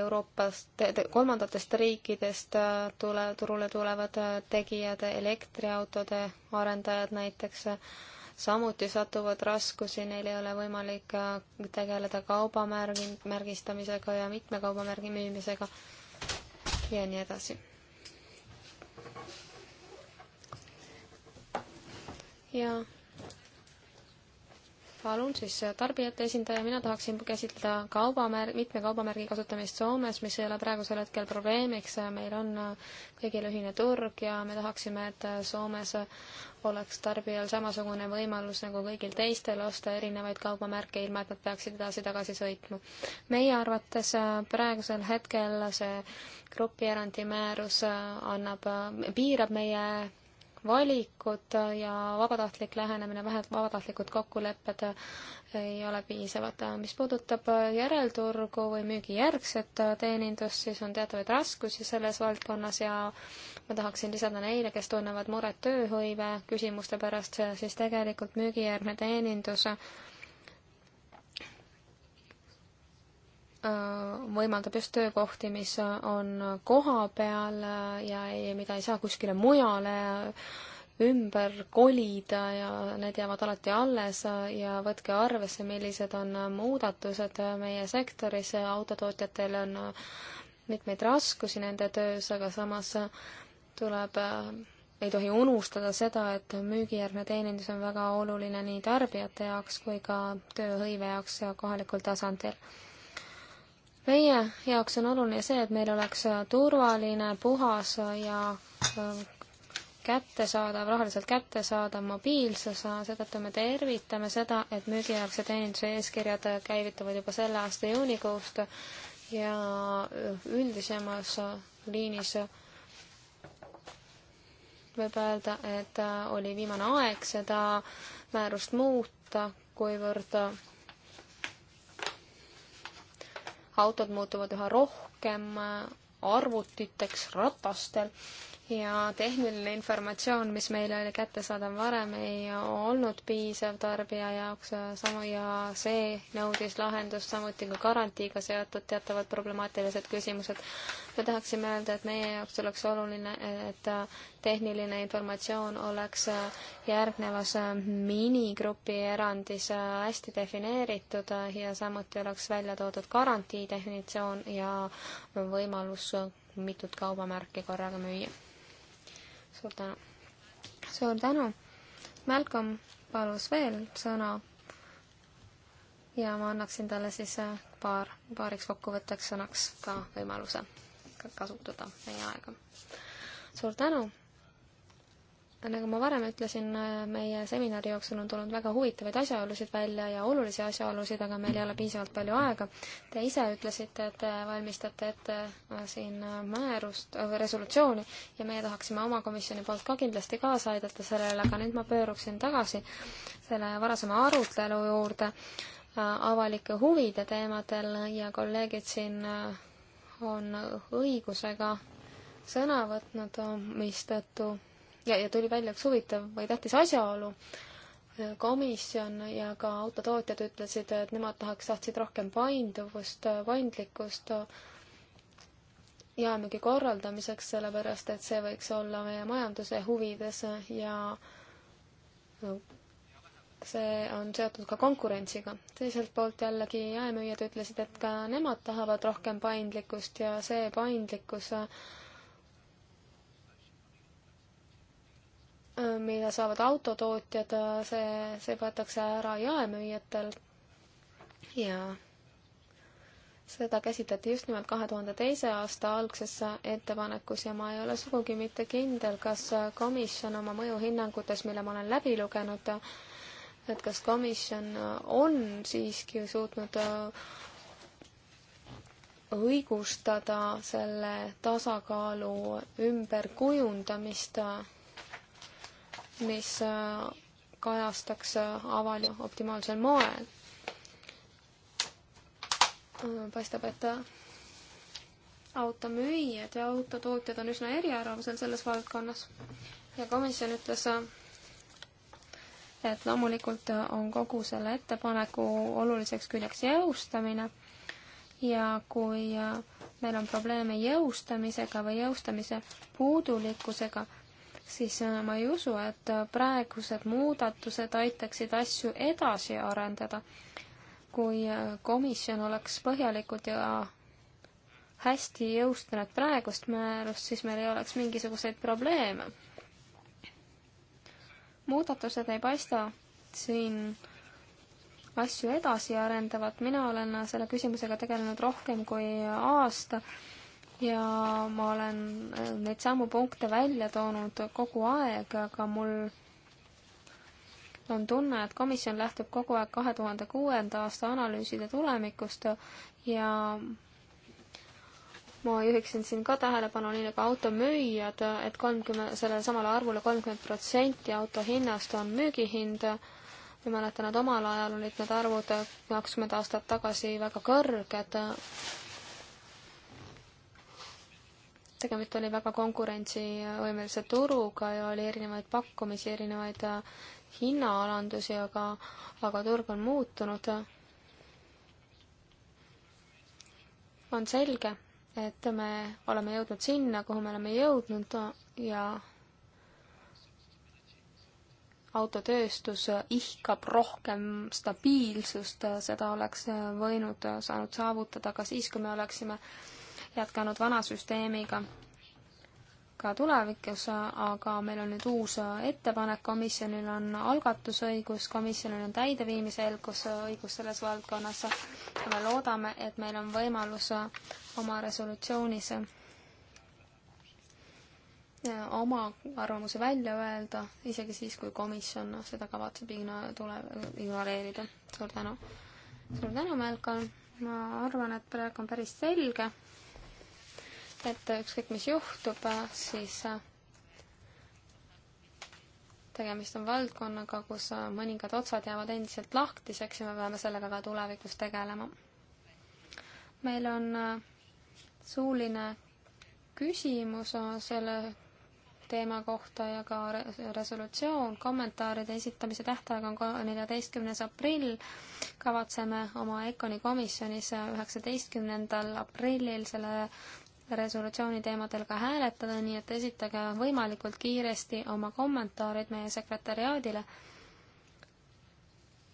Euroopast, kolmandatest riikidest äh, tule, turule tulevad äh, tegijad, elektriautode arendajad näiteks, samuti satuvad raskusi, neil ei ole võimalik tegeleda kaubamärgi, märgistamisega ja mitme kaubamärgi müümisega ja nii edasi ja palun siis tarbijate esindaja, mina tahaksin käsitleda kaubamär-, mitme kaubamärgi kasutamist Soomes, mis ei ole praegusel hetkel probleemiks, meil on kõigil ühine turg ja me tahaksime, et Soomes oleks tarbijal samasugune võimalus nagu kõigil teistel osta erinevaid kaubamärke, ilma et nad peaksid edasi-tagasi sõitma. meie arvates praegusel hetkel see grupierandi määrus annab, piirab meie valikud ja vabatahtlik lähenemine, vähemalt vabatahtlikud kokkulepped ei ole piisavad. mis puudutab järelturgu või müügijärgset teenindust, siis on teatavaid raskusi selles valdkonnas ja ma tahaksin lisada neile, kes tunnevad muret tööhõive küsimuste pärast, siis tegelikult müügijärgne teenindus Äh, võimaldab just töökohti, mis on koha peal äh, ja ei, mida ei saa kuskile mujale äh, ümber kolida ja need jäävad alati alles ja võtke arvesse, millised on muudatused meie sektoris, autotootjatel on mitmeid raskusi nende töös, aga samas tuleb ei tohi unustada seda, et müügijärgne teenindus on väga oluline nii tarbijate jaoks kui ka tööhõive jaoks ja kohalikul tasandil meie jaoks on oluline see, et meil oleks turvaline, puhas ja ähm, kättesaadav, rahaliselt kättesaadav mobiilsus, seetõttu me tervitame seda, et müügiaegse teeninduse eeskirjad käivituvad juba selle aasta juunikuust ja äh, üldisemas äh, liinis võib öelda, et äh, oli viimane aeg seda määrust muuta, kuivõrd autod muutuvad üha rohkem arvutiteks ratastel ja tehniline informatsioon, mis meile oli kättesaadav varem, ei olnud piisav tarbija jaoks, sama ja see nõudis lahendust, samuti ka garantiiga seotud teatavad problemaatilised küsimused. me tahaksime öelda, et meie jaoks oleks oluline, et tehniline informatsioon oleks järgnevas minigrupi erandis hästi defineeritud ja samuti oleks välja toodud garantii definitsioon ja võimalus mitut kaubamärki korraga müüa suur tänu. suur tänu. Malcolm palus veel sõna. ja ma annaksin talle siis äh, paar, paariks kokkuvõtteks sõnaks ka võimaluse kasutada meie aega. suur tänu nagu ma varem ütlesin, äh, meie seminari jooksul on tulnud väga huvitavaid asjaolusid välja ja olulisi asjaolusid, aga meil ei ole piisavalt palju aega. Te ise ütlesite, et valmistate ette äh, siin äh, määrust äh,, resolutsiooni ja meie tahaksime oma komisjoni poolt ka kindlasti kaasa aidata sellele, aga nüüd ma pööruksin tagasi selle varasema arutelu juurde avalike huvide teemadel ja kolleegid siin on õigusega sõna võtnud, mistõttu ja, ja tuli välja üks huvitav või tähtis asjaolu. komisjon ja ka autotootjad ütlesid, et nemad tahaks, tahtsid rohkem painduvust, paindlikkust jaemüügi korraldamiseks, sellepärast et see võiks olla meie majanduse huvides ja see on seotud ka konkurentsiga. teiselt poolt jällegi jaemüüjad ütlesid, et ka nemad tahavad rohkem paindlikkust ja see paindlikkus äh, mida saavad autotootjad, see, see võetakse ära jaemüüjatel ja seda käsitleti just nimelt kahe tuhande teise aasta algses ettepanekus ja ma ei ole sugugi mitte kindel, kas komisjon oma mõjuhinnangutes, mille ma olen läbi lugenud, et kas komisjon on siiski suutnud õigustada selle tasakaalu ümberkujundamist mis äh, kajastaks äh, avali optimaalsel moel. Äh, paistab, et automüüjad ja autotootjad on üsna eriarvamusel selles valdkonnas ja komisjon ütles, et loomulikult on kogu selle ettepaneku oluliseks küljeks jõustamine ja kui meil on probleeme jõustamisega või jõustamise puudulikkusega, siis äh, ma ei usu, et äh, praegused muudatused aitaksid asju edasi arendada. kui äh, komisjon oleks põhjalikud ja hästi jõustunud praegust määrust, siis meil ei oleks mingisuguseid probleeme. muudatused ei paista siin asju edasi arendavat, mina olen selle küsimusega tegelenud rohkem kui aasta ja ma olen äh, neid samu punkte välja toonud kogu aeg, aga mul on tunne, et komisjon lähtub kogu aeg kahe tuhande kuuenda aasta analüüside tulemikust ja ma juhiksin siin ka tähelepanu, nii nagu automüüjad, et kolmkümmend, sellele samale arvule kolmkümmend protsenti auto hinnast on müügihind. ma mäletan, et omal ajal olid need arvud kakskümmend aastat tagasi väga kõrged tegemist oli väga konkurentsivõimelise turuga ja oli erinevaid pakkumisi, erinevaid äh, hinnaalandusi, aga, aga turg on muutunud. on selge, et me oleme jõudnud sinna, kuhu me oleme jõudnud ja autotööstus ihkab rohkem stabiilsust, seda oleks võinud, saanud saavutada ka siis, kui me oleksime äh, jätkanud vana süsteemiga ka tulevikus, aga meil on nüüd uus ettepanek, komisjonil on algatusõigus, komisjonil on täideviimise eelkus, õigus selles valdkonnas ja me loodame, et meil on võimalus oma resolutsioonis oma arvamuse välja öelda, isegi siis, kui komisjon seda kavatseb igno-, tule-, ignoreerida. suur tänu! suur tänu, Melko! ma arvan, et praegu on päris selge, et ükskõik, mis juhtub, siis äh, tegemist on valdkonnaga, kus äh, mõningad otsad jäävad endiselt lahtiseks ja me peame sellega ka tulevikus tegelema. meil on äh, suuline küsimus selle teema kohta ja ka resolutsioon, kommentaaride esitamise tähtaeg on neljateistkümnes aprill. kavatseme oma EKONi komisjonis üheksateistkümnendal aprillil selle resolutsiooni teemadel ka hääletada, nii et esitage võimalikult kiiresti oma kommentaarid meie sekretäriaadile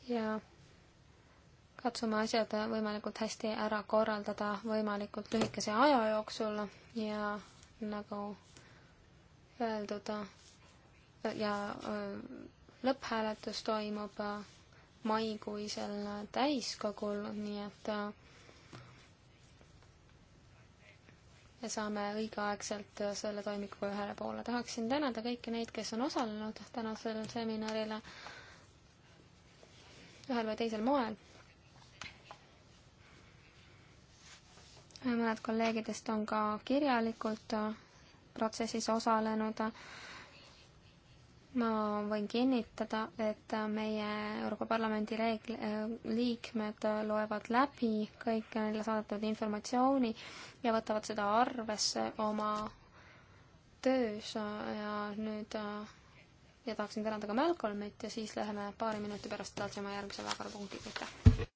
ja katsume asjad võimalikult hästi ära korraldada võimalikult lühikese aja jooksul ja nagu öeldud, ja äh, lõpphääletus toimub maikuisel täiskogul, nii et äh, ja saame õigeaegselt selle toimikuga ühele poole. tahaksin tänada kõiki neid, kes on osalenud tänasel seminarile ühel või teisel moel. mõned kolleegidest on ka kirjalikult protsessis osalenud ma võin kinnitada, et meie Euroopa Parlamendi reegl-, äh, liikmed loevad läbi kõik neile saadetud informatsiooni ja võtavad seda arvesse oma töös ja nüüd äh, ja tahaksin tänada ka Malcolmit ja siis läheme paari minuti pärast edasi oma järgmise päevakorrapunktiga, aitäh!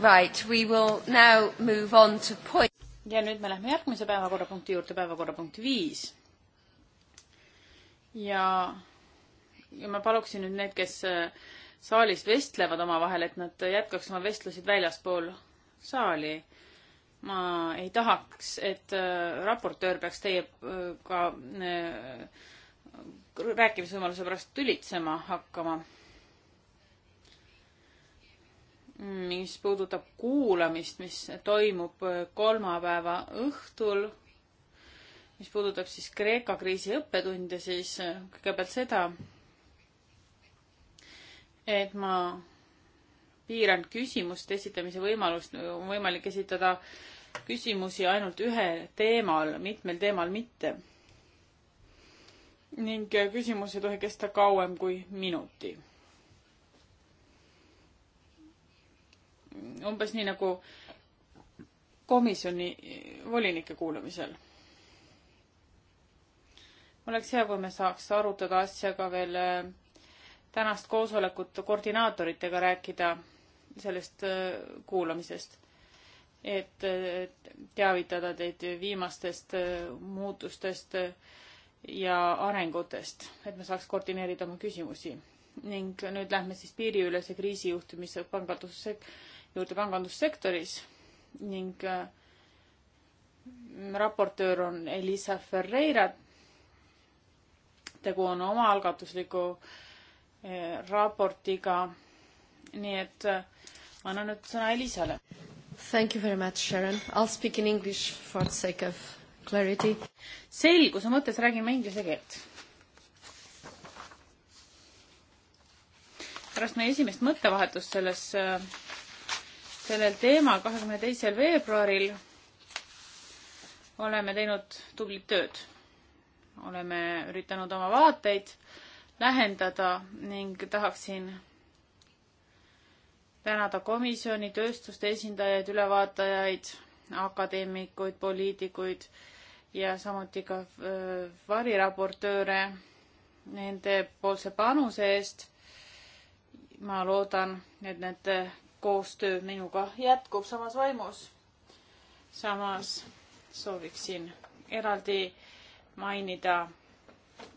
Right, we will now move on to point. ja nüüd me lähme järgmise päevakorrapunkti juurde, päevakorrapunkt viis. ja, ja ma paluksin nüüd need, kes äh, saalis vestlevad omavahel, et nad jätkaks oma vestlusid väljaspool saali. ma ei tahaks, et äh, raportöör peaks teiega äh, äh, rääkimisvõimaluse pärast tülitsema hakkama mis puudutab kuulamist, mis toimub äh, kolmapäeva õhtul, mis puudutab siis Kreeka kriisi õppetunde, siis äh, kõigepealt seda, et ma piiran küsimuste esitamise võimalust, on võimalik esitada küsimusi ainult ühel teemal, mitmel teemal mitte. ning äh, küsimus ei tohi kesta kauem kui minuti umbes nii nagu komisjoni volinike kuulamisel. oleks hea, kui me saaks arutada asja ka veel äh, tänast koosolekut koordinaatoritega rääkida sellest äh, kuulamisest, et teavitada teid viimastest äh, muutustest ja arengutest, et me saaks koordineerida oma küsimusi. ning nüüd lähme siis piiriülese kriisijuhtimise panganduse juurde pangandussektoris ning äh, raportöör on Elisa Ferreira. tegu on omaalgatusliku äh, raportiga. nii et ma äh, annan nüüd sõna Elisale. Thank you very much, Sharon. I will speak in english for the sake of clarity. selguse mõttes räägin ma inglise keelt. pärast meie esimest mõttevahetust selles äh, sellel teemal kahekümne teisel veebruaril. oleme teinud tublit tööd. oleme üritanud oma vaateid lähendada ning tahaksin tänada komisjoni tööstuste esindajaid, ülevaatajaid, akadeemikuid, poliitikuid ja samuti ka variraportööre nende poolse panuse eest. ma loodan, et need koostöö minuga jätkub samas vaimus. samas sooviksin eraldi mainida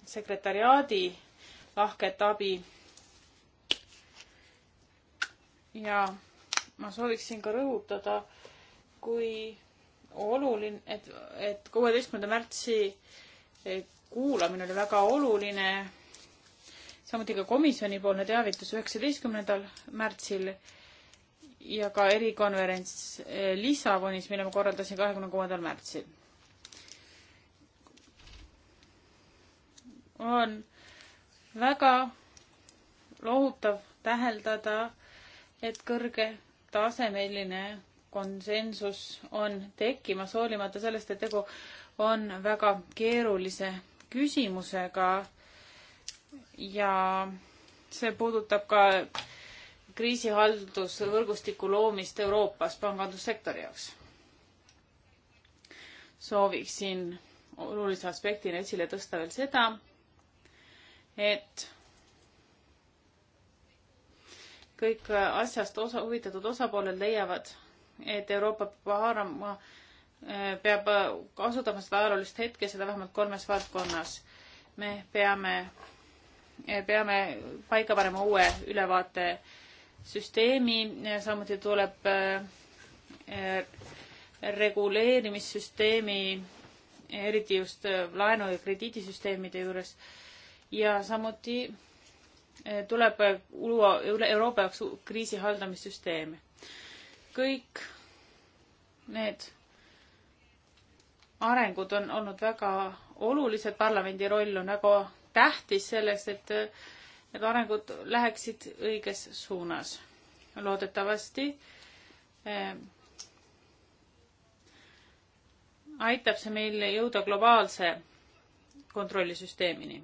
sekretariaadi lahket abi. ja ma sooviksin ka rõhutada, kui oluline, et, et kuueteistkümnenda märtsi kuulamine oli väga oluline. samuti ka komisjonipoolne teavitus üheksateistkümnendal märtsil ja ka erikonverents eh, Lissabonis, mille ma korraldasin kahekümne kuuendal märtsil. on väga lohutav täheldada, et kõrgetasemeline konsensus on tekkimas, hoolimata sellest, et tegu on väga keerulise küsimusega ja see puudutab ka kriisihaldusvõrgustiku loomist Euroopas pangandussektori jaoks. sooviksin olulise aspektina esile tõsta veel seda, et kõik asjast osa, huvitatud osapooled leiavad, et Euroopa Baharama peab kasutama seda ajaloolist hetke, seda vähemalt kolmes valdkonnas. me peame, peame paika panema uue ülevaate äh, süsteemi, samuti tuleb äh, äh, reguleerimissüsteemi, eriti just äh, laenu- ja krediidisüsteemide juures ja samuti tuleb luua Euroopa jaoks kriisi haldamissüsteem. kõik need arengud on olnud väga olulised, parlamendi roll on väga tähtis selleks, et need arengud läheksid õiges suunas. loodetavasti äh, aitab see meil jõuda globaalse kontrollisüsteemini.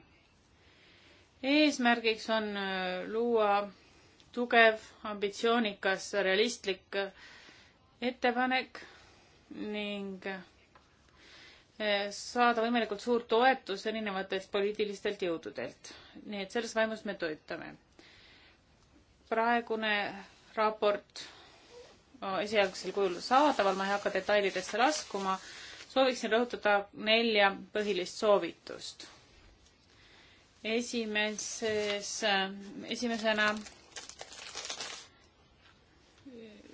eesmärgiks on eh, luua tugev, ambitsioonikas, realistlik ettepanek ning saada võimalikult suur toetus erinevatelt poliitilistelt jõududelt. nii et selles vaimus me töötame. praegune raport no, esialgsel kujul saadaval, ma ei hakka detailidesse laskuma, sooviksin rõhutada nelja põhilist soovitust. esimeses, esimesena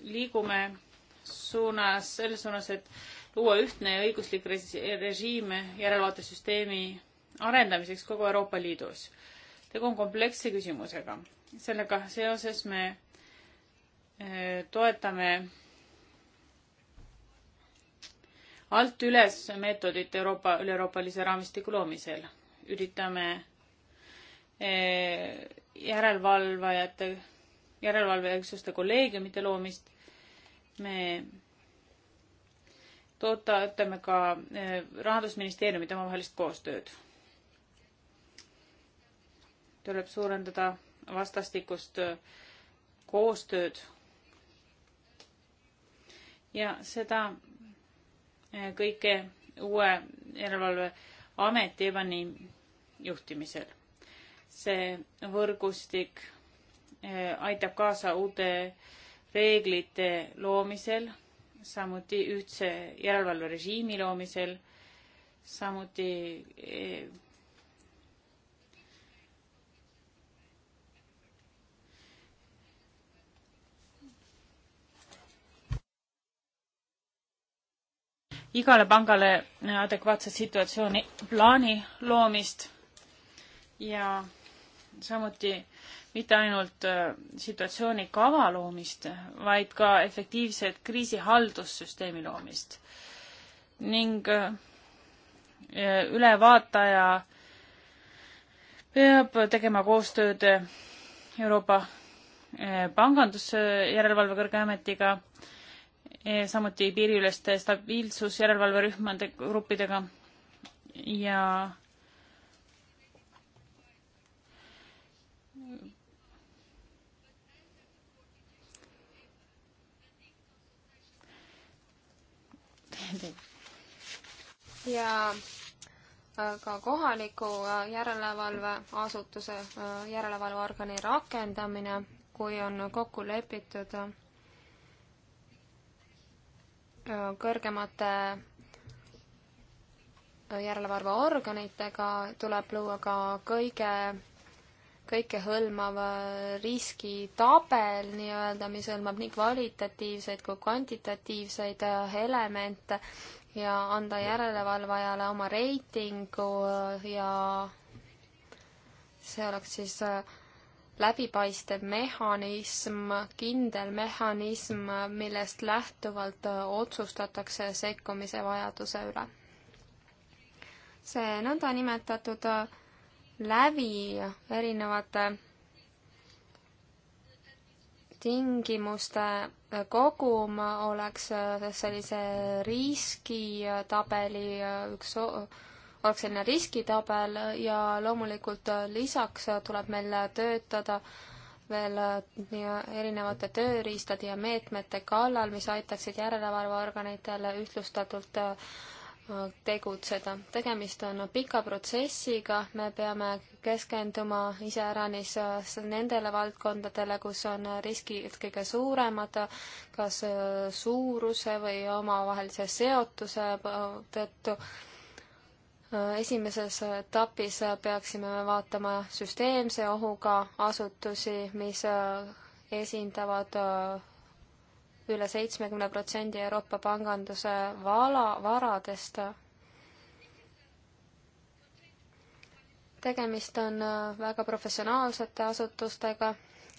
liigume suunas, selles suunas, et luua ühtne õiguslik režiim järelevaatesüsteemi arendamiseks kogu Euroopa Liidus. tegu on kompleksse küsimusega. sellega seoses me äh, toetame alt üles meetodit Euroopa, üleeuroopalise raamistiku loomisel. üritame äh, järelevalvajate, järelevalveüksuste kolleegiumite loomist. me toetame ka eh, Rahandusministeeriumit omavahelist koostööd. tuleb suurendada vastastikust eh, koostööd ja seda eh, kõike uue järelevalveameti Evani juhtimisel. see võrgustik aitab kaasa uute reeglite loomisel samuti ühtse järelevalverežiimi loomisel, samuti eh, igale pangale adekvaatse situatsiooni plaani loomist ja samuti mitte ainult äh, situatsiooni kava loomist, vaid ka efektiivset kriisihaldussüsteemi loomist. ning äh, ülevaataja peab tegema koostööd Euroopa äh, pangandusjärelevalve kõrgeametiga, samuti piiriüleste stabiilsusjärelevalverühmade gruppidega ja vahendeid. ja äh, ka kohaliku äh, järelevalveasutuse äh, järelevalveorgani rakendamine, kui on kokku lepitud kõrgemate järelevalveorganitega, tuleb luua ka kõige kõikehõlmav äh, riskitabel nii-öelda, mis hõlmab nii kvalitatiivseid kui kvantitatiivseid äh, elemente ja anda järelevalvajale oma reitingu äh, ja see oleks siis läbipaistev mehhanism, kindel mehhanism, millest lähtuvalt otsustatakse sekkumise vajaduse üle. see nõndanimetatud läbi erinevate tingimuste kogum oleks sellise riskitabeli üks oleks selline riskitabel ja loomulikult lisaks tuleb meil töötada veel erinevate tööriistade ja meetmete kallal, mis aitaksid järelevalveorganitel ühtlustatult tegutseda. tegemist on pika protsessiga, me peame keskenduma iseäranis nendele valdkondadele, kus on riskid kõige suuremad, kas suuruse või omavahelise seotuse tõttu. esimeses etapis peaksime me vaatama süsteemse ohuga asutusi, mis esindavad üle seitsmekümne protsendi Euroopa panganduse vala, varadest. tegemist on äh, väga professionaalsete asutustega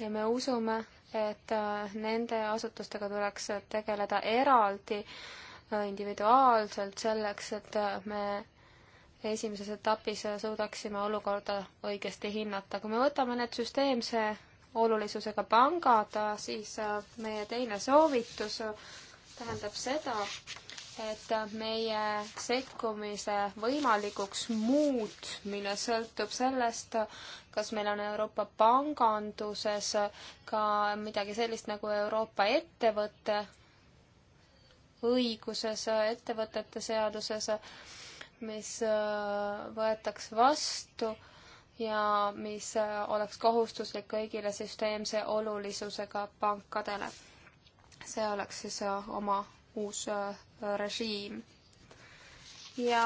ja me usume, et äh, nende asutustega tuleks tegeleda eraldi, äh, individuaalselt, selleks et me esimeses etapis suudaksime olukorda õigesti hinnata. kui me võtame nüüd süsteemse olulisusega pangad, siis äh, meie teine soovitus äh, tähendab seda, et meie sekkumise võimalikuks muutmine sõltub sellest, kas meil on Euroopa panganduses äh, ka midagi sellist nagu Euroopa ettevõtte õiguses, ettevõtete seaduses, mis võetakse vastu ja mis äh, oleks kohustuslik kõigile süsteemse olulisusega pankadele. see oleks siis äh, oma uus äh, režiim. ja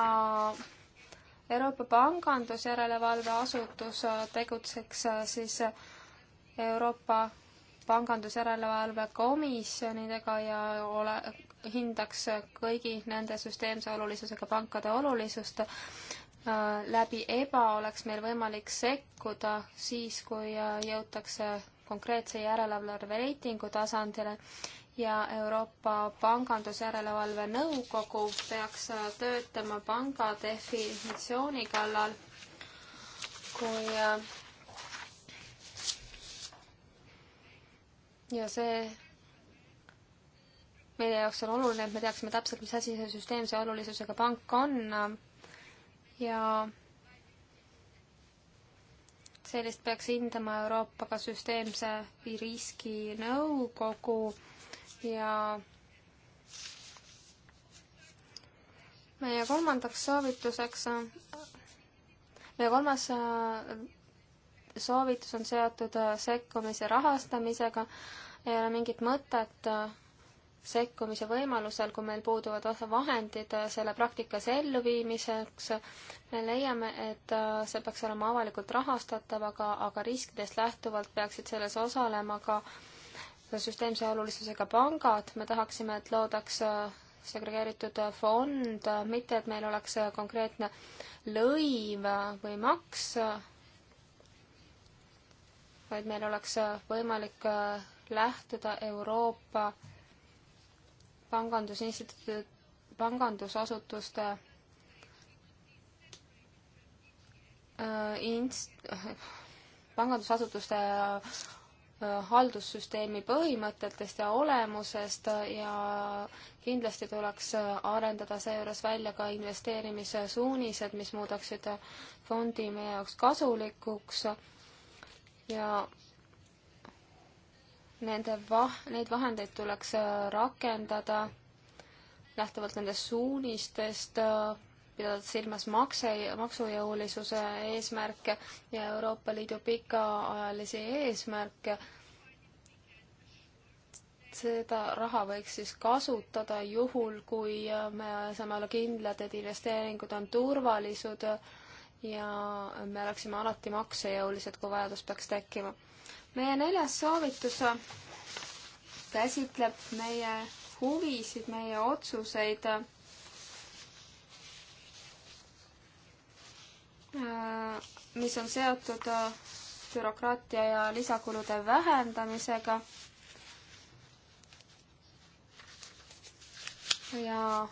Euroopa Pangandusjärelevalve Asutus tegutseks siis Euroopa Pangandusjärelevalve Komisjonidega ja ole, hindaks kõigi nende süsteemse olulisusega pankade olulisust Äh, läbi EBA oleks meil võimalik sekkuda siis, kui äh, jõutakse konkreetse järelevalve reitingu tasandile ja Euroopa Pangandusjärelevalve Nõukogu peaks äh, töötama panga definitsiooni kallal, kui ja see meie jaoks on oluline, et me teaksime täpselt, mis asi see süsteemse olulisusega pank on ja sellist peaks hindama Euroopa ka süsteemse riskinõukogu ja meie kolmandaks soovituseks, meie kolmas äh, soovitus on seotud äh, sekkumise rahastamisega, ei ole mingit mõtet äh, sekkumise võimalusel, kui meil puuduvad vahendid äh, selle praktikas elluviimiseks. me leiame, et äh, see peaks olema avalikult rahastatav, aga, aga riskidest lähtuvalt peaksid selles osalema ka süsteemse olulisusega pangad. me tahaksime, et loodaks äh, segregeeritud fond, mitte et meil oleks konkreetne lõiv või maks, vaid meil oleks võimalik lähtuda Euroopa pangandusinstituut, pangandusasutuste äh, inst-, pangandusasutuste äh, haldussüsteemi põhimõtetest ja olemusest ja kindlasti tuleks äh, arendada seejuures välja ka investeerimissuunised, mis muudaksid fondi meie jaoks kasulikuks ja nende va-, neid vahendeid tuleks äh, rakendada lähtuvalt nendest suunistest, äh, pidades silmas makse, maksujõulisuse eesmärke ja Euroopa Liidu pikaajalisi eesmärke. seda raha võiks siis kasutada juhul, kui äh, me saame olla kindlad, et investeeringud on turvalised ja me oleksime alati maksejõulised, kui vajadus peaks tekkima meie neljas soovitus käsitleb meie huvisid, meie otsuseid äh, mis on seotud äh, bürokraatia ja lisakulude vähendamisega. ja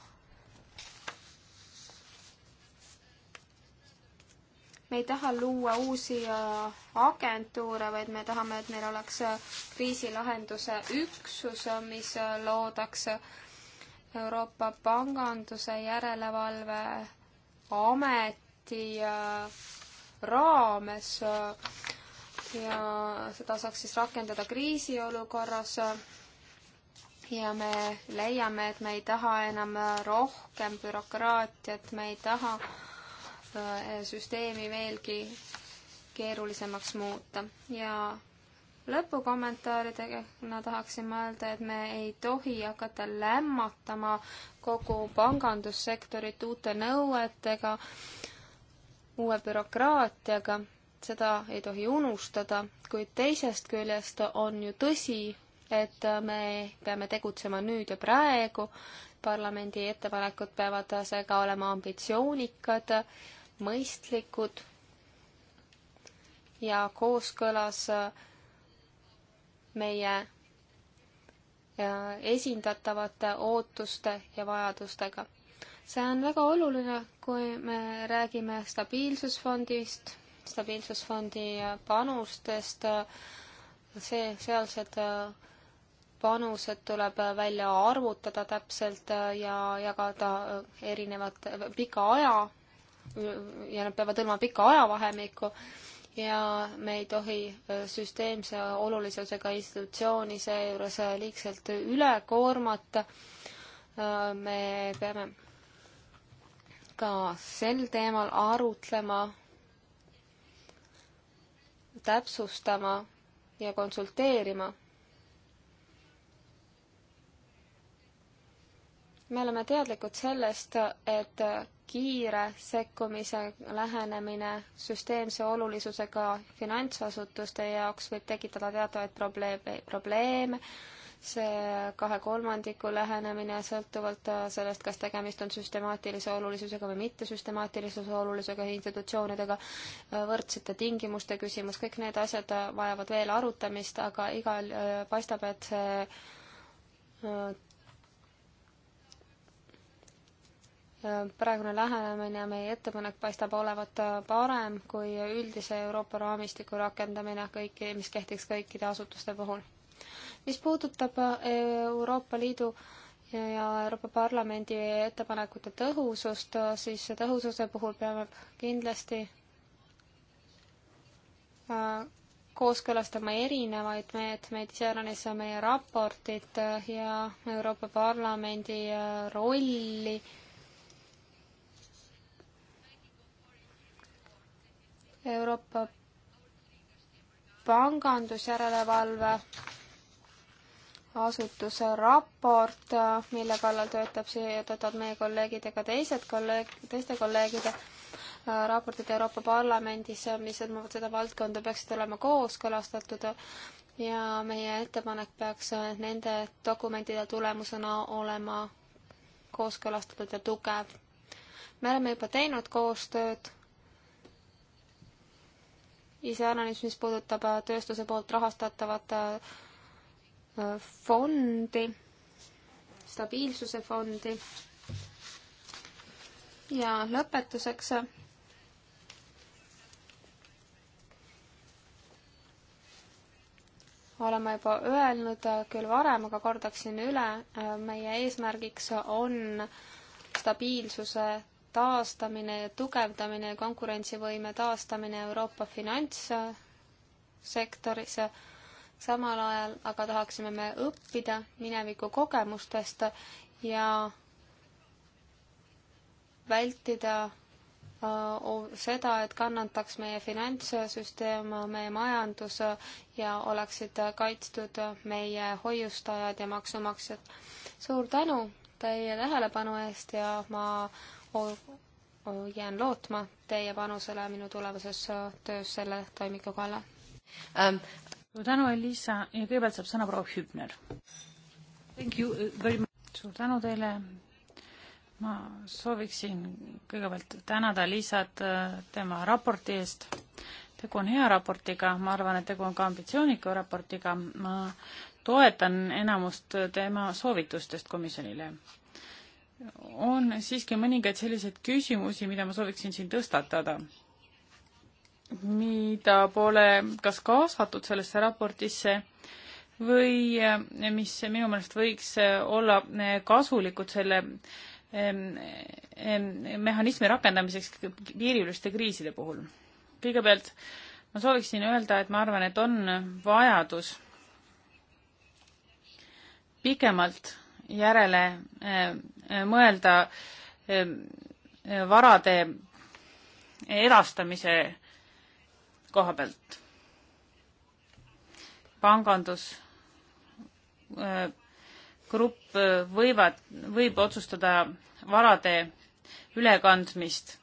me ei taha luua uusi äh, agentuure, vaid me tahame, et meil oleks äh, kriisilahenduse üksus, äh, mis loodaks Euroopa Panganduse Järelevalve Ameti raames ja seda saaks siis rakendada kriisiolukorras ja me leiame, et me ei taha enam rohkem bürokraatiat, me ei taha äh, Äh, süsteemi veelgi keerulisemaks muuta ja lõpukommentaaridena tahaksin ma öelda, et me ei tohi hakata lämmatama kogu pangandussektorit uute nõuetega, uue bürokraatiaga, seda ei tohi unustada, kuid teisest küljest on ju tõsi, et me peame tegutsema nüüd ja praegu, parlamendi ettepanekud peavad seega olema ambitsioonikad mõistlikud ja kooskõlas äh, meie äh, esindatavate ootuste ja vajadustega. see on väga oluline, kui me räägime stabiilsusfondist, stabiilsusfondi äh, panustest, see, sealsed panused tuleb välja arvutada täpselt ja jagada erinevat, pika aja ja nad peavad hõlma pika ajavahemiku ja me ei tohi äh, süsteemse olulisusega institutsiooni seejuures äh, liigselt üle koormata. Äh, me peame ka sel teemal arutlema, täpsustama ja konsulteerima. me oleme teadlikud sellest, et kiire sekkumise lähenemine süsteemse olulisusega finantsasutuste jaoks võib tekitada teatavaid probleeme, probleeme, see kahe kolmandiku lähenemine sõltuvalt sellest, kas tegemist on süstemaatilise olulisusega või mittesüstemaatilise olulisusega institutsioonidega, võrdsete tingimuste küsimus, kõik need asjad vajavad veel arutamist, aga igal, paistab, et see praegune lähenemine, meie ettepanek paistab olevat parem kui üldise Euroopa raamistiku rakendamine kõiki, mis kehtiks kõikide asutuste puhul. mis puudutab äh, Euroopa Liidu ja Euroopa Parlamendi ettepanekute tõhusust, siis tõhususe puhul peame kindlasti äh, kooskõlastama erinevaid meetmeid, iseäranis meie raportit ja Euroopa Parlamendi äh, rolli Euroopa pangandusjärelevalve asutuse raport, mille kallal töötab siia, töötavad meie kolleegid ja ka teised kolleeg, teiste kolleegide äh, raportid Euroopa Parlamendis, mis hõlmavad seda valdkonda, peaksid olema kooskõlastatud ja meie ettepanek peaks nende dokumentide tulemusena olema kooskõlastatud ja tugev. me oleme juba teinud koostööd iseäranis, mis puudutab äh, tööstuse poolt rahastatavat äh, äh, fondi, stabiilsuse fondi. ja lõpetuseks oleme juba öelnud küll varem, aga kordaksin üle, meie eesmärgiks on stabiilsuse taastamine ja tugevdamine ja konkurentsivõime taastamine Euroopa finantssektoris. samal ajal aga tahaksime me õppida mineviku kogemustest ja vältida äh, seda, et kannataks meie finantssüsteem, meie majandus ja oleksid kaitstud meie hoiustajad ja maksumaksjad. suur tänu teie tähelepanu eest ja ma jään lootma teie panusele minu tulevases töös selle toimiku kallal um,. suur tänu, Elisa ja kõigepealt saab sõna proua Hübner. Uh, suur tänu teile. ma sooviksin kõigepealt tänada Liisat tema raporti eest. tegu on hea raportiga, ma arvan, et tegu on ka ambitsioonika raportiga. ma toetan enamust tema soovitustest komisjonile on siiski mõningaid selliseid küsimusi, mida ma sooviksin siin tõstatada, mida pole kas kaasatud sellesse raportisse või eh, mis minu meelest võiks eh, olla eh, kasulikud selle mehhanismi rakendamiseks piiriüleste kriiside puhul. kõigepealt ma sooviksin öelda, et ma arvan, et on vajadus pikemalt järele eh, eh, mõelda eh, varade edastamise koha pealt. pangandusgrupp võivad, võib otsustada varade ülekandmist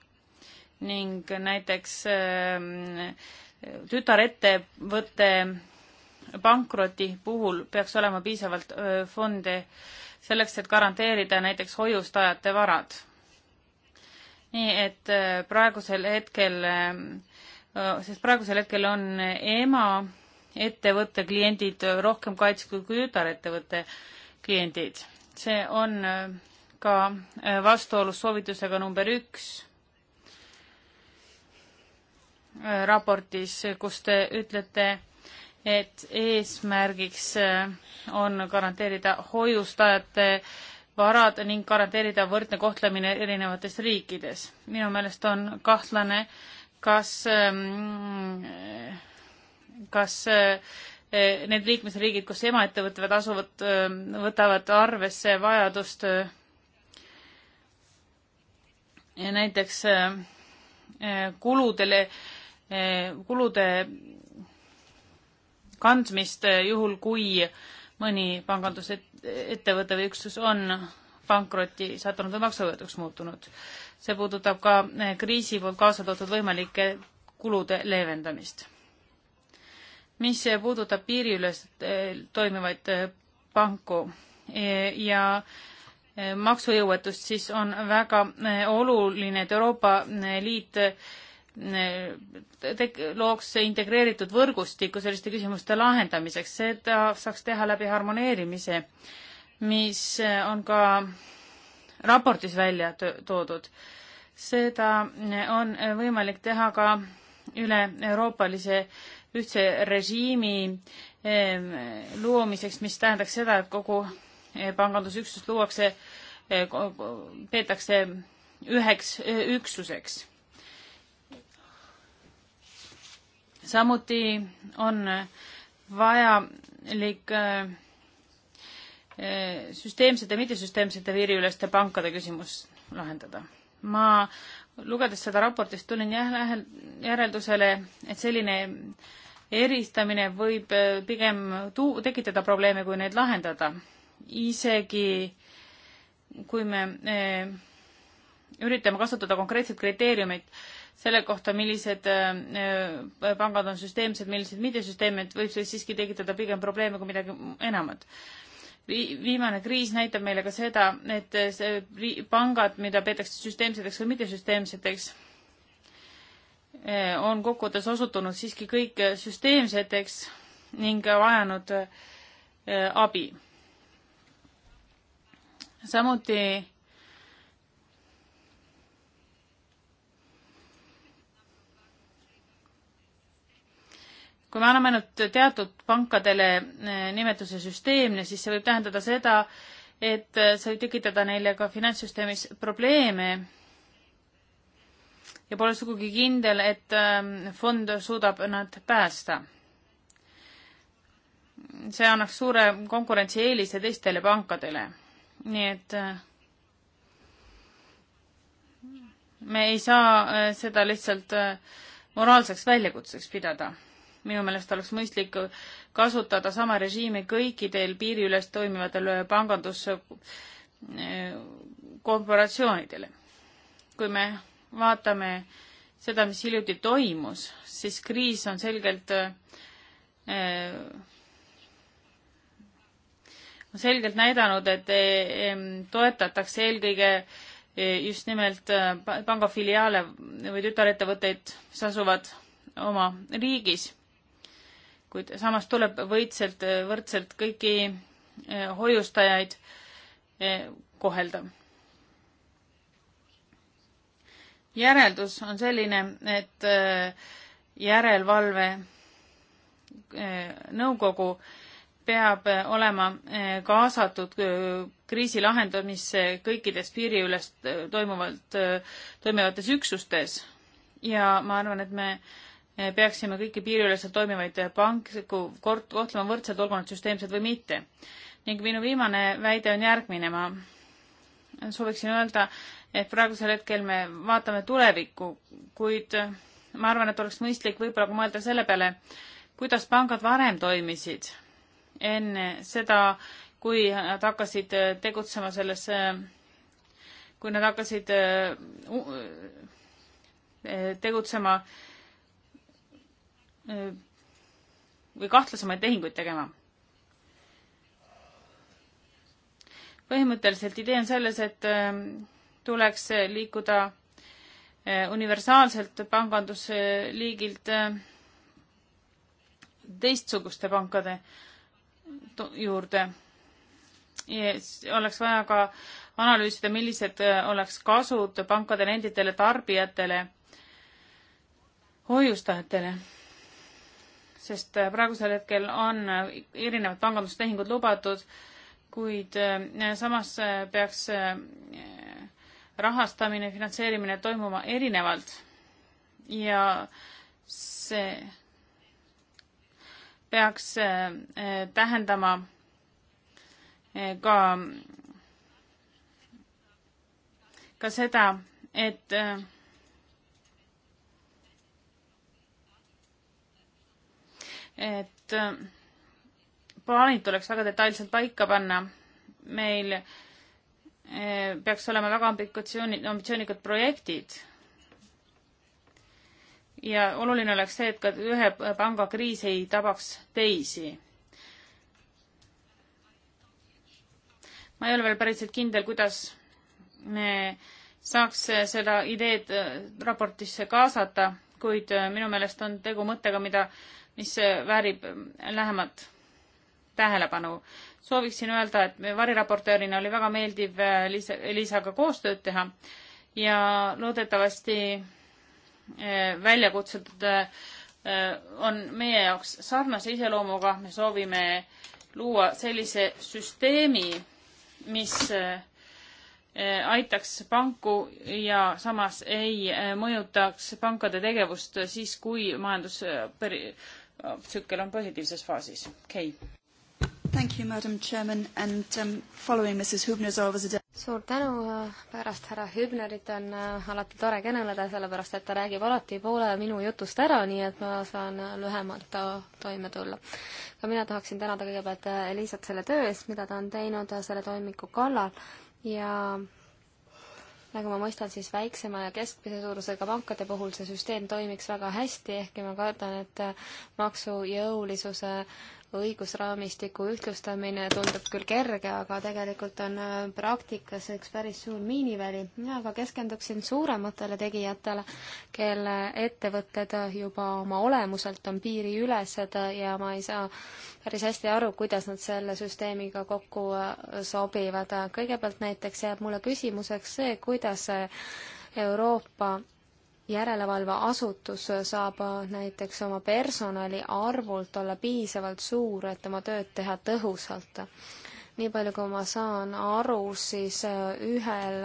ning näiteks tütarettevõtte pankroti puhul peaks olema piisavalt fonde selleks, et garanteerida näiteks hoiustajate varad. nii et äh, praegusel hetkel, äh, äh, sest praegusel hetkel on ema ettevõtte kliendid rohkem kaitstud kui tütarettevõtte kliendid. see on ka vastuolus soovitusega number üks raportis, kus te ütlete, et eesmärgiks äh, on garanteerida hoiustajate varad ning garanteerida võrdne kohtlemine erinevates riikides. minu meelest on kahtlane, kas, ähm, kas äh, need liikmesriigid, kus emaettevõtted asuvad, ähm, võtavad arvesse vajadust äh, näiteks kuludele, kulude kandmist, juhul kui mõni pangandusettevõte või üksus on pankrotti sattunud või maksuvõetuks muutunud. see puudutab ka eh, kriisi poolt kaasa toodud võimalike kulude leevendamist. mis puudutab piiriüleselt eh, toimivaid eh, panku ja maksujõuetust, siis on väga oluline, et Euroopa Liit looks integreeritud võrgustiku selliste küsimuste lahendamiseks, seda saaks teha läbi harmoneerimise, mis on ka raportis välja toodud. seda on võimalik teha ka üle-euroopalise ühtse režiimi ehm, loomiseks, mis tähendaks seda, et kogu eh, pangandusüksus luuakse, eh, peetakse üheks eh, üksuseks samuti on vajalik äh, süsteemsete ja mittesüsteemsete piiriüleste pankade küsimus lahendada. ma lugedes seda raportist tulin järeldusele, et selline eristamine võib äh, pigem tuu-, tekitada probleeme, kui neid lahendada. isegi kui me äh, üritame kasutada konkreetseid kriteeriumeid selle kohta, millised äh, äh, pangad on süsteemsed, millised mittesüsteemid, võib see siiski tekitada pigem probleeme kui midagi enamat. viimane kriis näitab meile ka seda, et äh, see pangad, mida peetakse süsteemseteks või mittesüsteemseteks, on kokkuvõttes osutunud siiski kõik süsteemseteks ning vajanud abi. samuti kui me anname ainult teatud pankadele eh, nimetuse süsteemne, siis see võib tähendada seda, et eh, see võib tekitada neile ka finantssüsteemis probleeme. ja pole sugugi kindel, et eh, fond suudab nad päästa. see annaks suure konkurentsieelise teistele pankadele. nii et me ei saa seda lihtsalt moraalseks väljakutseks pidada minu meelest oleks mõistlik kasutada sama režiimi kõikidel piiriüles toimivatel äh, panganduskorporatsioonidel. kui me vaatame seda, mis hiljuti toimus, siis kriis on selgelt äh, on selgelt näidanud, et äh, toetatakse eelkõige just nimelt pangafiliaale või tütarettevõtteid, mis asuvad oma riigis kuid samas tuleb võitselt, võrdselt kõiki eh, hoiustajaid eh, kohelda. järeldus on selline, et eh, järelevalve nõukogu peab olema kaasatud kriisi lahendamisse kõikides piiriülest toimuvalt, toimivates üksustes ja ma arvan, et me äh, peaksime kõiki piiriüleselt toimivaid panku kohtlema võrdselt, olgu nad süsteemsed või mitte. ning minu viimane väide on järgmine, ma sooviksin öelda, et praegusel hetkel me vaatame tulevikku, kuid ma arvan, et oleks mõistlik võib-olla ka mõelda selle peale, kuidas pangad varem toimisid, enne seda, kui nad hakkasid tegutsema selles, kui nad hakkasid äh, tegutsema äh, Äh, või kahtlasemaid tehinguid tegema. põhimõtteliselt idee on selles, et äh, tuleks liikuda äh, universaalselt pangandusliigilt teistsuguste pankade juurde. oleks vaja ka analüüsida, millised oleks kasud pankade nenditele tarbijatele, hoiustajatele sest äh, praegusel hetkel on äh, erinevad pangandustehingud lubatud, kuid äh, samas peaks rahastamine, finantseerimine toimuma erinevalt ja see peaks tähendama ka, ka seda, et äh, et äh, plaanid tuleks väga detailselt paika panna. meil äh, peaks olema väga ambitsiooni, ambitsioonikad projektid. ja oluline oleks see, et ka ühe panga kriis ei tabaks teisi. ma ei ole veel päriselt kindel, kuidas me saaks seda ideed äh, raportisse kaasata, kuid minu meelest on tegu mõttega, mida mis äh, väärib ähm, lähemat tähelepanu. sooviksin öelda, et variraportöörina oli väga meeldiv äh, Liisa, Liisaga koostööd teha ja loodetavasti äh, väljakutsed on meie jaoks sarnase iseloomuga, me soovime luua sellise süsteemi, mis aitaks panku ja samas ei mõjutaks pankade tegevust siis, kui majandus tsükkel on positiivses faasis. Kei. Thank you, madam chairman and um, following Mrs Hübner's over suur tänu, äh, pärast härra Hübnerit on äh, alati tore kõneleda, sellepärast et ta räägib alati poole minu jutust ära, nii et ma saan äh, lühemalt toime tulla. ka mina tahaksin tänada kõigepealt Elisat selle töö eest, mida ta on teinud selle toimiku kallal ja nagu ma mõistan, siis väiksema ja keskmise suurusega pankade puhul see süsteem toimiks väga hästi, ehkki ma kardan, et maksu jõulisuse õigusraamistiku ühtlustamine tundub küll kerge, aga tegelikult on äh, praktikas üks päris suur miiniväli. aga keskenduksin suurematele tegijatele, kelle ettevõtted juba oma olemuselt on piiriülesed ja ma ei saa päris hästi aru, kuidas nad selle süsteemiga kokku äh, sobivad. kõigepealt näiteks jääb mulle küsimuseks see, kuidas Euroopa järelevalveasutus saab näiteks oma personali arvult olla piisavalt suur, et oma tööd teha tõhusalt. nii palju, kui ma saan aru, siis äh, ühel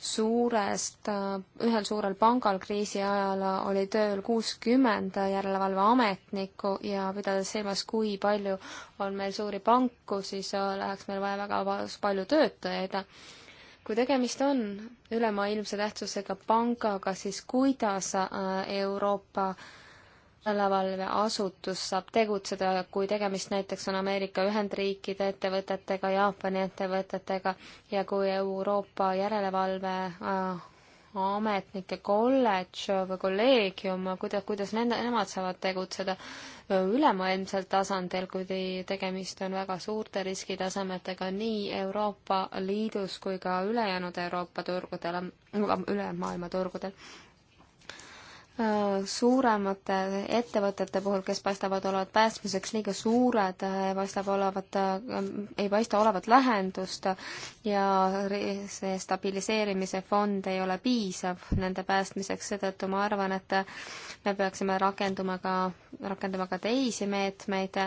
suurest, äh, ühel suurel pangal kriisi ajal oli tööl kuuskümmend järelevalveametnikku ja pidades silmas, kui palju on meil suuri panku, siis äh, läheks meil vaja väga palju töötajaid kui tegemist on ülemaailmse tähtsusega pangaga, siis kuidas äh, Euroopa järelevalveasutus saab tegutseda, kui tegemist näiteks on Ameerika Ühendriikide ettevõtetega, Jaapani ettevõtetega ja kui Euroopa järelevalve äh, ametnike kolledž või kolleegium, kuida-, kuidas nende, nemad saavad tegutseda ülemaailmsel tasandil, kuigi tegemist on väga suurte riskitasemetega nii Euroopa Liidus kui ka ülejäänud Euroopa turgudel, üle maailma turgudel suuremate ettevõtete puhul, kes paistavad olevat päästmiseks liiga suured, paistab olevat, ei paista olevat lahendust ja see stabiliseerimise fond ei ole piisav nende päästmiseks, seetõttu ma arvan, et me peaksime rakenduma ka, rakendama ka teisi meetmeid,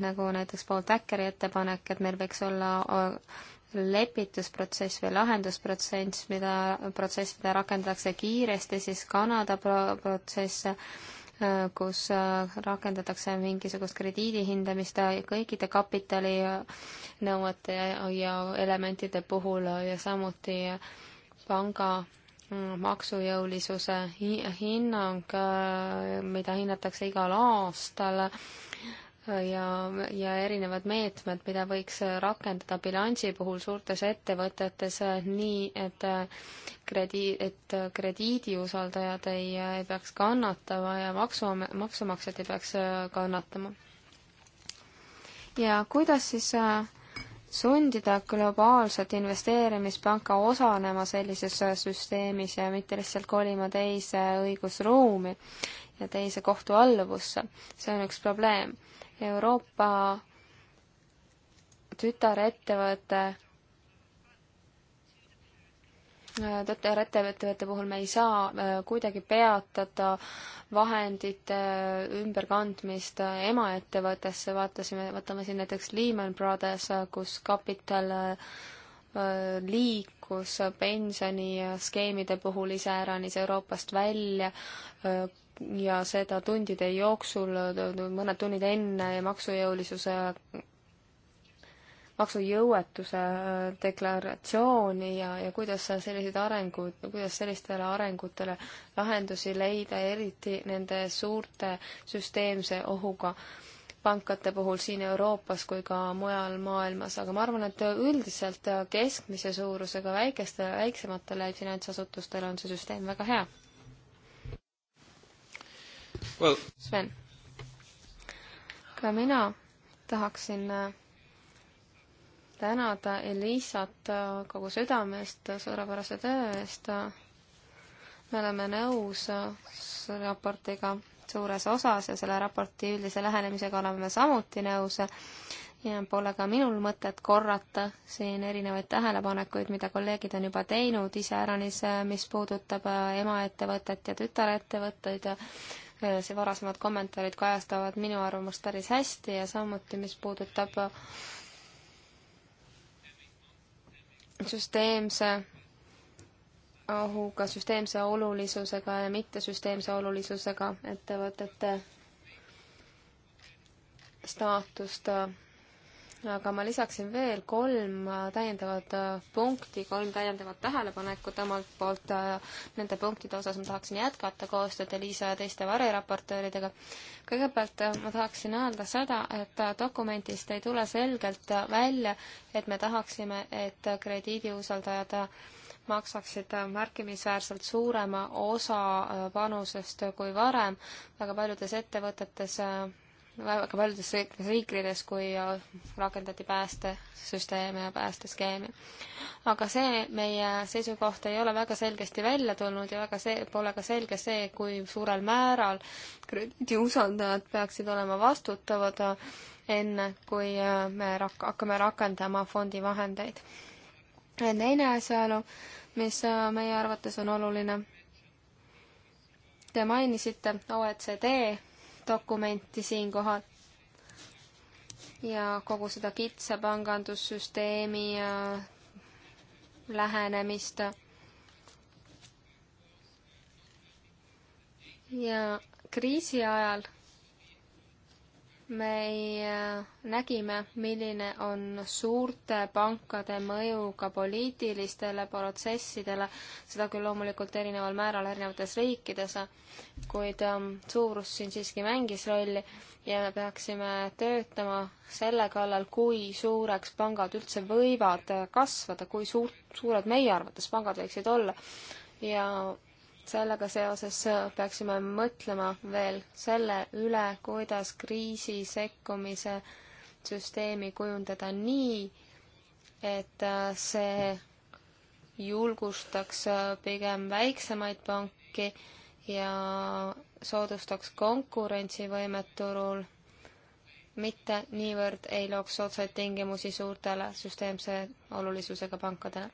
nagu näiteks Paul Täkkeri ettepanek, et meil võiks olla lepitusprotsess või lahendusprotsess, mida, protsess, mida rakendatakse kiiresti, siis Kanada pro-, protsess, äh, kus äh, rakendatakse mingisugust krediidi hindamist kõikide kapitalinõuete äh, ja, ja elementide puhul ja samuti panga mm, maksujõulisuse hinnang, mida hinnatakse igal aastal ja, ja erinevad meetmed, mida võiks rakendada bilansi puhul suurtes ettevõtetes nii, et kredi-, et krediidiusaldajad ei, ei peaks kannatama ja maksu, maksumaksjad ei peaks kannatama. ja kuidas siis äh, sundida globaalset investeerimispanka osalema sellises äh, süsteemis ja mitte lihtsalt kolima teise õigusruumi ja teise kohtu alluvusse, see on üks probleem Euroopa tütarettevõte tütarettevõtete puhul me ei saa äh, kuidagi peatada vahendite ümberkandmist emaettevõttesse, vaatasime, võtame siin näiteks Lehman Brothers, äh, kus kapital äh, liikus pensioniskeemide puhul iseäranis Euroopast välja ja seda tundide jooksul, mõned tunnid enne maksujõulisuse, maksujõuetuse äh, deklaratsiooni ja, ja kuidas selliseid arenguid, kuidas sellistele arengutele lahendusi leida, eriti nende suurte süsteemse ohuga äh, pankade puhul siin Euroopas kui ka mujal maailmas, aga ma arvan, et üldiselt keskmise suurusega väikeste, väiksematele finantsasutustele on see süsteem väga hea well.. Sven? ka mina tahaksin äh, tänada Elisat äh, kogu südamest äh, suurepärase töö eest. me oleme nõus raportiga suures osas ja selle raporti üldise lähenemisega oleme samuti nõus ja pole ka minul mõtet korrata siin erinevaid tähelepanekuid, mida kolleegid on juba teinud, iseäranis, mis puudutab äh, emaettevõtet ja tütarettevõtteid. Äh, see varasemad kommentaarid kajastavad minu arvamust päris hästi ja samuti, mis puudutab äh, süsteemse auhuga süsteemse olulisusega ja mittesüsteemse olulisusega ettevõtete staatust. aga ma lisaksin veel kolm täiendavat punkti, kolm täiendavat tähelepanekut omalt poolt. Nende punktide osas ma tahaksin jätkata koostööd Elisa ja teiste variraportööridega. kõigepealt ma tahaksin öelda seda, et dokumendist ei tule selgelt välja, et me tahaksime, et krediidiusaldajad maksaksid äh, märkimisväärselt suurema osa panusest äh, kui varem. väga paljudes ettevõtetes, äh, väga paljudes riikides, kui rakendati päästesüsteeme ja päästeskeemi. aga see meie seisukoht ei ole väga selgesti välja tulnud ja väga see, pole ka selge see, kui suurel määral krediidiusaldajad peaksid olema vastutavad enne, kui me rak-, hakkame rakendama fondi vahendeid teine asjaolu, mis äh, meie arvates on oluline. Te mainisite OECD dokumenti siinkohal ja kogu seda kitsa pangandussüsteemi äh, lähenemist. ja kriisi ajal me äh, nägime, milline on suurte pankade mõju ka poliitilistele protsessidele, seda küll loomulikult erineval määral erinevates riikides, kuid ähm, suurus siin siiski mängis rolli ja me peaksime töötama selle kallal, kui suureks pangad üldse võivad äh, kasvada, kui suurt, suured meie arvates pangad võiksid olla ja sellega seoses peaksime mõtlema veel selle üle, kuidas kriisi sekkumise süsteemi kujundada nii, et äh, see julgustaks äh, pigem väiksemaid panki ja soodustaks konkurentsivõimet turul, mitte niivõrd ei looks soodsaid tingimusi suurtele süsteemse olulisusega pankadele.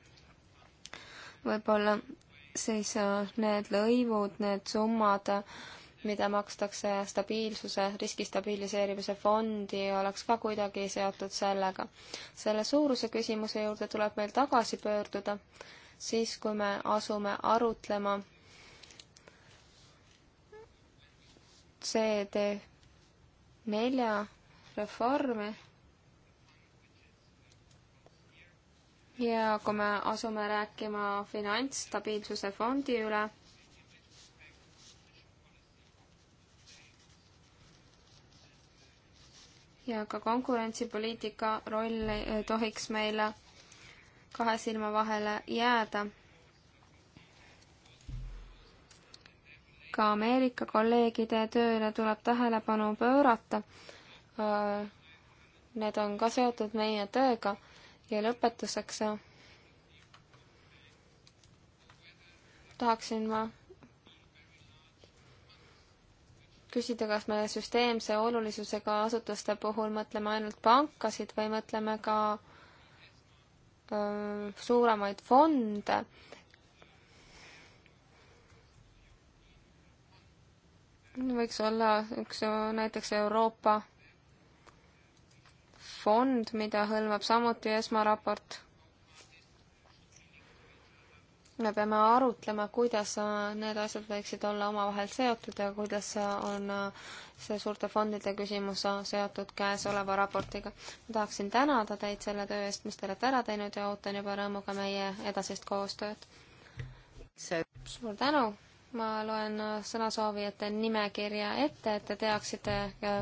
võib-olla siis äh, need lõivud, need summad, mida makstakse stabiilsuse, riski stabiliseerimise fondi, oleks ka kuidagi seotud sellega. selle suuruse küsimuse juurde tuleb meil tagasi pöörduda, siis kui me asume arutlema CD nelja reformi ja kui me asume rääkima finantsstabiilsuse fondi üle, ja ka konkurentsipoliitika roll ei tohiks meile kahe silma vahele jääda. ka Ameerika kolleegide tööle tuleb tähelepanu pöörata. Need on ka seotud meie tööga ja lõpetuseks tahaksin ma küsida, kas me süsteemse olulisusega asutuste puhul mõtleme ainult pankasid või mõtleme ka öö, suuremaid fonde. võiks olla üks näiteks Euroopa fond, mida hõlmab samuti esmaraport. me peame arutlema, kuidas need asjad võiksid olla omavahel seotud ja kuidas on see suurte fondide küsimus seotud käesoleva raportiga. ma tahaksin tänada teid selle töö eest, mis te olete ära teinud ja ootan juba rõõmuga meie edasist koostööd. suur tänu! ma loen sõnasoovijate nimekirja ette, et te teaksite,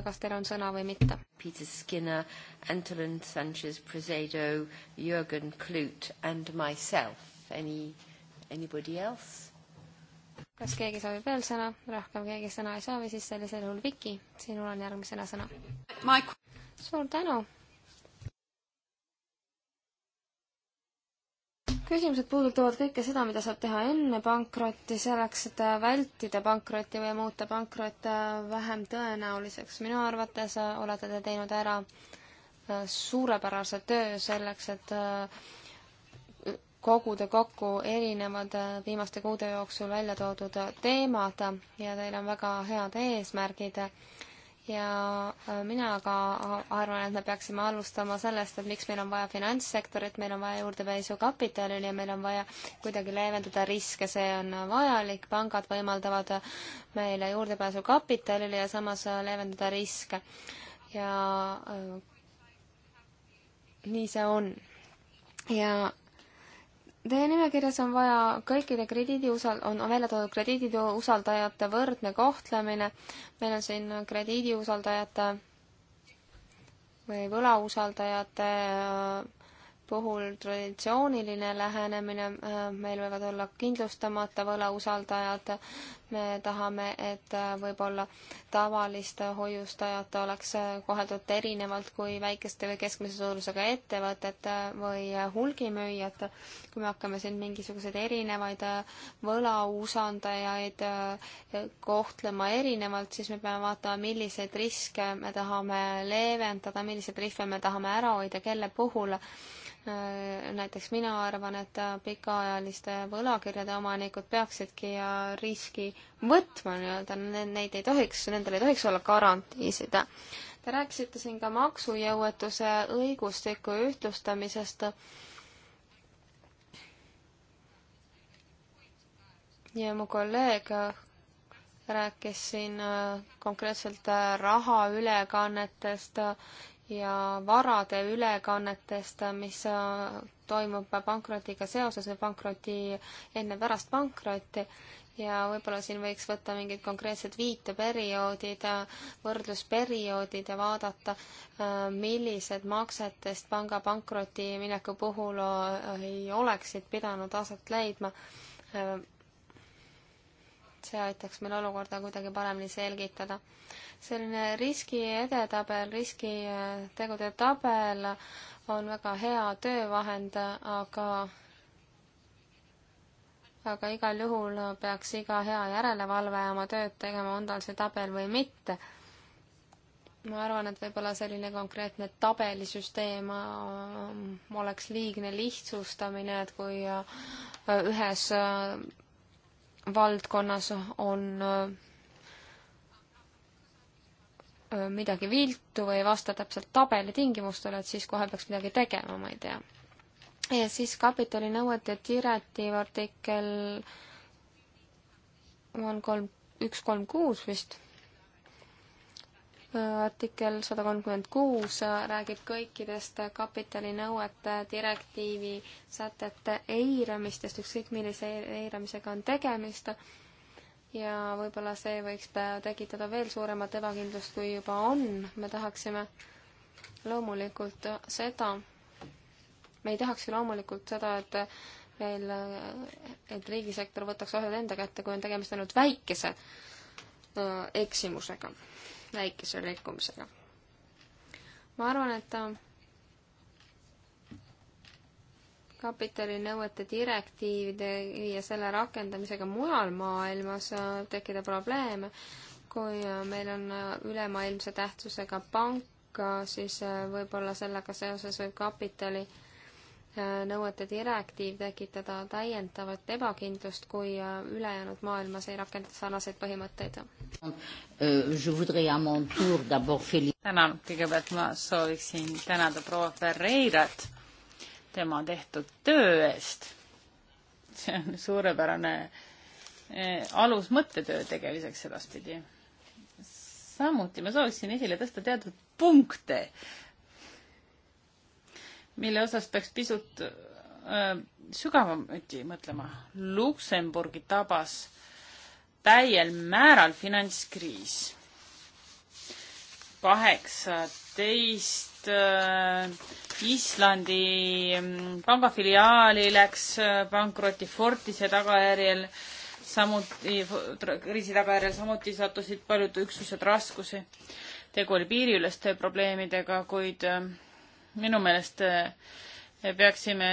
kas teil on sõna või mitte. Peter Skinner, Antolin Sanchez Prezedo, Jürgen Klut and myself. Any, anybody else? kas keegi soovib veel sõna? rohkem keegi sõna ei soovi, siis sellisel juhul Viki, sinul on järgmisena sõna. suur tänu! küsimused puudutavad kõike seda, mida saab teha enne pankrotti, selleks, et vältida pankrotti või muuta pankrot vähem tõenäoliseks. minu arvates olete te teinud ära äh, suurepärase töö selleks, et äh, koguda kokku erinevad äh, viimaste kuude jooksul välja toodud teemad ja teil on väga head eesmärgid. ja äh, mina ka arvan, et me peaksime alustama sellest, et miks meil on vaja finantssektorit, meil on vaja juurdepääsu kapitalile ja meil on vaja kuidagi leevendada riske, see on vajalik, pangad võimaldavad meile juurdepääsu kapitalile ja samas leevendada riske ja nii see on. ja teie nimekirjas on vaja kõikide krediidi usal-, on, on välja toodud krediidide usaldajate võrdne kohtlemine, meil on siin krediidi usaldajate või võlausaldajate äh, puhul traditsiooniline lähenemine, äh, meil võivad olla kindlustamata võlausaldajad, me tahame, et äh, võib-olla tavalist hoiustajat oleks äh, koheldud erinevalt kui väikeste või keskmise suurusega ettevõtet või hulgimüüjat. kui me hakkame siin mingisuguseid erinevaid võlausaldajaid kohtlema erinevalt, siis me peame vaatama, milliseid riske me tahame leevendada, milliseid rihve me tahame ära hoida, kelle puhul Äh, näiteks mina arvan, et äh, pikaajaliste võlakirjade omanikud peaksidki äh, riski võtma nii-öelda, neid ei tohiks, nendel ei tohiks olla garantiisid. Te rääkisite siin ka maksujõuetuse õigustiku ühtlustamisest. ja mu kolleeg rääkis siin konkreetselt rahaülekannetest ja varade ülekannetest, mis äh, toimub pankrotiga seoses või pankroti, enne pärast pankrotti ja võib-olla siin võiks võtta mingid konkreetsed viiteperioodid, võrdlusperioodid ja vaadata, äh, millised maksetest panga pankrotti mineku puhul äh, ei oleksid pidanud aset leidma see aitaks meil olukorda kuidagi paremini selgitada. selline riski edetabel, riskitegude äh, tabel on väga hea töövahend, aga aga igal juhul peaks iga hea järelevalve oma tööd tegema, on tal see tabel või mitte. ma arvan, et võib-olla selline konkreetne tabelisüsteem äh, oleks liigne lihtsustamine, et kui äh, ühes valdkonnas on midagi viltu või ei vasta täpselt tabeli tingimustele, et siis kohe peaks midagi tegema, ma ei tea. ja siis kapitalinõuete direktiiv artikkel on kolm, üks kolm kuus vist artikkel sada kolmkümmend kuus räägib kõikidest kapitalinõuete direktiivi sätete eiramistest, ükskõik millise eiramisega on tegemist, ja võib-olla see võiks tekitada veel suuremat ebakindlust, kui juba on, me tahaksime loomulikult seda, me ei tahaks ju loomulikult seda, et meil, et riigisektor võtaks asjad enda kätte, kui on tegemist ainult väikese äh, eksimusega väikese rikkumisega. ma arvan, et kapitalinõuete direktiivide ja selle rakendamisega mujal maailmas äh, tekkida probleeme, kui äh, meil on äh, ülemaailmse tähtsusega pank, siis võib-olla sellega seoses võib kapitali nõuete direktiiv tekitada täiendavat ebakindlust, kui äh, ülejäänud maailmas ei rakendata sarnaseid põhimõtteid? Euh, tänan, kõigepealt ma sooviksin tänada proua Ferreirat tema tehtud töö eest. see on suurepärane äh, alus mõttetöö tegemiseks edaspidi. samuti ma sooviksin esile tõsta teatud punkte mille osas peaks pisut äh, sügavamati mõtlema. Luksemburgi tabas täiel määral finantskriis. kaheksateist äh, Islandi mm, pangafiliaali läks äh, pankrotti Fortise tagajärjel, samuti kriisi tagajärjel samuti sattusid paljud üksused raskusi. tegu oli piiriüleste probleemidega, kuid äh, minu meelest eh, peaksime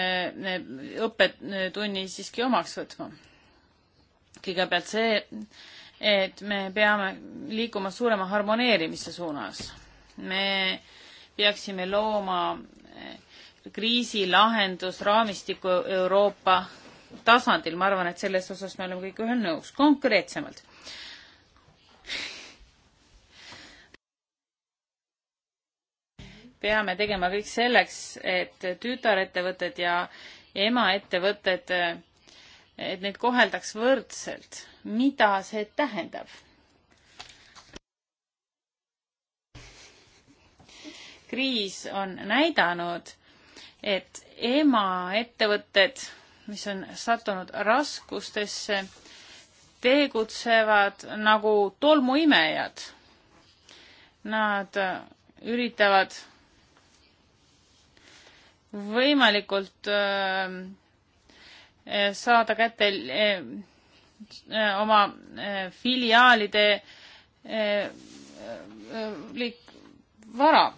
eh, õppetunni siiski omaks võtma. kõigepealt see, et me peame liikuma suurema harmoneerimise suunas. me peaksime looma eh, kriisilahendusraamistiku Euroopa tasandil, ma arvan, et selles osas me oleme kõik ühel nõus, konkreetsemalt peame tegema kõik selleks, et tütarettevõtted ja emaettevõtted, et neid koheldaks võrdselt. mida see tähendab? kriis on näidanud, et emaettevõtted, mis on sattunud raskustesse, tegutsevad nagu tolmuimejad. Nad üritavad võimalikult ähm, äh, saada kätte äh, äh, oma filiaalide liik-, vara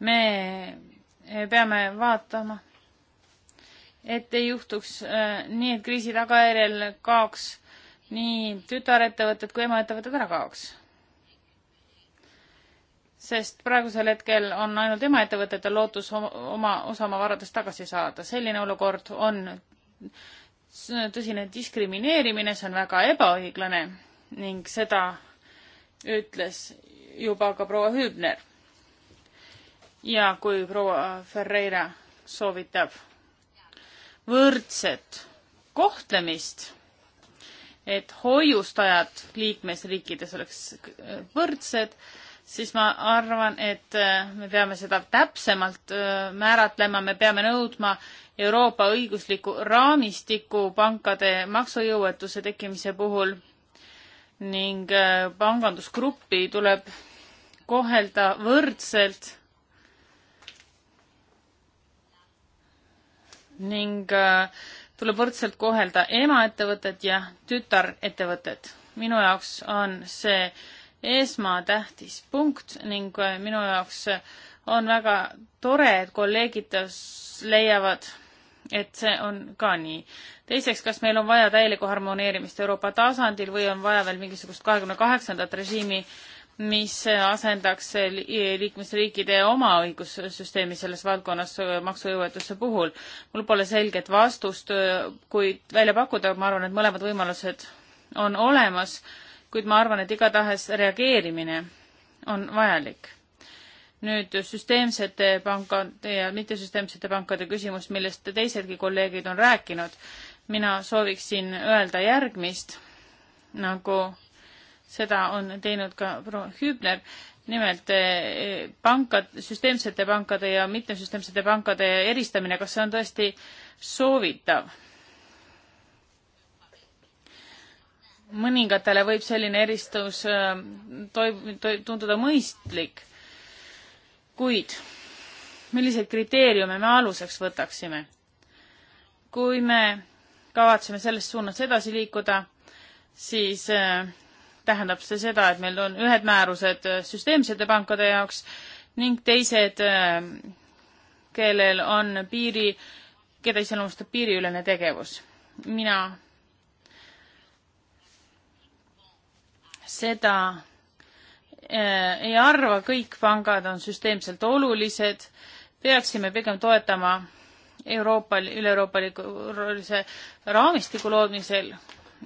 me peame vaatama et ei juhtuks äh, nii, et kriisi tagajärjel kaoks nii tütarettevõtted kui emaettevõtted ära kaoks. sest praegusel hetkel on ainult emaettevõtetel lootus oma osa oma varadest tagasi saada. selline olukord on tõsine diskrimineerimine, see on väga ebaõiglane ning seda ütles juba ka proua Hübner. ja kui proua Ferreira soovitab võrdset kohtlemist, et hoiustajad liikmesriikides oleks võrdsed, siis ma arvan, et äh, me peame seda täpsemalt äh, määratlema, me peame nõudma Euroopa õigusliku raamistiku pankade maksujõuetuse tekkimise puhul ning äh, pangandusgruppi tuleb kohelda võrdselt ning äh, tuleb võrdselt kohelda emaettevõtet ja tütarettevõtet. minu jaoks on see esmatähtis punkt ning äh, minu jaoks on väga tore, et kolleegid leiavad, et see on ka nii. teiseks, kas meil on vaja täielikku harmoneerimist Euroopa tasandil või on vaja veel mingisugust kahekümne kaheksandat režiimi äh, mis asendaks liikmesriikide oma õigussüsteemi selles valdkonnas maksujõuetuse puhul. mul pole selget vastust, kuid välja pakkuda, ma arvan, et mõlemad võimalused on olemas, kuid ma arvan, et igatahes reageerimine on vajalik. nüüd süsteemsete pankade ja mittesüsteemsete pankade küsimus, millest teisedki kolleegid on rääkinud. mina sooviksin öelda järgmist, nagu seda on teinud ka proua Hübner, nimelt eh, pankad, süsteemsete pankade ja mittesüsteemsete pankade eristamine, kas see on tõesti soovitav? mõningatele võib selline eristus eh, toim-, to-, tunduda mõistlik, kuid milliseid kriteeriume me aluseks võtaksime? kui me kavatseme selles suunas edasi liikuda, siis äh, tähendab see seda, et meil on ühed määrused äh, süsteemsete pankade jaoks ning teised, äh, kellel on piiri, keda iseloomustab piiriülene tegevus. mina seda äh, ei arva, kõik pangad on süsteemselt olulised, peaksime pigem toetama Euroopa, üle-euroopalise raamistiku loomisel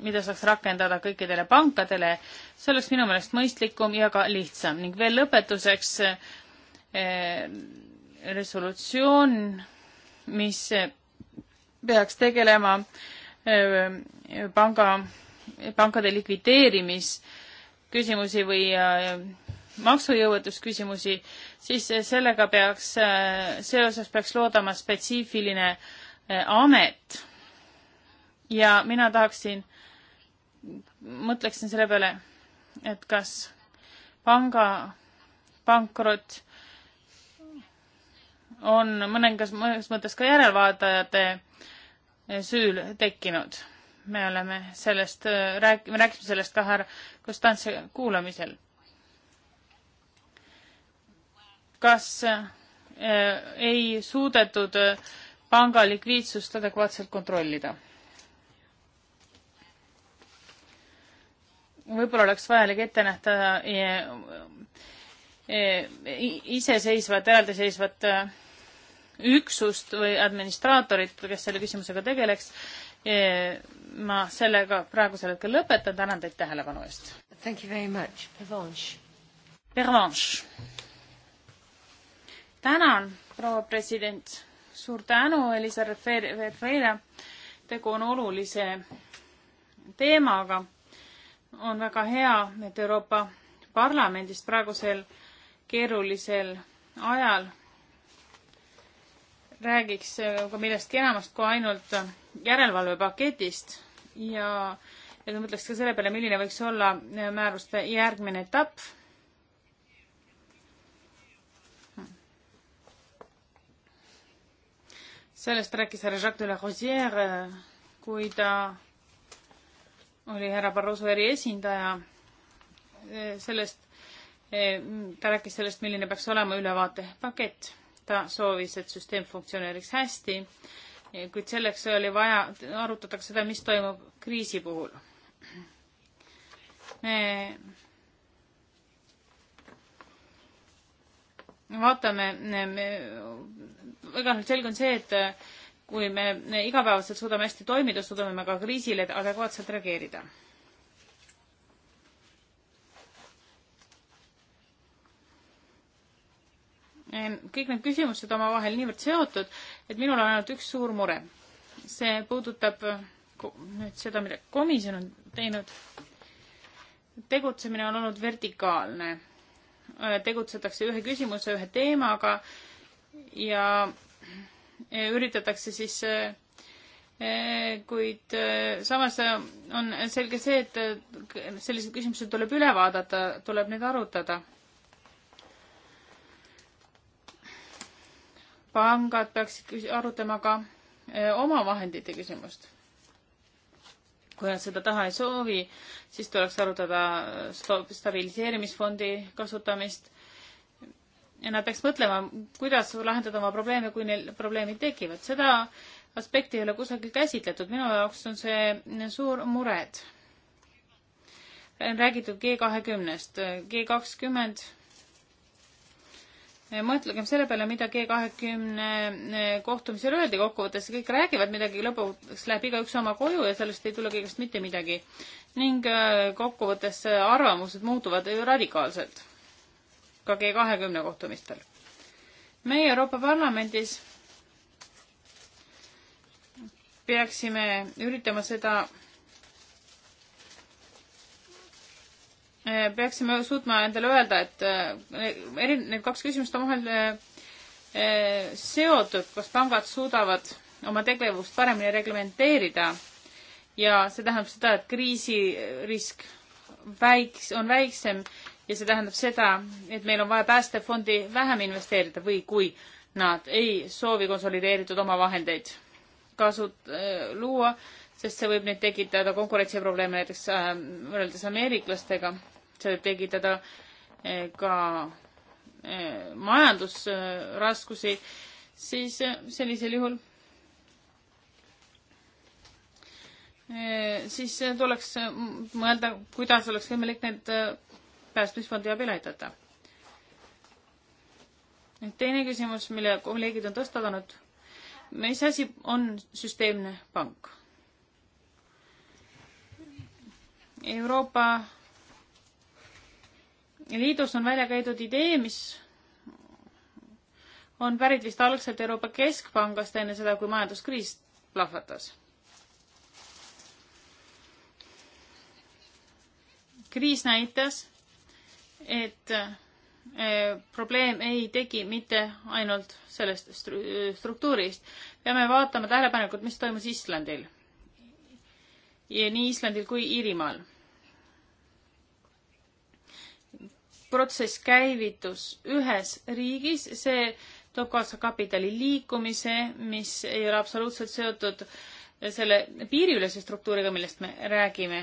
mida saaks rakendada kõikidele pankadele, see oleks minu meelest mõistlikum ja ka lihtsam ning veel lõpetuseks eh, resolutsioon, mis peaks tegelema eh, panga, pankade likvideerimisküsimusi või eh, maksujõuetusküsimusi, siis sellega peaks, eh, seoses peaks loodama spetsiifiline eh, amet ja mina tahaksin mõtleksin selle peale, et kas panga pankrot on mõningas mõttes ka järelevaatajate süül tekkinud. me oleme sellest rääk-, me rääkisime sellest ka härra Konstantse kuulamisel. kas äh, ei suudetud panga likviidsust adekvaatselt kontrollida? võib-olla oleks vajalik ette nähta eh, eh, iseseisvat, eraldiseisvat eh, üksust või administraatorit, kes selle küsimusega tegeleks. ma sellega praegusel hetkel lõpetan, tänan teid tähelepanu eest. Thank you very much, Pervanche. Pervanche. tänan, proua president. suur tänu, Elisa Refer-, Refer-, tegu on olulise teemaga on väga hea, et Euroopa Parlamendis praegusel keerulisel ajal räägiks ka millestki enamast kui ainult järelevalvepaketist ja et ma mõtleks ka selle peale, milline võiks olla määruste järgmine etapp. sellest rääkis härra Jacques de la Rosière, kui ta oli härra Barroso eriesindaja eh, sellest, eh, ta rääkis sellest, milline peaks olema ülevaatepakett. ta soovis, et süsteem funktsioneeriks hästi, eh, kuid selleks oli vaja arutada seda, mis toimub kriisi puhul. me vaatame, väga selge on see, et kui me igapäevaselt suudame hästi toimida, suudame me ka kriisile adekvaatselt reageerida. Ehm, kõik need küsimused omavahel niivõrd seotud, et minul on ainult üks suur mure. see puudutab nüüd seda, mida komisjon on teinud. tegutsemine on olnud vertikaalne. tegutsetakse ühe küsimuse, ühe teemaga ja Eh, üritatakse siis eh, eh, kuid samas on selge see, et sellised küsimused tuleb üle vaadata, tuleb neid arutada. pangad peaksid arutama ka oma vahendite küsimust. kui nad seda taha ei soovi, siis tuleks arutada stabiliseerimisfondi kasutamist ja nad peaks mõtlema, kuidas lahendada oma probleeme, kui neil probleemid tekivad. seda aspekti ei ole kusagil käsitletud, minu jaoks on see suur mured. on räägitud G kahekümnest, G kakskümmend. Eh, mõtlegem selle peale, mida G kahekümne eh, kohtumisel öeldi kokkuvõttes, kõik räägivad midagi, lõpuks läheb igaüks oma koju ja sellest ei tule kõigest mitte midagi. ning eh, kokkuvõttes arvamused muutuvad radikaalselt ka G kahekümne kohtumistel. meie Euroopa Parlamendis peaksime üritama seda, eh, peaksime suutma endale öelda, et eh, eri, need kaks küsimust on vahel eh, seotud, kas pangad suudavad oma tegevust paremini reglementeerida ja see tähendab seda, et kriisirisk väiks-, on väiksem ja see tähendab seda, et meil on vaja päästefondi vähem investeerida või kui nad ei soovi konsolideeritud omavahendeid kasut- äh,, luua, sest see võib neid tekitada konkurentsiprobleeme näiteks äh, võrreldes ameeriklastega, see võib tekitada äh, ka äh, majandusraskusi, siis äh, sellisel juhul äh, siis tuleks mõelda, kuidas oleks võimalik need päästmisfondi abil aidata. nüüd teine küsimus, mille kolleegid on tõstatanud. mis asi on süsteemne pank? Euroopa Liidus on välja käidud idee, mis on pärit vist algselt Euroopa Keskpangast enne seda, kui majanduskriis plahvatas kriis näitas, et eh, probleem ei tegi mitte ainult sellest struktuurist. peame vaatama tähelepanelikult, mis toimus Islandil. nii Islandil kui Iirimaal. protsess käivitus ühes riigis, see toob kaasa kapitali liikumise, mis ei ole absoluutselt seotud selle piiriülese struktuuriga, millest me räägime,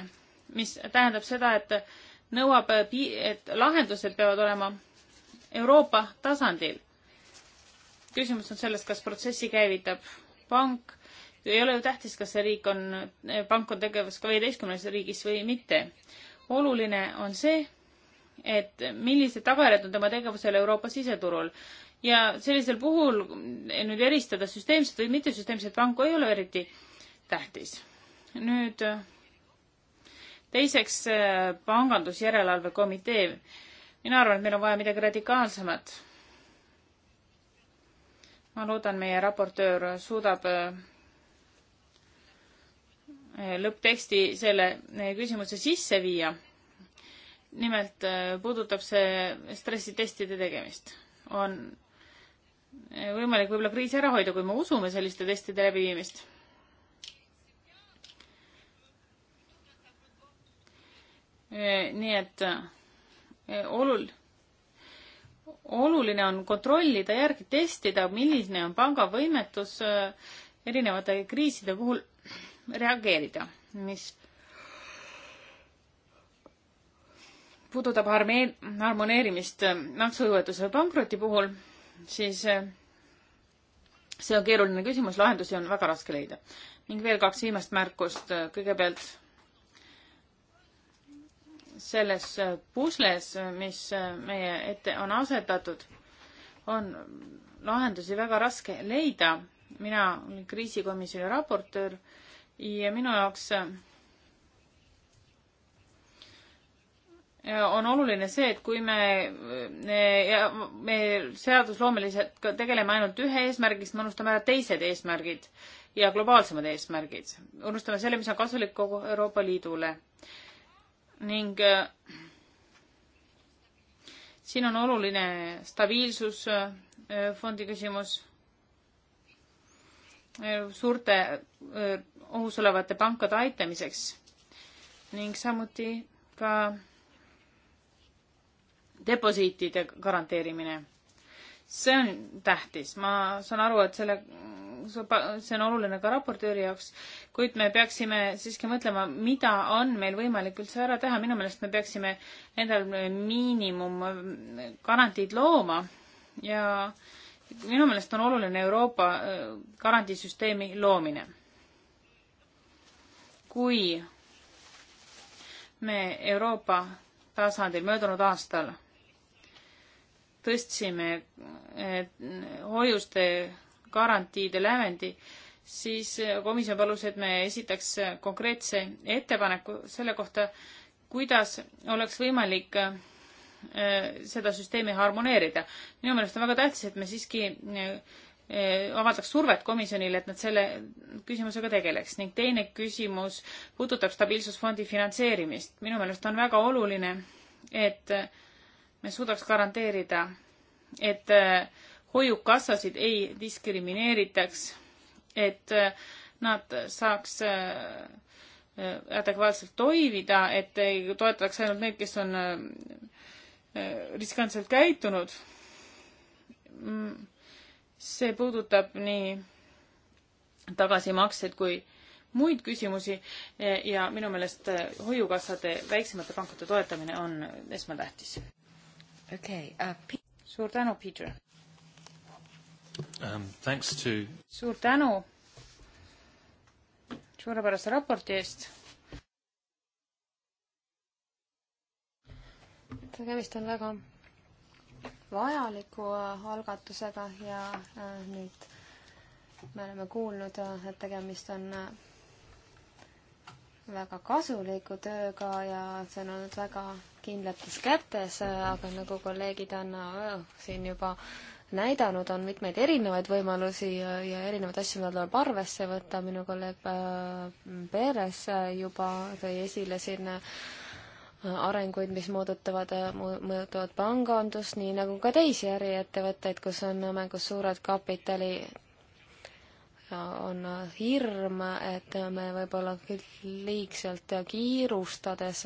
mis tähendab seda, et nõuab, äh, et lahendused peavad olema Euroopa tasandil. küsimus on selles, kas protsessi käivitab pank, ei ole ju tähtis, kas see riik on, äh, pank on tegevus ka viieteistkümnes riigis või mitte. oluline on see, et millised tagajärjed on tema tegevusel Euroopa siseturul ja sellisel puhul eh, nüüd eristada süsteemset või mittesüsteemset panku ei ole eriti tähtis. nüüd äh, teiseks, pangandusjärelevalve komitee. mina arvan, et meil on vaja midagi radikaalsemat. ma loodan, meie raportöör suudab eh, lõppteksti selle eh, küsimuse sisse viia. nimelt eh, puudutab see stressitestide tegemist. on võimalik võib-olla kriisi ära hoida, kui me usume selliste testide läbiviimist Eh, nii et eh, olul-, oluline on kontrollida järgi, testida, milline on panga võimetus eh, erinevate kriiside puhul reageerida, mis puudutab harmee-, harmoneerimist maksujõuetuse või pankroti puhul, siis see on keeruline küsimus, lahendusi on väga raske leida. ning veel kaks viimast märkust, kõigepealt selles pusles, mis meie ette on asetatud, on lahendusi väga raske leida. mina olin kriisikomisjoni raportöör ja minu jaoks on oluline see, et kui me, me seadusloomeliselt ka tegeleme ainult ühe eesmärgist, me unustame ära teised eesmärgid ja globaalsemad eesmärgid. unustame selle, mis on kasulik kogu Euroopa Liidule ning äh, siin on oluline stabiilsus fondi küsimus äh, suurte äh, ohus olevate pankade aitamiseks ning samuti ka deposiitide garanteerimine. see on tähtis, ma saan aru, et selle see on oluline ka raportööri jaoks, kuid me peaksime siiski mõtlema, mida on meil võimalik üldse ära teha, minu meelest me peaksime endal miinimumgarantiid looma ja minu meelest on oluline Euroopa äh, garantiisüsteemi loomine. kui me Euroopa tasandil möödunud aastal tõstsime äh, hoiuste garantiide lävendi, siis komisjon palus, et me esitaks konkreetse ettepaneku selle kohta, kuidas oleks võimalik äh, seda süsteemi harmoneerida. minu meelest on väga tähtis, et me siiski äh, avaldaks survet komisjonile, et nad selle küsimusega tegeleks ning teine küsimus puudutab stabiilsusfondi finantseerimist. minu meelest on väga oluline, et me suudaks garanteerida, et äh, hoiukassasid ei diskrimineeritaks, et äh, nad saaks äh, adekvaatselt toimida, et ei toetataks ainult neid, kes on äh, riskantselt käitunud. see puudutab nii tagasimakseid kui muid küsimusi ja minu meelest hoiukassade, väiksemate pankade toetamine on esmatähtis. okei okay, uh,. suur tänu, Peter um,. To... suur tänu suurepärase raporti eest. tegemist on väga vajaliku äh, algatusega ja äh, nüüd me oleme kuulnud, äh, et tegemist on väga kasuliku tööga ja see on olnud väga kindlates kätes, aga nagu kolleegid on öö, siin juba näidanud, on mitmeid erinevaid võimalusi ja, ja erinevaid asju, mida tuleb arvesse võtta, minu kolleeg äh, Peres äh, juba tõi esile siin äh, arenguid, mis moodutavad, mõjutavad pangandust, nii nagu ka teisi äriettevõtteid, kus on mängus suured kapitali ja on hirm, et me võib-olla liigselt kiirustades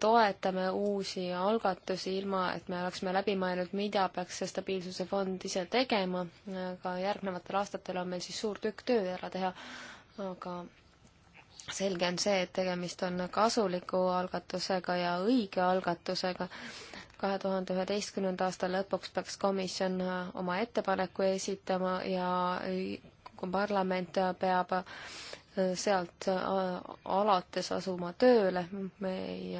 toetame uusi algatusi, ilma et me oleksime läbi mõelnud, mida peaks see stabiilsuse fond ise tegema, aga järgnevatel aastatel on meil siis suur tükk tööd ära teha, aga selge on see, et tegemist on kasuliku algatusega ja õige algatusega. kahe tuhande üheteistkümnenda aasta lõpuks peaks komisjon oma ettepaneku esitama ja kui parlament peab sealt äh, alates asuma tööle, me ei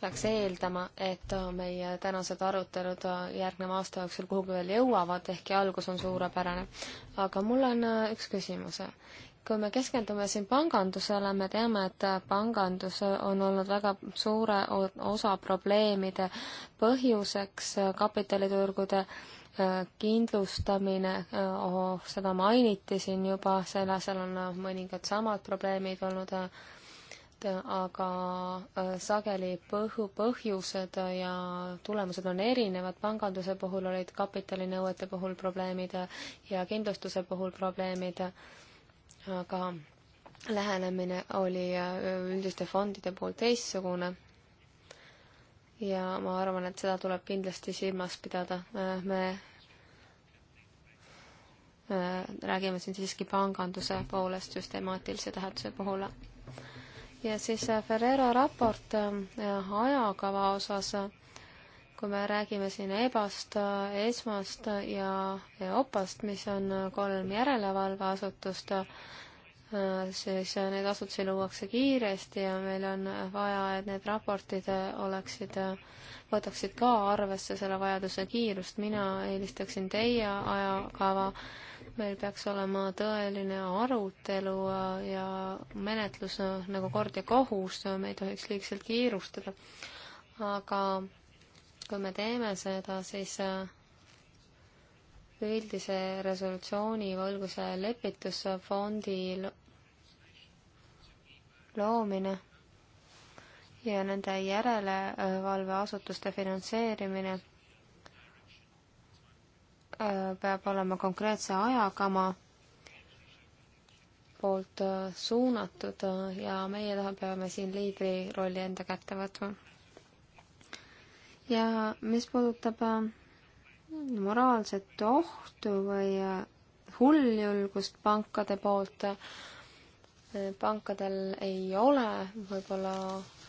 peaks äh, eeldama, et äh, meie tänased arutelud järgneva aasta jooksul kuhugi veel jõuavad, ehkki algus on suurepärane. aga mul on üks küsimus. kui me keskendume siin pangandusele, me teame, et pangandus on olnud väga suure osa probleemide põhjuseks kapitaliturgude äh, Äh, kindlustamine, äh, seda mainiti siin juba, selle, seal on äh, mõningad samad probleemid olnud, aga sageli põhu, põhjused ja tulemused on erinevad, panganduse puhul olid kapitalinõuete puhul probleemid ja kindlustuse puhul probleemid, aga lähenemine oli üldiste fondide poolt teistsugune ja ma arvan, et seda tuleb kindlasti silmas pidada. Äh, me äh, räägime siin siiski panganduse poolest süstemaatilise tähenduse puhul. ja siis äh, Ferrero raport ajakava osas, kui me räägime siin EBA-st, ESMA-st ja EOPA-st, mis on kolm järelevalveasutust, Äh, siis äh, neid asutusi luuakse kiiresti ja meil on vaja, et need raportid äh, oleksid, võtaksid ka arvesse selle vajaduse kiirust. mina eelistaksin teie ajakava, meil peaks olema tõeline arutelu ja menetlus nagu kord ja kohus, me ei tohiks liigselt kiirustada. aga kui me teeme seda, siis üldise resolutsiooni valguse lepitusfondi loomine ja nende järelevalveasutuste finantseerimine äh, peab olema konkreetse ajakama poolt äh, suunatud äh, ja meie taha peame siin liidri rolli enda kätte võtma. ja mis puudutab moraalset ohtu või hulljulgust pankade poolt, pankadel ei ole võib-olla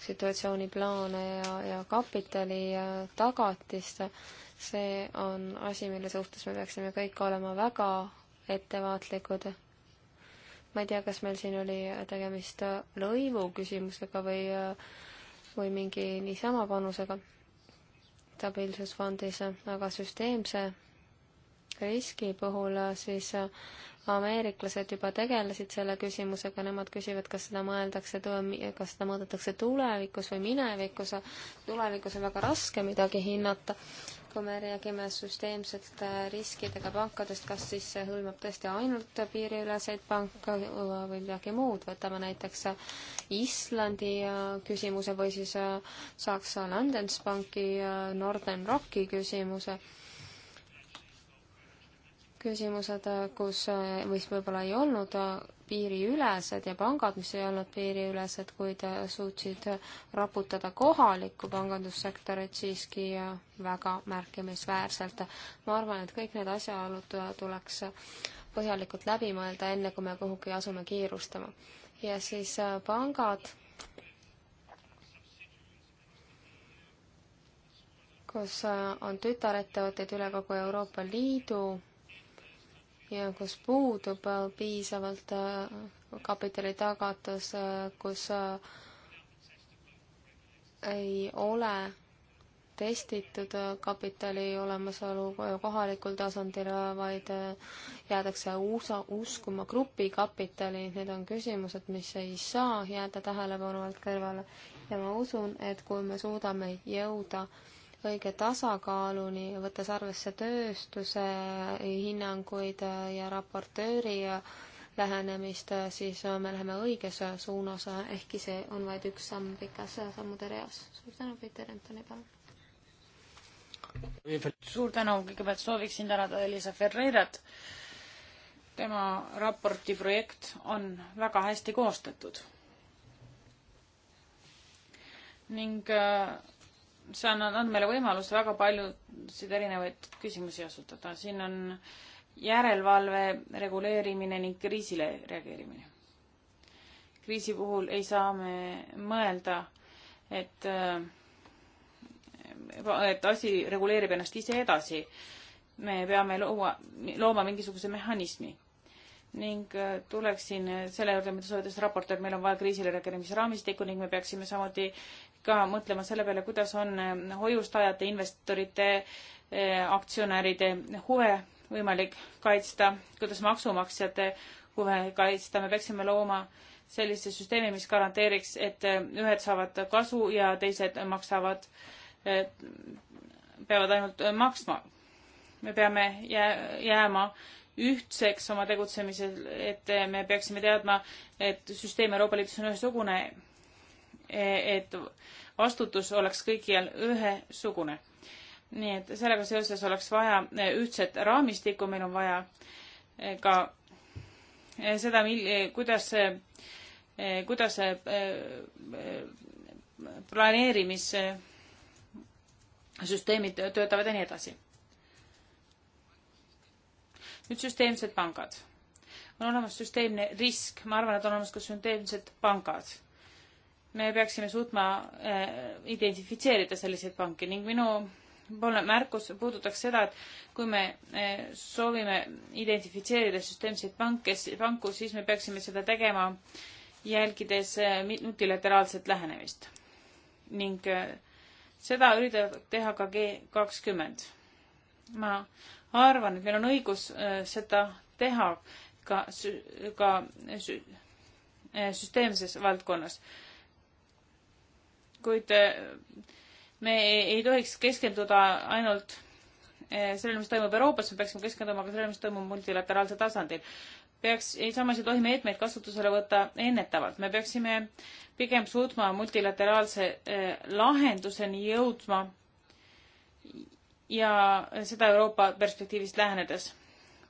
situatsiooniplaane ja, ja kapitali ja tagatist, see on asi, mille suhtes me peaksime kõik olema väga ettevaatlikud. ma ei tea, kas meil siin oli tegemist lõivu küsimusega või, või mingi niisama panusega stabiilsusfondis, aga süsteemse riski puhul siis ameeriklased juba tegelesid selle küsimusega, nemad küsivad, kas seda mõeldakse, kas seda mõõdetakse tulevikus või minevikus. tulevikus on väga raske midagi hinnata, kui me räägime süsteemselt äh, riskidega pankadest, kas siis see hõlmab tõesti ainult piiriüleseid panka või midagi muud, võtame näiteks äh, Islandi äh, küsimuse või siis Saksa Landenspanki, Northern Rocki küsimuse küsimused, kus, eh, mis võib-olla ei olnud eh, piiriülesed ja pangad, mis ei olnud piiriülesed, kuid eh, suutsid raputada kohalikku pangandussektorit siiski väga märkimisväärselt. ma arvan, et kõik need asjaolud tuleks põhjalikult läbi mõelda, enne kui me kuhugi asume kiirustama. ja siis pangad, kus on tütarettevõtteid üle kogu Euroopa Liidu ja kus puudub äh, piisavalt äh, kapitali tagatus, äh, kus ei ole testitud kapitali olemasolu kohalikul tasandil, vaid jäädakse usa, uskuma grupikapitali, need on küsimused, mis ei saa jääda tähelepanu alt kõrvale. ja ma usun, et kui me suudame jõuda äh, õige tasakaaluni, võttes arvesse tööstuse hinnanguid ja raportööri lähenemist, siis me läheme õiges suunas, ehkki see on vaid üks samm pikas sammude reas. suur tänu, Peeter Antoni, palun! suur tänu, kõigepealt sooviksin tänada Elisa Ferreirat. tema raporti projekt on väga hästi koostatud ning äh, see on andnud meile võimaluse väga paljusid erinevaid küsimusi asutada. siin on järelevalve reguleerimine ning kriisile reageerimine. kriisi puhul ei saa me mõelda, et, et asi reguleerib ennast ise edasi. me peame looma, looma mingisuguse mehhanismi ning äh, tuleksin selle juurde, mida soovitas raportöör, meil on vaja kriisile reageerimisraamistikku ning me peaksime samuti ka mõtlema selle peale, kuidas on hoiustajate, investorite, eh, aktsionäride huve võimalik kaitsta, kuidas maksumaksjate huve kaitsta, me peaksime looma sellise süsteemi, mis garanteeriks, et eh, ühed saavad kasu ja teised maksavad, eh, peavad ainult maksma. me peame jääma ühtseks oma tegutsemisel, et me peaksime teadma, et süsteem Euroopa Liidus on ühesugune et vastutus oleks kõikjal ühesugune. nii et sellega seoses oleks vaja ühtset raamistikku, meil on vaja ka seda, kuidas, kuidas planeerimissüsteemid töötavad ja nii edasi. nüüd süsteemsed pangad. on olemas süsteemne risk, ma arvan, et on olemas ka süsteemsed pangad me peaksime suutma äh, identifitseerida selliseid panke ning minu poolne märkus puudutaks seda, et kui me äh, soovime identifitseerida süsteemseid panke, panku, siis me peaksime seda tegema jälgides äh, multilateraalset lähenemist. ning seda üritab teha ka G kakskümmend. ma arvan, et meil on õigus seda teha ka, ka süsteemses valdkonnas kuid eh, me ei tohiks keskenduda ainult eh, sellele, mis toimub Euroopas, me peaksime keskenduma ka sellele, mis toimub multilateraalsel tasandil. peaks, samas ei tohi meetmeid kasutusele võtta ennetavalt, me peaksime pigem suutma multilateraalse eh, lahenduseni jõudma ja seda Euroopa perspektiivist lähenedes.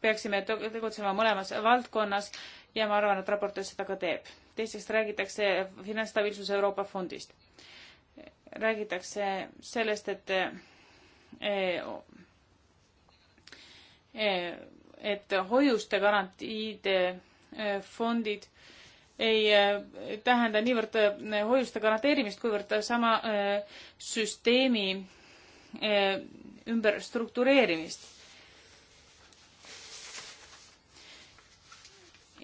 peaksime tegutsema mõlemas valdkonnas ja ma arvan, et raport seda ka teeb. teiseks räägitakse finantsstabiilsuse Euroopa fondist räägitakse sellest, et eh, eh, et hoiuste garantiide eh, fondid ei tähenda niivõrd hoiuste garanteerimist, kuivõrd sama süsteemi ümber struktureerimist.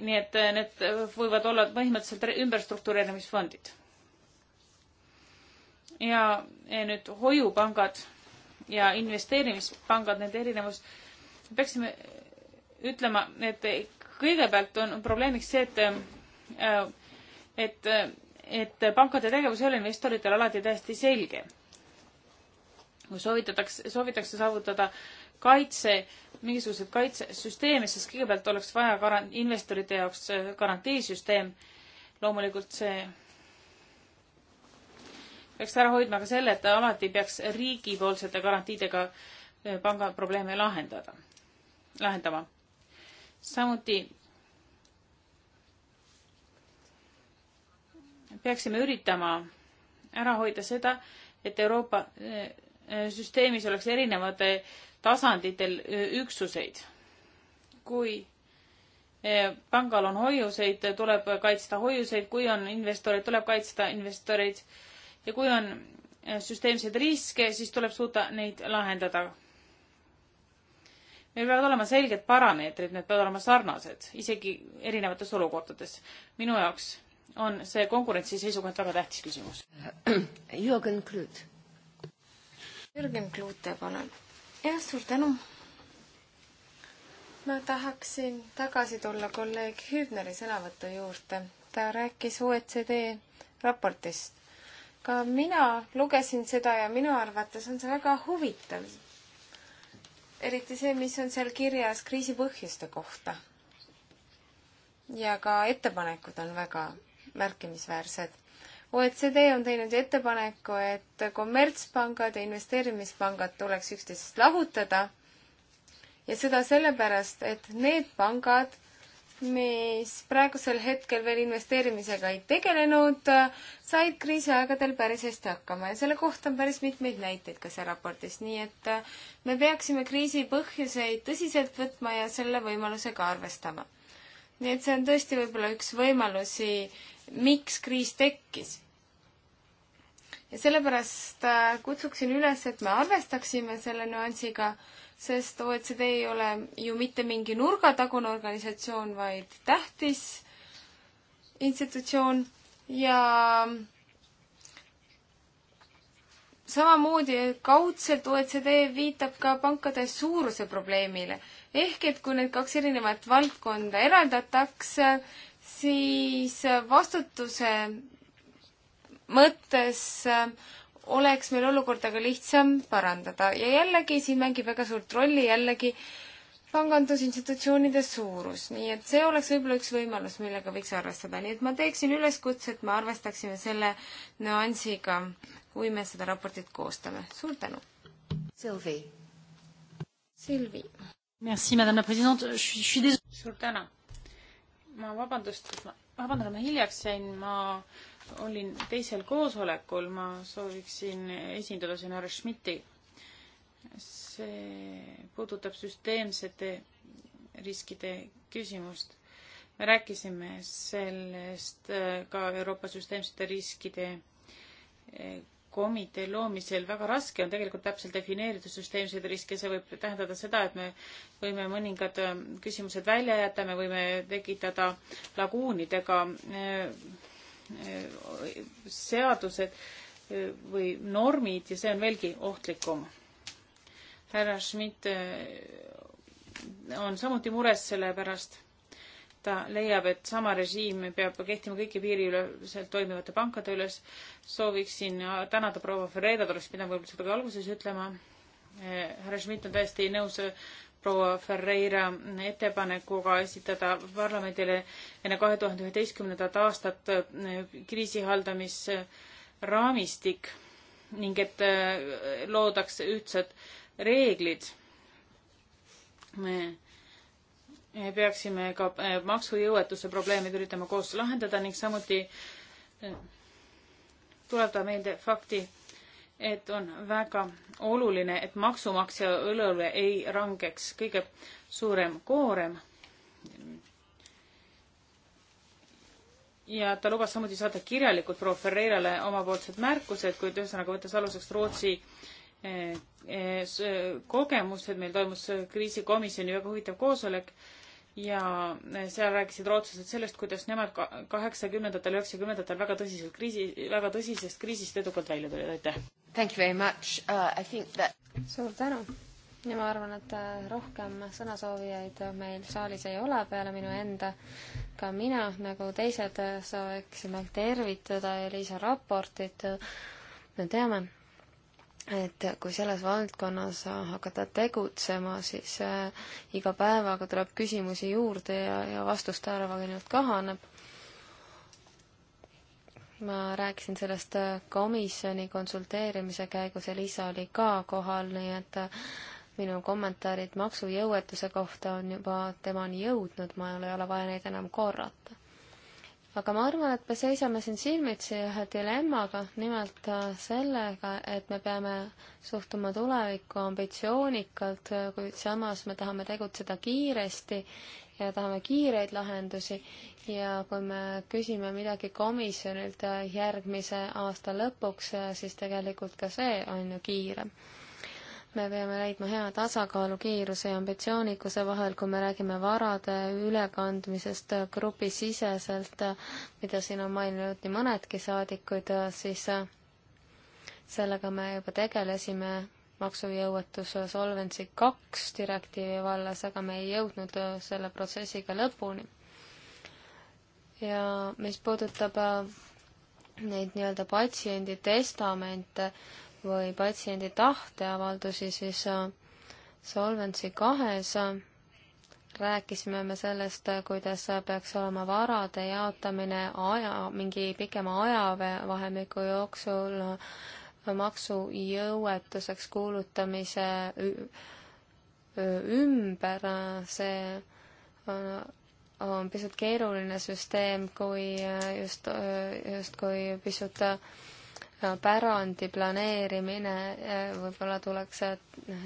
nii et need võivad olla põhimõtteliselt ümberstruktureerimisfondid ja, ja nüüd hoiupangad ja investeerimispangad, nende erinevus, peaksime ütlema, et kõigepealt on probleemiks see, et, äh, et, et pankade tegevus ei ole investoritele alati täiesti selge. kui soovitatakse, soovitakse saavutada kaitse, mingisuguseid kaitsesüsteeme, siis kõigepealt oleks vaja garan-, investorite jaoks äh, garantiisüsteem. loomulikult see peaks ära hoidma ka selle, et alati peaks riigipoolsete garantiidega eh, panga probleeme lahendada, lahendama. samuti peaksime üritama ära hoida seda, et Euroopa eh, eh, süsteemis oleks erinevate tasanditel üksuseid. kui pangal on hoiuseid, tuleb kaitsta hoiuseid, kui on investoreid, tuleb kaitsta investoreid ja kui on eh, süsteemseid riske, siis tuleb suuta neid lahendada. meil peavad olema selged parameetrid, need peavad olema sarnased, isegi erinevates olukordades. minu jaoks on see konkurentsi seisukohalt väga tähtis küsimus. Jürgen Klüüt. Jürgen Klüüte, palun. jah, suur tänu. ma tahaksin tagasi tulla kolleeg Hübneri sõnavõtu juurde. ta rääkis OECD raportist ka mina lugesin seda ja minu arvates on see väga huvitav. eriti see, mis on seal kirjas kriisi põhjuste kohta. ja ka ettepanekud on väga märkimisväärsed. OECD on teinud ettepaneku, et kommertspangad ja investeerimispangad tuleks üksteisest lahutada ja seda sellepärast, et need pangad, mis praegusel hetkel veel investeerimisega ei tegelenud, said kriisiaegadel päris hästi hakkama ja selle kohta on päris mitmeid näiteid ka seal raportis, nii et äh, me peaksime kriisi põhjuseid tõsiselt võtma ja selle võimalusega arvestama. nii et see on tõesti võib-olla üks võimalusi, miks kriis tekkis. ja sellepärast äh, kutsuksin üles, et me arvestaksime selle nüansiga sest OECD ei ole ju mitte mingi nurgatagune organisatsioon, vaid tähtis institutsioon ja samamoodi kaudselt OECD viitab ka pankade suuruse probleemile. ehk et kui need kaks erinevat valdkonda eraldatakse, siis vastutuse mõttes oleks meil olukorda ka lihtsam parandada ja jällegi siin mängib väga suurt rolli jällegi pangandusinstitutsioonide suurus, nii et see oleks võib-olla üks võimalus, millega võiks arvestada, nii et ma teeksin üleskutse, et me arvestaksime selle nüansiga, kui me seda raportit koostame. suur tänu! Sylvie. Sylvie. Merci, madame la president, suur tänu! ma vabandust, vabandan, et ma hiljaks jäin, ma olin teisel koosolekul, ma sooviksin esindada siin härra Schmidti. see puudutab süsteemsete riskide küsimust. me rääkisime sellest äh, ka Euroopa süsteemsete riskide äh, komitee loomisel väga raske on tegelikult täpselt defineerida süsteemseid riske, see võib tähendada seda, et me võime mõningad äh, küsimused välja jätta, me võime tekitada laguunidega seadused eh, või normid ja see on veelgi ohtlikum. härra Schmidt eh, on samuti mures selle pärast. ta leiab, et sama režiim peab kehtima kõigi piiriüleselt toimivate pankade üles. sooviksin tänada proua Ferreira, ta oleks pidanud võib-olla seda ka alguses ütlema. Eh, härra Schmidt on täiesti nõus proua Ferreira ettepanekuga esitada parlamendile enne kahe tuhande üheteistkümnendat aastat eh, kriisi haldamisraamistik ning et eh, loodaks ühtsed reeglid. me peaksime ka eh, maksujõuetuse probleemid üritama koos lahendada ning samuti tuletada meelde fakti, et on väga oluline, et maksumaksja õlule ei rangeks kõige suurem koorem. ja ta lubas samuti saata kirjalikult proua Ferreirale omapoolsed märkused, kuid ühesõnaga võttes aluseks Rootsi eh, eh, kogemused, meil toimus kriisikomisjoni väga huvitav koosolek ja eh, seal rääkisid rootslased sellest, kuidas nemad kaheksakümnendatel, üheksakümnendatel väga tõsiselt kriisi, väga tõsisest kriisist edukalt välja tulid, aitäh! Thank you very much uh,, I think that suur tänu ja ma arvan, et äh, rohkem sõnasoovijaid meil saalis ei ole peale minu enda. ka mina, nagu teised, äh, sooviksime tervitada Elisa raportit. me teame, et kui selles valdkonnas hakata tegutsema, siis äh, iga päevaga tuleb küsimusi juurde ja, ja vastuste arv ainult kahaneb ma rääkisin sellest äh, komisjoni konsulteerimise käigus ja Liisa oli ka kohal, nii et äh, minu kommentaarid maksujõuetuse kohta on juba temani jõudnud, ma ei ole vaja neid enam korrata. aga ma arvan, et me seisame siin silmitsi ühe dilemmaga, nimelt äh, sellega, et me peame suhtuma tulevikku ambitsioonikalt, kuid samas me tahame tegutseda kiiresti ja tahame kiireid lahendusi ja kui me küsime midagi komisjonilt äh, järgmise aasta lõpuks, äh, siis tegelikult ka see on ju kiire. me peame leidma hea tasakaalu kiiruse ja ambitsioonikuse vahel, kui me räägime varade ülekandmisest äh, grupisiseselt, mida siin on maininud nii mõnedki saadikud, siis sellega me juba tegelesime maksujõuetus Solvency kaks direktiivi vallas, aga me ei jõudnud selle protsessiga lõpuni ja mis puudutab äh, neid nii-öelda patsiendi testamente või patsiendi tahteavaldusi, siis äh, Solvency kahes äh, rääkisime me sellest, kuidas peaks olema varade jaotamine aja, mingi pikema ajavahemiku jooksul maksujõuetuseks kuulutamise ümber, see on on pisut keeruline süsteem kui äh, just, äh, justkui pisut äh, pärandi planeerimine, võib-olla tuleks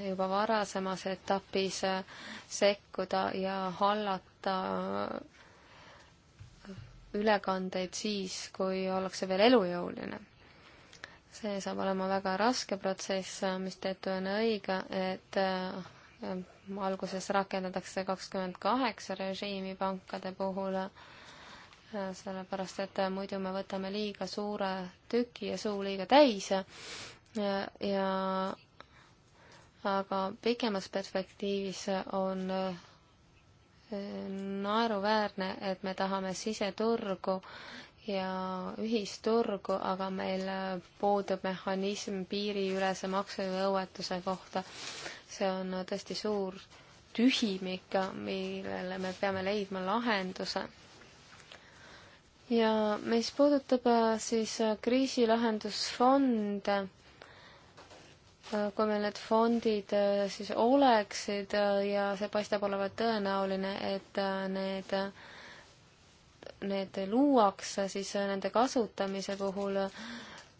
juba varasemas etapis sekkuda ja hallata ülekandeid siis, kui ollakse veel elujõuline. see saab olema väga raske protsess, mistõttu on õige, et alguses rakendatakse kakskümmend kaheksa režiimi pankade puhul, äh, sellepärast et äh, muidu me võtame liiga suure tüki ja suu liiga täis ja, äh, ja aga pikemas perspektiivis on naeruväärne, et me tahame siseturgu äh, ja ühisturgu, aga meil puudub mehhanism piiriülese maksejõuetuse kohta. see on tõesti suur tühimik, millele me peame leidma lahenduse. ja mis puudutab äh, siis äh, kriisilahendusfonde, äh, kui meil need fondid siis oleksid ja see paistab olevat tõenäoline, et need need luuakse, siis nende kasutamise puhul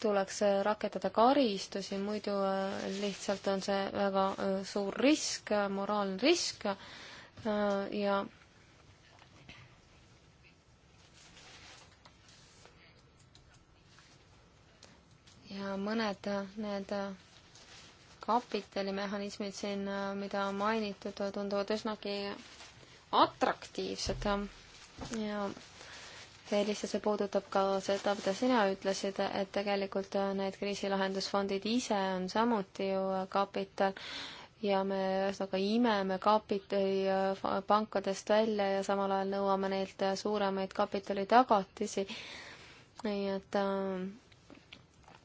tuleks rakendada karistusi, muidu äh, lihtsalt on see väga äh, suur risk, moraalne risk äh, ja ja mõned need kapitalimehhanismid siin, mida mainitud, tunduvad üsnagi atraktiivsed ja Eelis ja see puudutab ka seda, mida sina ütlesid, et tegelikult need kriisilahendusfondid ise on samuti ju kapital ja me ühesõnaga imeme kapitali äh, pankadest välja ja samal ajal nõuame neilt suuremaid kapitalitagatisi. nii et äh,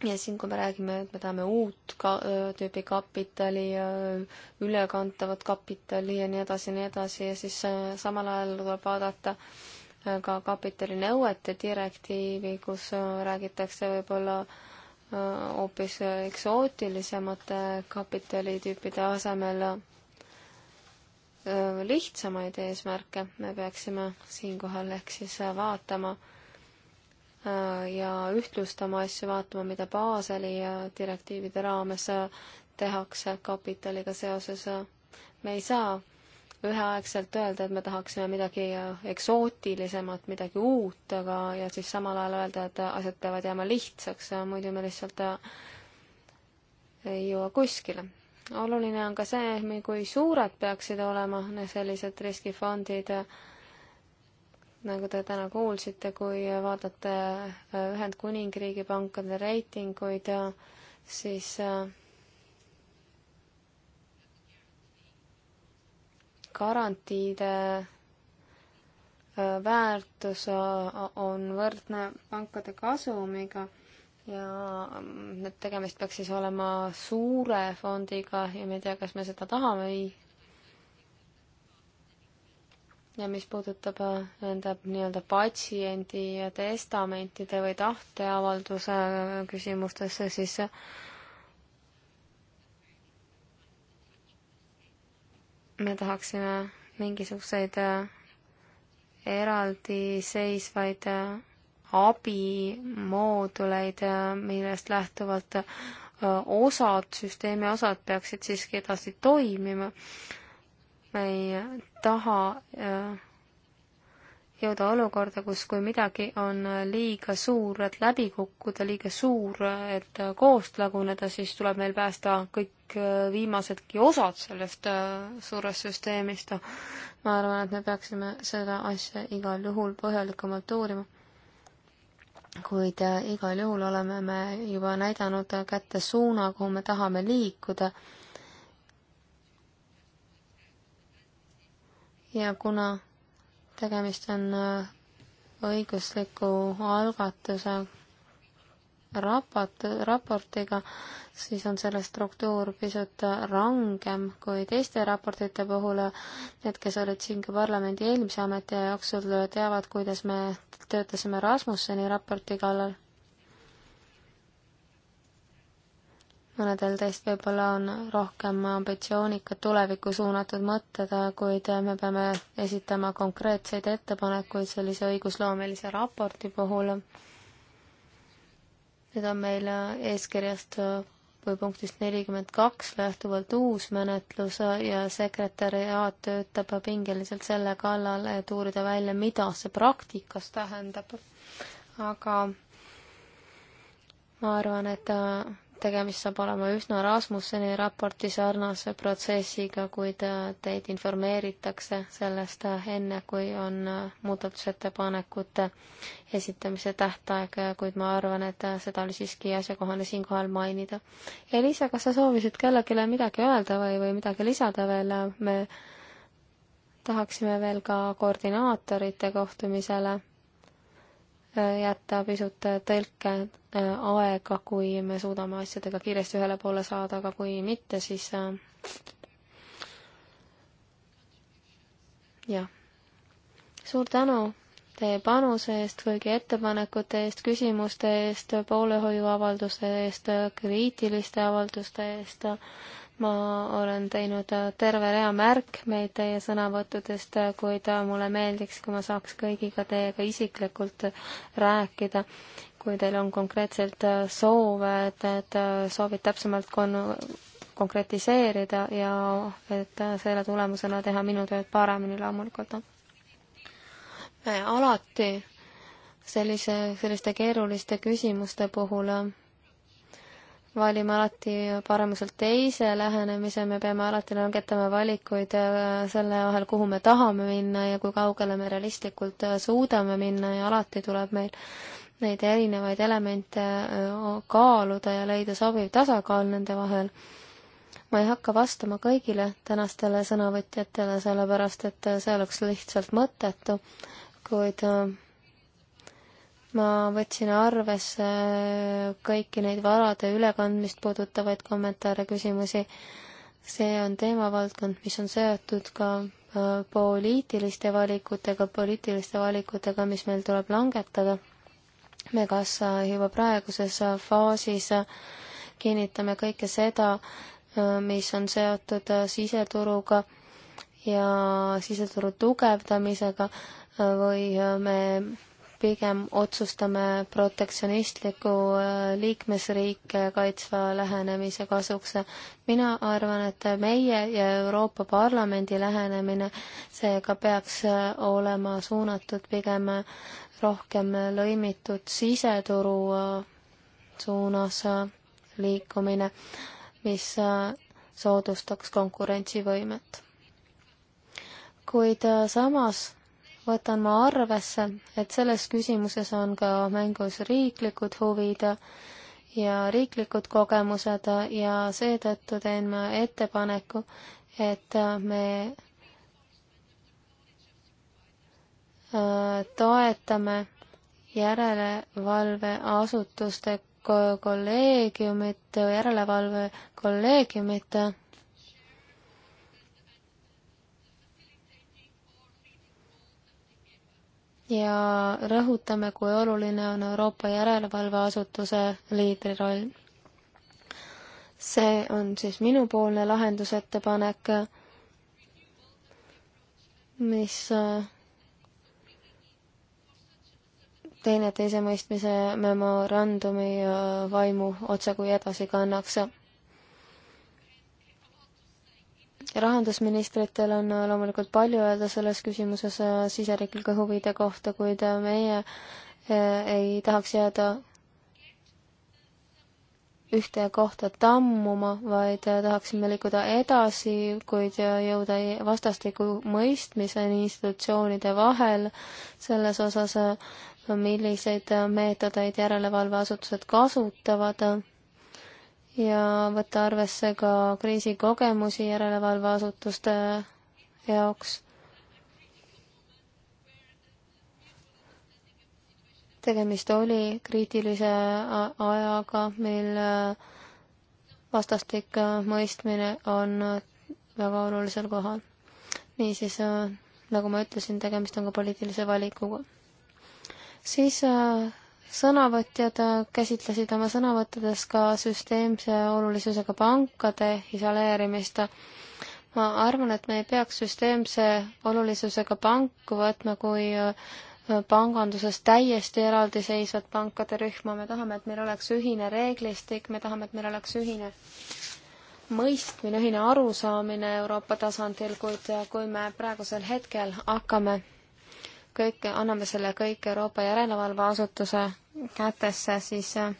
ja siin, kui me räägime, et me tahame uut ka-, äh, tüüpi kapitali, ülekantavat kapitali ja nii edasi ja nii edasi ja siis samal ajal tuleb vaadata äh, ka kapitalinõuete direktiivi, kus äh, räägitakse võib-olla äh, hoopis eksootilisemate kapitalitüüpide asemel äh, lihtsamaid eesmärke me peaksime siinkohal ehk siis vaatama ja ühtlustama asju, vaatama, mida Baseli direktiivide raames tehakse kapitaliga seoses. me ei saa üheaegselt öelda, et me tahaksime midagi äh, eksootilisemat, midagi uut, aga, ja siis samal ajal öelda, et äh, asjad peavad jääma lihtsaks, äh, muidu me lihtsalt ei jõua kuskile. oluline on ka see, kui suured peaksid olema sellised riskifondid, nagu te täna kuulsite, kui vaatate Ühendkuningriigi pankade reitinguid, siis äh, garantiide äh, väärtus äh, on võrdne pankade kasumiga ja mm, et tegemist peaks siis olema suure fondiga ja me ei tea, kas me seda tahame või ja mis puudutab äh, nende nii-öelda patsiendi testamentide või tahteavalduse küsimustesse, siis me tahaksime mingisuguseid äh, eraldiseisvaid äh, abimooduleid, äh, millest lähtuvalt osad, süsteemi osad peaksid siiski edasi toimima. me ei taha äh, jõuda olukorda, kus kui midagi on liiga suur, et läbi kukkuda, liiga suur, et koost laguneda, siis tuleb meil päästa kõik viimasedki osad sellest äh, suurest süsteemist. ma arvan, et me peaksime seda asja igal juhul põhjalikumalt uurima. kuid äh, igal juhul oleme me juba näidanud kätte suuna, kuhu me tahame liikuda. ja kuna tegemist on äh, õigusliku algatuse raport, raportiga, siis on selle struktuur pisut rangem kui teiste raportite puhul. Need, kes olid siin ka parlamendi eelmise ametiaja jooksul, teavad, kuidas me töötasime Rasmusseni raporti kallal. mõnedel teist võib-olla on rohkem ambitsioonikad tulevikku suunatud mõtted, kuid me peame esitama konkreetseid ettepanekuid sellise õigusloomelise raporti puhul. nüüd on meil eeskirjast või punktist nelikümmend kaks lähtuvalt uus menetlus ja sekretäriaat töötab pingeliselt selle kallal, et uurida välja, mida see praktikas tähendab. aga ma arvan, et tegemist saab olema üsna Rasmusseni raporti sarnase protsessiga, kuid äh, teid informeeritakse sellest äh, enne, kui on äh, muudatusettepanekute esitamise tähtaeg, kuid ma arvan, et seda oli siiski asjakohane siinkohal mainida. Elisa, kas sa soovisid kellelegi midagi öelda või, või midagi lisada veel? me tahaksime veel ka koordinaatorite kohtumisele jätta pisut tõlke äh, aega, kui me suudame asjadega kiiresti ühele poole saada, aga kui mitte, siis äh, jah. suur tänu teie panuse eest, kõigi ettepanekute eest, küsimuste eest, poolehoiuavalduste eest, kriitiliste avalduste eest ma olen teinud äh, terve rea märkmeid teie sõnavõttudest, äh, kuid äh, mulle meeldiks, kui ma saaks kõigiga teiega isiklikult rääkida. kui teil on konkreetselt soove, et, et soovid täpsemalt kon-, konkretiseerida ja et selle tulemusena teha minu tööd paremini loomulikult. me alati sellise, selliste keeruliste küsimuste puhul valime alati paremuselt teise lähenemise, me peame alati langetama valikuid äh, selle vahel, kuhu me tahame minna ja kui kaugele me realistlikult äh, suudame minna ja alati tuleb meil neid erinevaid elemente äh, kaaluda ja leida sobiv tasakaal nende vahel. ma ei hakka vastama kõigile tänastele sõnavõtjatele, sellepärast et see oleks lihtsalt mõttetu, kuid ma võtsin arvesse kõiki neid varade ülekandmist puudutavaid kommentaare, küsimusi. see on teemavaldkond, mis on seotud ka äh, poliitiliste valikutega, poliitiliste valikutega, mis meil tuleb langetada. me kas äh, juba praeguses äh, faasis kinnitame kõike seda, mis on seotud siseturuga ja siseturu tugevdamisega või me pigem otsustame protektsionistliku äh, liikmesriike kaitsva lähenemise kasuks. mina arvan, et meie ja Euroopa Parlamendi lähenemine seega peaks äh, olema suunatud pigem rohkem lõimitud siseturu äh, suunas liikumine, mis soodustaks konkurentsivõimet. kuid samas võtan ma arvesse, et selles küsimuses on ka mängus riiklikud huvid ja riiklikud kogemused ja seetõttu teen ma ettepaneku, et me äh, toetame järelevalveasutuste kolleegiumit, järelevalve kolleegiumit, järelevalve kolleegiumit ja rõhutame, kui oluline on Euroopa Järelevalveasutuse liidri roll. see on siis minupoolne lahendusettepanek, mis äh, teineteise mõistmise memorandumi äh, vaimu otsekui edasi kannaks ja rahandusministritel on äh, loomulikult palju öelda selles küsimuses äh, siseriiklike huvide kohta, kuid äh, meie ei tahaks jääda ühte kohta tammuma, vaid tahaksime liikuda edasi, kuid jõuda e-, vastastiku mõistmiseni institutsioonide vahel selles osas, milliseid meetodeid järelevalveasutused kasutavad ja võtta arvesse ka kriisikogemusi järelevalveasutuste jaoks. tegemist oli kriitilise ajaga, mil äh, vastastik äh, mõistmine on äh, väga olulisel kohal. niisiis, nagu ma ütlesin, tegemist on ka poliitilise valikuga. siis sõnavõtjad käsitlesid oma sõnavõttudes ka süsteemse olulisusega pankade isoleerimist. ma arvan, et me ei peaks süsteemse olulisusega panku võtma kui panganduses täiesti eraldiseisvat pankade rühma, me tahame, et meil oleks ühine reeglistik, me tahame, et meil oleks ühine mõistmine, ühine arusaamine Euroopa tasandil, kuid kui me praegusel hetkel hakkame kõik, anname selle kõik Euroopa järelevalveasutuse kätesse, siis äh,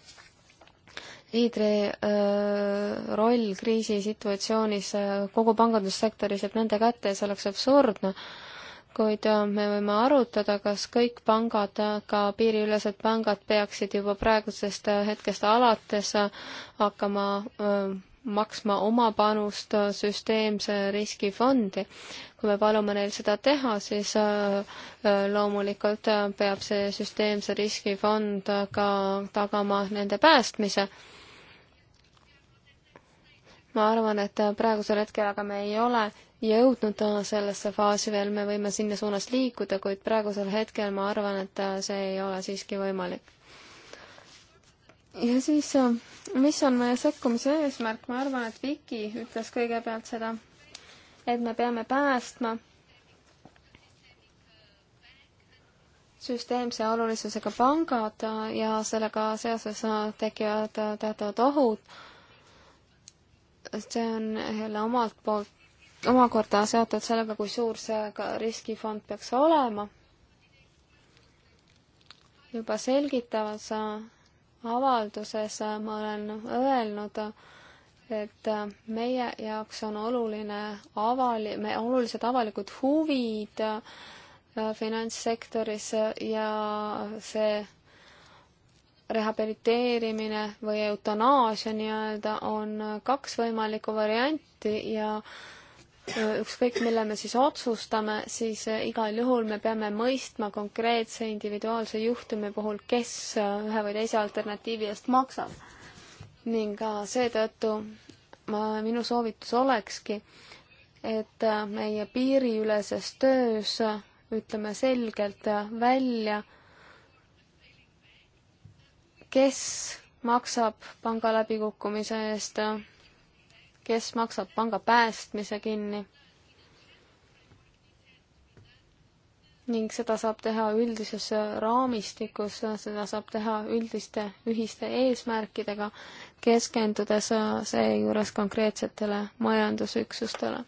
liidri äh, roll kriisisituatsioonis äh, kogu pangandussektoris jääb nende kätte ja see oleks absurdne kuid me võime arutada, kas kõik pangad, ka piiriülesed pangad peaksid juba praegusest hetkest alates hakkama maksma oma panust äh, süsteemse riskifondi. kui me palume neil seda teha, siis äh, äh, loomulikult peab see süsteemse riskifond ka tagama nende päästmise. ma arvan, et praegusel hetkel aga me ei ole jõudnud sellesse faasi veel, me võime sinna suunas liikuda, kuid praegusel hetkel ma arvan, et see ei ole siiski võimalik ja siis, äh, mis on meie sekkumise eesmärk, ma arvan, et Viki ütles kõigepealt seda, et me peame päästma süsteemse olulisusega pangad äh, ja sellega seoses äh, tekivad teatavad ohud. see on jälle omalt poolt, omakorda seotud sellega, kui suur see riskifond peaks olema. juba selgitavad sa avalduses äh, ma olen öelnud, et äh, meie jaoks on oluline avali-, me, olulised avalikud huvid äh, finantssektoris ja see rehabiliteerimine või eutanaasia nii-öelda on kaks võimalikku varianti ja äh, ükskõik, mille me siis otsustame, siis äh, igal juhul me peame mõistma konkreetse individuaalse juhtumi puhul, kes äh, ühe või teise alternatiivi eest maksab. ning seetõttu ma, minu soovitus olekski, et äh, meie piiriüleses töös ütleme selgelt välja, kes maksab panga läbikukkumise eest kes maksab panga päästmise kinni. ning seda saab teha üldises raamistikus, seda saab teha üldiste ühiste eesmärkidega, keskendudes seejuures konkreetsetele majandusüksustele.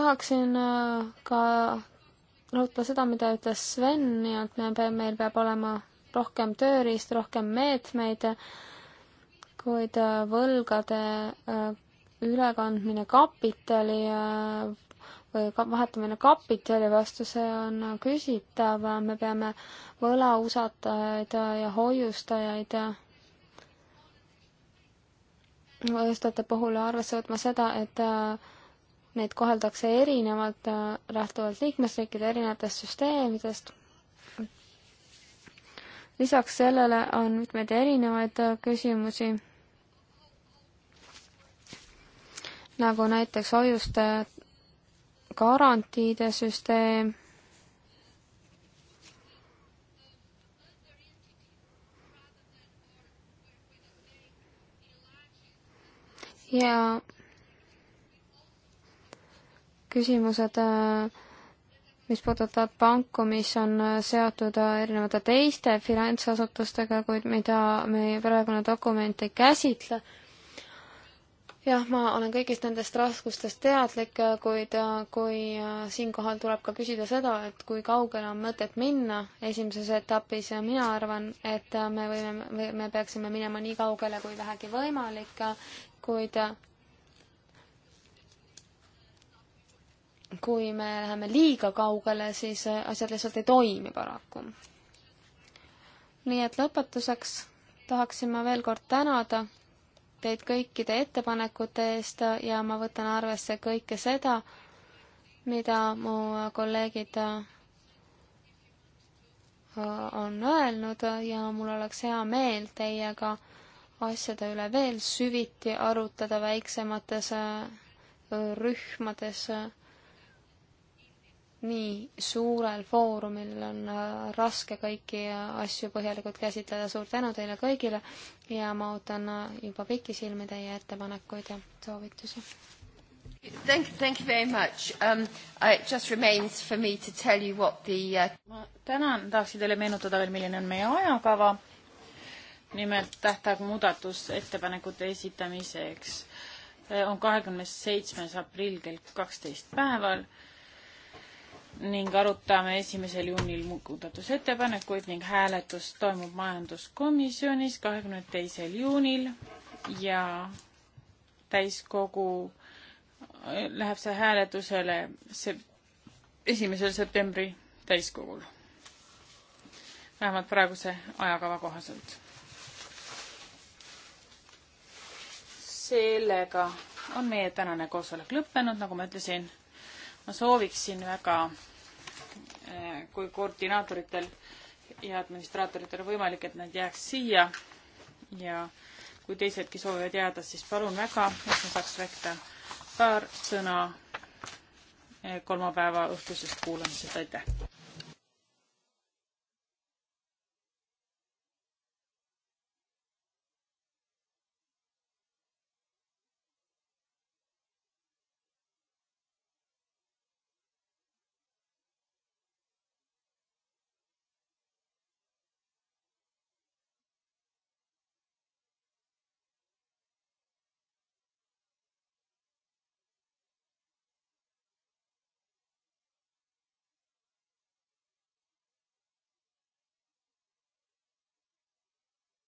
tahaksin äh, ka rõhutada seda, mida ütles Sven, nii et me, meil peab olema rohkem tööriist, rohkem meetmeid kuid võlgade äh, ülekandmine kapitali äh, või vahetamine kapitali vastu, see on küsitav, me peame võlausatajaid ja hoiustajaid hoiustajate puhul arvesse võtma seda, et äh, neid koheldakse erinevalt lähtuvalt liikmesriikide erinevatest süsteemidest. lisaks sellele on mitmeid erinevaid küsimusi nagu näiteks hoiuste garantiide süsteem, ja küsimused, äh, mis puudutavad panku, mis on äh, seotud äh, erinevate teiste finantsasutustega, kuid mida meie praegune dokument ei käsitle jah, ma olen kõigist nendest raskustest teadlik, kuid kui äh, siinkohal tuleb ka küsida seda, et kui kaugele on mõtet minna esimeses etapis ja mina arvan, et me võime, me peaksime minema nii kaugele kui vähegi võimalik, kuid kui me läheme liiga kaugele, siis asjad lihtsalt ei toimi paraku. nii et lõpetuseks tahaksin ma veel kord tänada teid kõikide ettepanekute eest ja ma võtan arvesse kõike seda, mida mu kolleegid äh, on öelnud ja mul oleks hea meel teiega asjade üle veel süviti arutada väiksemates äh, rühmades äh, nii suurel foorumil on äh, raske kõiki asju põhjalikult käsitleda. suur tänu teile kõigile ja ma ootan äh, juba pikisilmi teie ettepanekuid ja soovitusi. Thank, thank you very much um,. It just remains for me to tell you what the uh.... ma tänan, tahaksin teile meenutada veel, milline on meie ajakava. nimelt tähtaeg muudatusettepanekute esitamiseks äh, on kahekümne seitsmes aprill kell kaksteist päeval ning arutame esimesel juunil muudatusettepanekuid ning hääletus toimub majanduskomisjonis kahekümne teisel juunil ja täiskogu äh, läheb see hääletusele see esimesel septembri täiskogul. vähemalt praeguse ajakava kohaselt. sellega on meie tänane koosolek lõppenud, nagu ma ütlesin ma sooviksin väga, eh, kui koordinaatoritel ja administraatoritel on võimalik, et nad jääks siia ja kui teisedki soovivad jääda, siis palun väga, et ma saaks rääkida paar sõna eh, kolmapäeva õhtusest kuulamisest, aitäh!